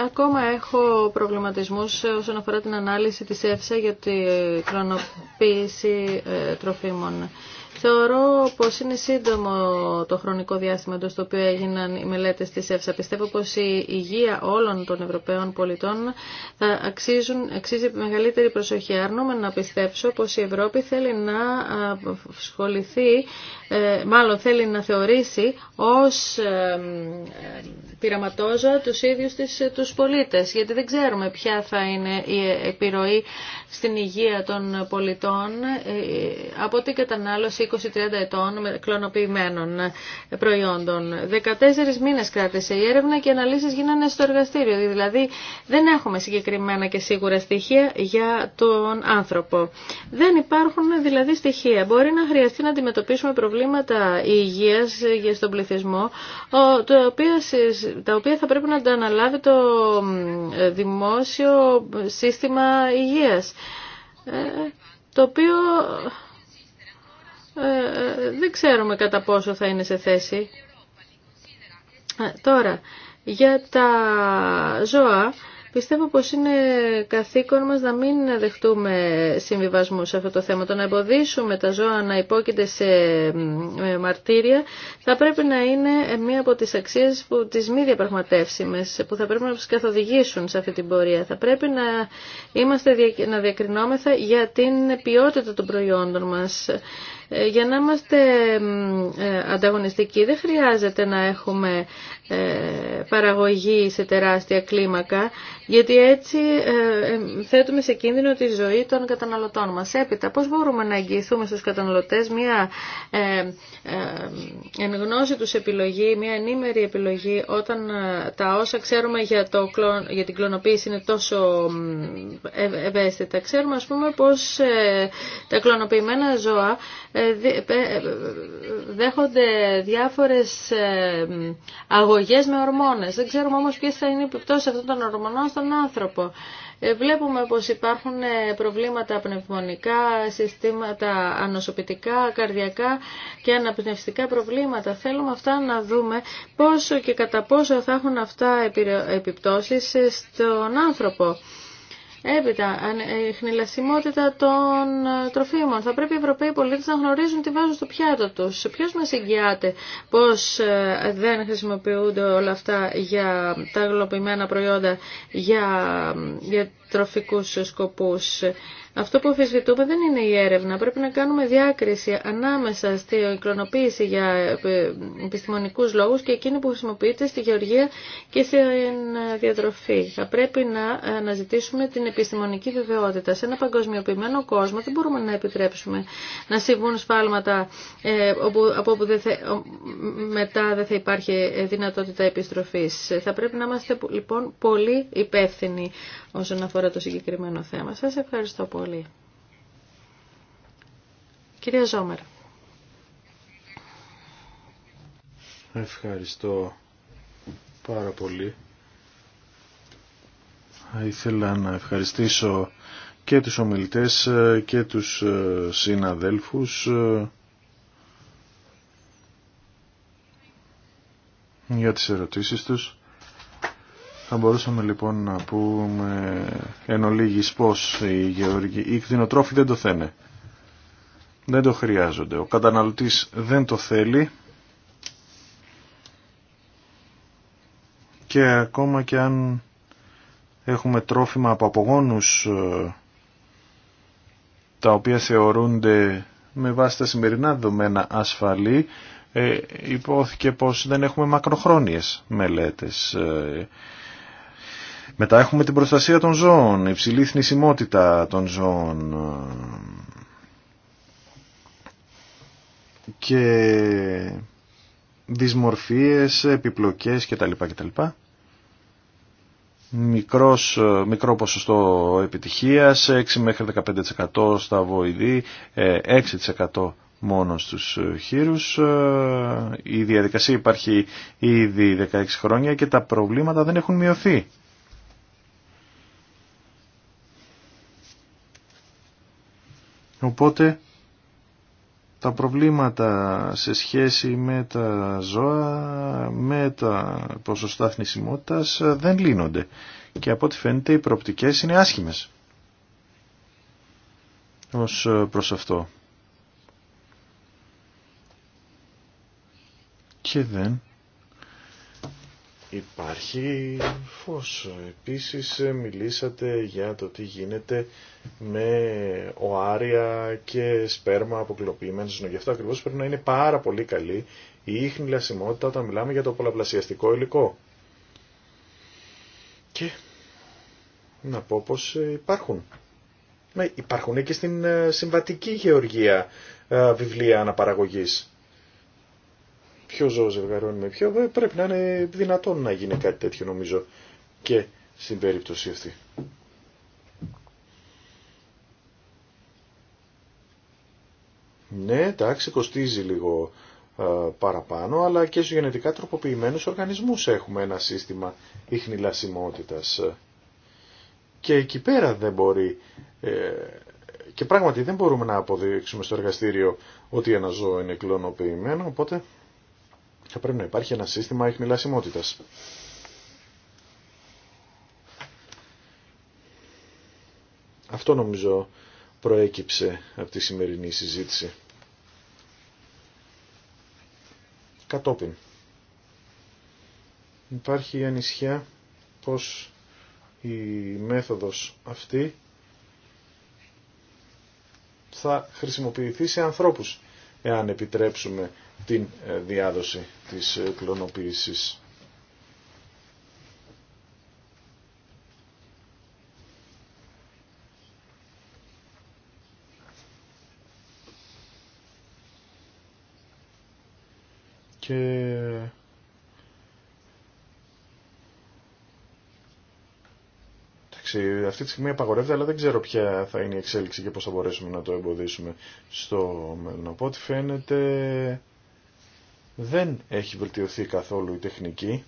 ακόμα έχω προβληματισμούς όσον αφορά την ανάλυση της ΕΦΣΑ για τη χρονοποίηση ε, τροφίμων. Θεωρώ πω είναι σύντομο το χρονικό διάστημα το το οποίο έγιναν οι μελέτε της ΕΦΣΑ. Πιστεύω πω η υγεία όλων των Ευρωπαίων πολιτών θα αξίζουν, αξίζει μεγαλύτερη προσοχή. Αρνούμε να πιστέψω πω η Ευρώπη θέλει να ασχοληθεί, ε, μάλλον θέλει να θεωρήσει ως πειραματόζα τους ίδιου του τους πολίτες, γιατί δεν ξέρουμε ποια θα είναι η επιρροή στην υγεία των πολιτών ε, ε, από την κατανάλωση 20-30 ετών κλωνοποιημένων προϊόντων. 14 μήνε κράτησε η έρευνα και οι αναλύσει γίνανε στο εργαστήριο. Δηλαδή δεν έχουμε συγκεκριμένα και σίγουρα στοιχεία για τον άνθρωπο. Δεν υπάρχουν δηλαδή στοιχεία. Μπορεί να χρειαστεί να αντιμετωπίσουμε προβλήματα υγείας στον πληθυσμό, τα οποία θα πρέπει να τα αναλάβει το δημόσιο σύστημα υγείας ε, το οποίο ε, δεν ξέρουμε κατά πόσο θα είναι σε θέση. Ε, τώρα, για τα ζώα, πιστεύω πως είναι καθήκον μας να μην δεχτούμε συμβιβασμού σε αυτό το θέμα. Το να εμποδίσουμε τα ζώα να υπόκειται σε ε, μαρτύρια θα πρέπει να είναι μία από τις αξίες που, τις μη διαπραγματεύσιμες που θα πρέπει να μας καθοδηγήσουν σε αυτή την πορεία. Θα πρέπει να, είμαστε, να διακρινόμεθα για την ποιότητα των προϊόντων μας ε, για να είμαστε ε, ανταγωνιστικοί δεν χρειάζεται να έχουμε ε, παραγωγή σε τεράστια κλίμακα, γιατί έτσι ε, ε, θέτουμε σε κίνδυνο τη ζωή των καταναλωτών μας. Έπειτα, πώς μπορούμε να εγγυηθούμε στους καταναλωτές μια εν γνώση τους επιλογή, μια ενήμερη επιλογή, όταν τα όσα ξέρουμε για, το, για την κλωνοποίηση είναι τόσο ευαίσθητα. Ξέρουμε, ας πούμε, πως τα κλωνοποιημένα ζώα δέχονται διάφορες αγωγές αγωγές με ορμόνες. Δεν ξέρουμε όμως ποιες θα είναι οι επιπτώσεις αυτών των ορμονών στον άνθρωπο. Ε, βλέπουμε πως υπάρχουν ε, προβλήματα πνευμονικά, συστήματα ανοσοποιητικά, καρδιακά και αναπνευστικά προβλήματα. Θέλουμε αυτά να δούμε πόσο και κατά πόσο θα έχουν αυτά επιπτώσεις ε, στον άνθρωπο. Έπειτα, ε, η χνηλασιμότητα των ε, τροφίμων. Θα πρέπει οι Ευρωπαίοι πολίτε να γνωρίζουν τι βάζουν στο πιάτο τους. Ποιο μας εγγυάται πως ε, δεν χρησιμοποιούνται όλα αυτά για τα αγλοποιημένα προϊόντα για, για τροφικούς σκοπούς. Αυτό που αφισβητούμε δεν είναι η έρευνα. Πρέπει να κάνουμε διάκριση ανάμεσα στην κλωνοποίηση για ε, επιστημονικού λόγου και εκείνη που χρησιμοποιείται στη γεωργία και στην διατροφή. Θα πρέπει να αναζητήσουμε την επιστημονική βεβαιότητα. Σε ένα παγκοσμιοποιημένο κόσμο δεν μπορούμε να επιτρέψουμε να συμβούν σφάλματα ε, από όπου δεν θα, μετά δεν θα υπάρχει δυνατότητα επιστροφή. Θα πρέπει να είμαστε λοιπόν πολύ υπεύθυνοι όσον αφορά το συγκεκριμένο θέμα. Σας ευχαριστώ πολύ. Κυρία Ζόμερ.
Ευχαριστώ πάρα πολύ. ήθελα να ευχαριστήσω και τους ομιλητές και τους ε, συναδέλφους ε, για τις ερωτήσεις τους. Θα μπορούσαμε λοιπόν να πούμε εν ολίγης πως οι γεωργοί, οι κτηνοτρόφοι δεν το θένε. Δεν το χρειάζονται. Ο καταναλωτής δεν το θέλει. Και ακόμα και αν έχουμε τρόφιμα από απογόνους ε, τα οποία θεωρούνται με βάση τα σημερινά δεδομένα ασφαλή, ε, υπόθηκε πως δεν έχουμε μακροχρόνιες μελέτες. Ε, μετά έχουμε την προστασία των ζώων, υψηλή θνησιμότητα των ζώων και δυσμορφίες, επιπλοκές κτλ. κτλ. Μικρός, μικρό ποσοστό επιτυχίας, 6 μέχρι 15% στα βοηδή, 6% ε, μόνο στους χείρους. Ε, η διαδικασία υπάρχει ήδη 16 χρόνια και τα προβλήματα δεν έχουν μειωθεί Οπότε τα προβλήματα σε σχέση με τα ζώα, με τα ποσοστά θνησιμότητας ε, δεν λύνονται. Και από ό,τι φαίνεται οι προοπτικές είναι άσχημες ως ε, προς αυτό. Και δεν υπάρχει φως. Επίσης μιλήσατε για το τι γίνεται με οάρια και σπέρμα αποκλοποιημένες Γι' αυτό ακριβώς πρέπει να είναι πάρα πολύ καλή η ίχνη λασιμότητα όταν μιλάμε για το πολλαπλασιαστικό υλικό. Και να πω πως υπάρχουν. Ναι, υπάρχουν και στην ε, συμβατική γεωργία ε, βιβλία αναπαραγωγής ποιο ζώο ζευγαρώνει με ποιο, ε, πρέπει να είναι δυνατόν να γίνει κάτι τέτοιο νομίζω και στην περίπτωση αυτή. Ναι, εντάξει, κοστίζει λίγο ε, παραπάνω, αλλά και στους γενετικά τροποποιημένους οργανισμούς έχουμε ένα σύστημα ιχνηλασιμότητας. Και εκεί πέρα δεν μπορεί, ε, και πράγματι δεν μπορούμε να αποδείξουμε στο εργαστήριο ότι ένα ζώο είναι κλωνοποιημένο, οπότε θα πρέπει να υπάρχει ένα σύστημα ειχνηλασιμότητας. Αυτό νομίζω προέκυψε από τη σημερινή συζήτηση. Κατόπιν. Υπάρχει η ανησυχία πως η μέθοδος αυτή θα χρησιμοποιηθεί σε ανθρώπους εάν επιτρέψουμε την ε, διάδοση της ε, κλωνοποίησης. αυτή τη στιγμή απαγορεύεται, αλλά δεν ξέρω ποια θα είναι η εξέλιξη και πώς θα μπορέσουμε να το εμποδίσουμε στο μέλλον. Από φαίνεται δεν έχει βελτιωθεί καθόλου η τεχνική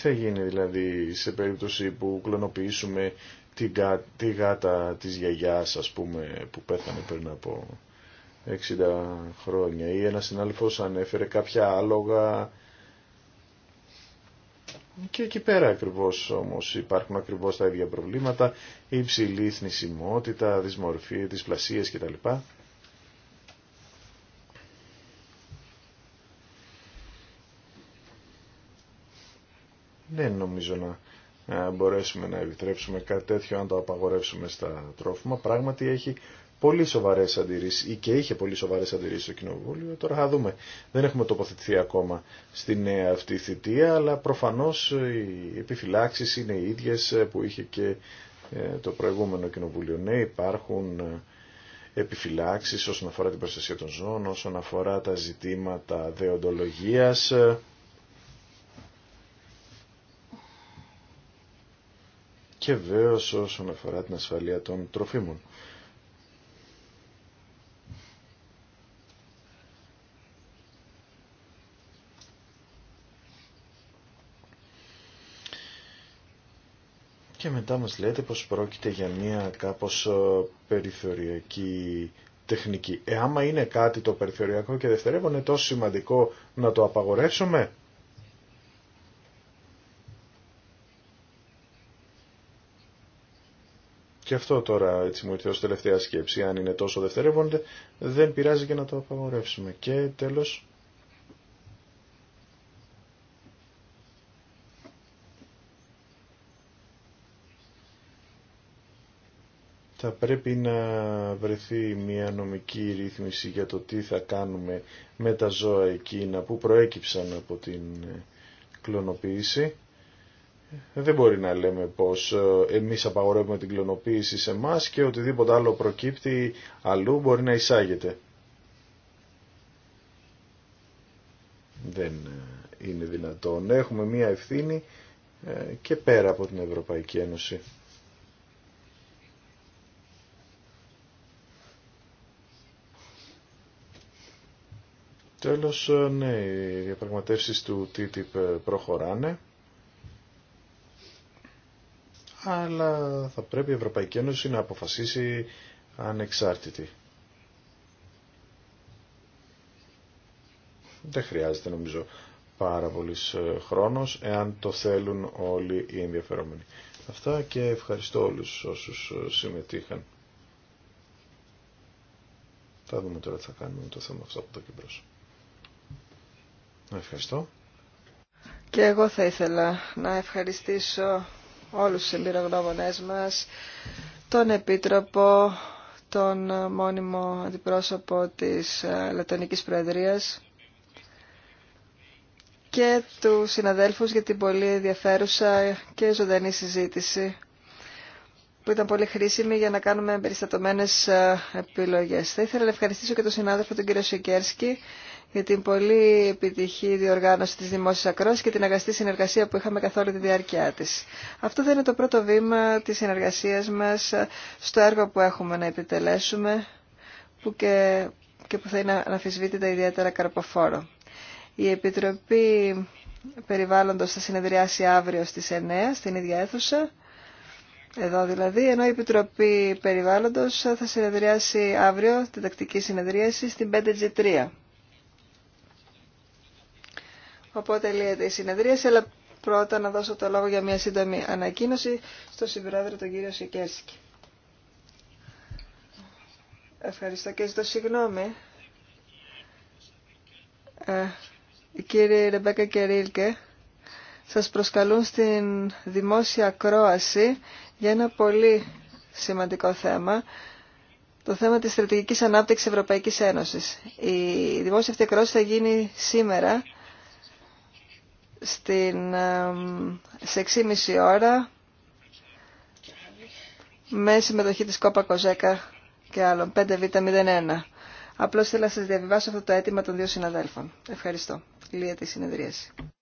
θα γίνει δηλαδή σε περίπτωση που κλωνοποιήσουμε τη, γά, τη γάτα της γιαγιάς ας πούμε που πέθανε πριν από 60 χρόνια ή ένας συνάδελφος ανέφερε κάποια άλογα και εκεί πέρα ακριβώς όμως υπάρχουν ακριβώς τα ίδια προβλήματα, η υψηλή θνησιμότητα, δυσμορφία, η υψηλη θνησιμοτητα δυσμορφή, δυσπλασιες κτλ. δεν ναι, νομίζω να μπορέσουμε να επιτρέψουμε κάτι τέτοιο αν το απαγορεύσουμε στα τρόφιμα. Πράγματι έχει πολύ σοβαρέ αντιρρήσει ή και είχε πολύ σοβαρέ αντιρρήσει στο Κοινοβούλιο. Τώρα θα δούμε. Δεν έχουμε τοποθετηθεί ακόμα στη νέα αυτή θητεία, αλλά προφανώ οι επιφυλάξει είναι οι ίδιε που είχε και ε, το προηγούμενο Κοινοβούλιο. Ναι, υπάρχουν ε, επιφυλάξεις όσον αφορά την προστασία των ζώων, όσον αφορά τα ζητήματα δεοντολογίας, και βέβαια όσον αφορά την ασφαλεία των τροφίμων. Και μετά μας λέτε πως πρόκειται για μια κάπως ε, περιθωριακή τεχνική. Ε, άμα είναι κάτι το περιθωριακό και δευτερεύον, είναι τόσο σημαντικό να το απαγορεύσουμε. Και αυτό τώρα έτσι μου ήρθε ως τελευταία σκέψη, αν είναι τόσο δευτερεύονται, δεν πειράζει και να το απαγορεύσουμε. Και τέλος... θα πρέπει να βρεθεί μια νομική ρύθμιση για το τι θα κάνουμε με τα ζώα εκείνα που προέκυψαν από την κλωνοποίηση δεν μπορεί να λέμε πως ε, εμείς απαγορεύουμε την κλωνοποίηση σε εμά και οτιδήποτε άλλο προκύπτει αλλού μπορεί να εισάγεται. Δεν ε, είναι δυνατόν. Έχουμε μία ευθύνη ε, και πέρα από την Ευρωπαϊκή Ένωση. Τέλος, ναι, οι διαπραγματεύσεις του TTIP προχωράνε αλλά θα πρέπει η Ευρωπαϊκή Ένωση να αποφασίσει ανεξάρτητη. Δεν χρειάζεται νομίζω πάρα πολύ ε, χρόνος, εάν το θέλουν όλοι οι ενδιαφερόμενοι. Αυτά και ευχαριστώ όλους όσους ε, συμμετείχαν. Θα δούμε τώρα τι θα κάνουμε με το θέμα αυτό από εδώ και μπρος. Ευχαριστώ.
Και εγώ θα ήθελα να ευχαριστήσω όλους τους εμπειρογνώμονές μας, τον Επίτροπο, τον μόνιμο αντιπρόσωπο της ε, Λατωνικής Προεδρίας και του συναδέλφους για την πολύ ενδιαφέρουσα και ζωντανή συζήτηση που ήταν πολύ χρήσιμη για να κάνουμε περιστατωμένες ε, επιλογές. Θα ήθελα να ευχαριστήσω και τον συνάδελφο τον κύριο Σικέρσκι για την πολύ επιτυχή διοργάνωση της δημόσιας Ακρός και την αγαστή συνεργασία που είχαμε καθ' όλη τη διάρκειά της. Αυτό θα είναι το πρώτο βήμα της συνεργασίας μας στο έργο που έχουμε να επιτελέσουμε που και, και που θα είναι αναφυσβήτητα ιδιαίτερα καρποφόρο. Η Επιτροπή Περιβάλλοντος θα συνεδριάσει αύριο στις 9 στην ίδια αίθουσα. Εδώ δηλαδή, ενώ η Επιτροπή Περιβάλλοντος θα συνεδριάσει αύριο την τακτική συνεδρίαση στην 5G3. Οπότε λύεται η συνεδρίαση, αλλά πρώτα να δώσω το λόγο για μια σύντομη ανακοίνωση στο συμπρόεδρο τον κύριο Σικέρσικη. Ευχαριστώ και ζητώ συγγνώμη. Ε, οι κύριοι Ρεμπέκα και Ρίλκε σας προσκαλούν στην δημόσια ακρόαση για ένα πολύ σημαντικό θέμα, το θέμα της στρατηγικής ανάπτυξης Ευρωπαϊκής Ένωσης. Η δημόσια αυτή ακρόαση θα γίνει σήμερα στην, σε 6,5 ώρα με συμμετοχή της Κόπα Κοζέκα και άλλων 5Β01. Απλώς θέλω να σας διαβιβάσω αυτό το αίτημα των δύο συναδέλφων. Ευχαριστώ. Λία τη συνεδρίαση.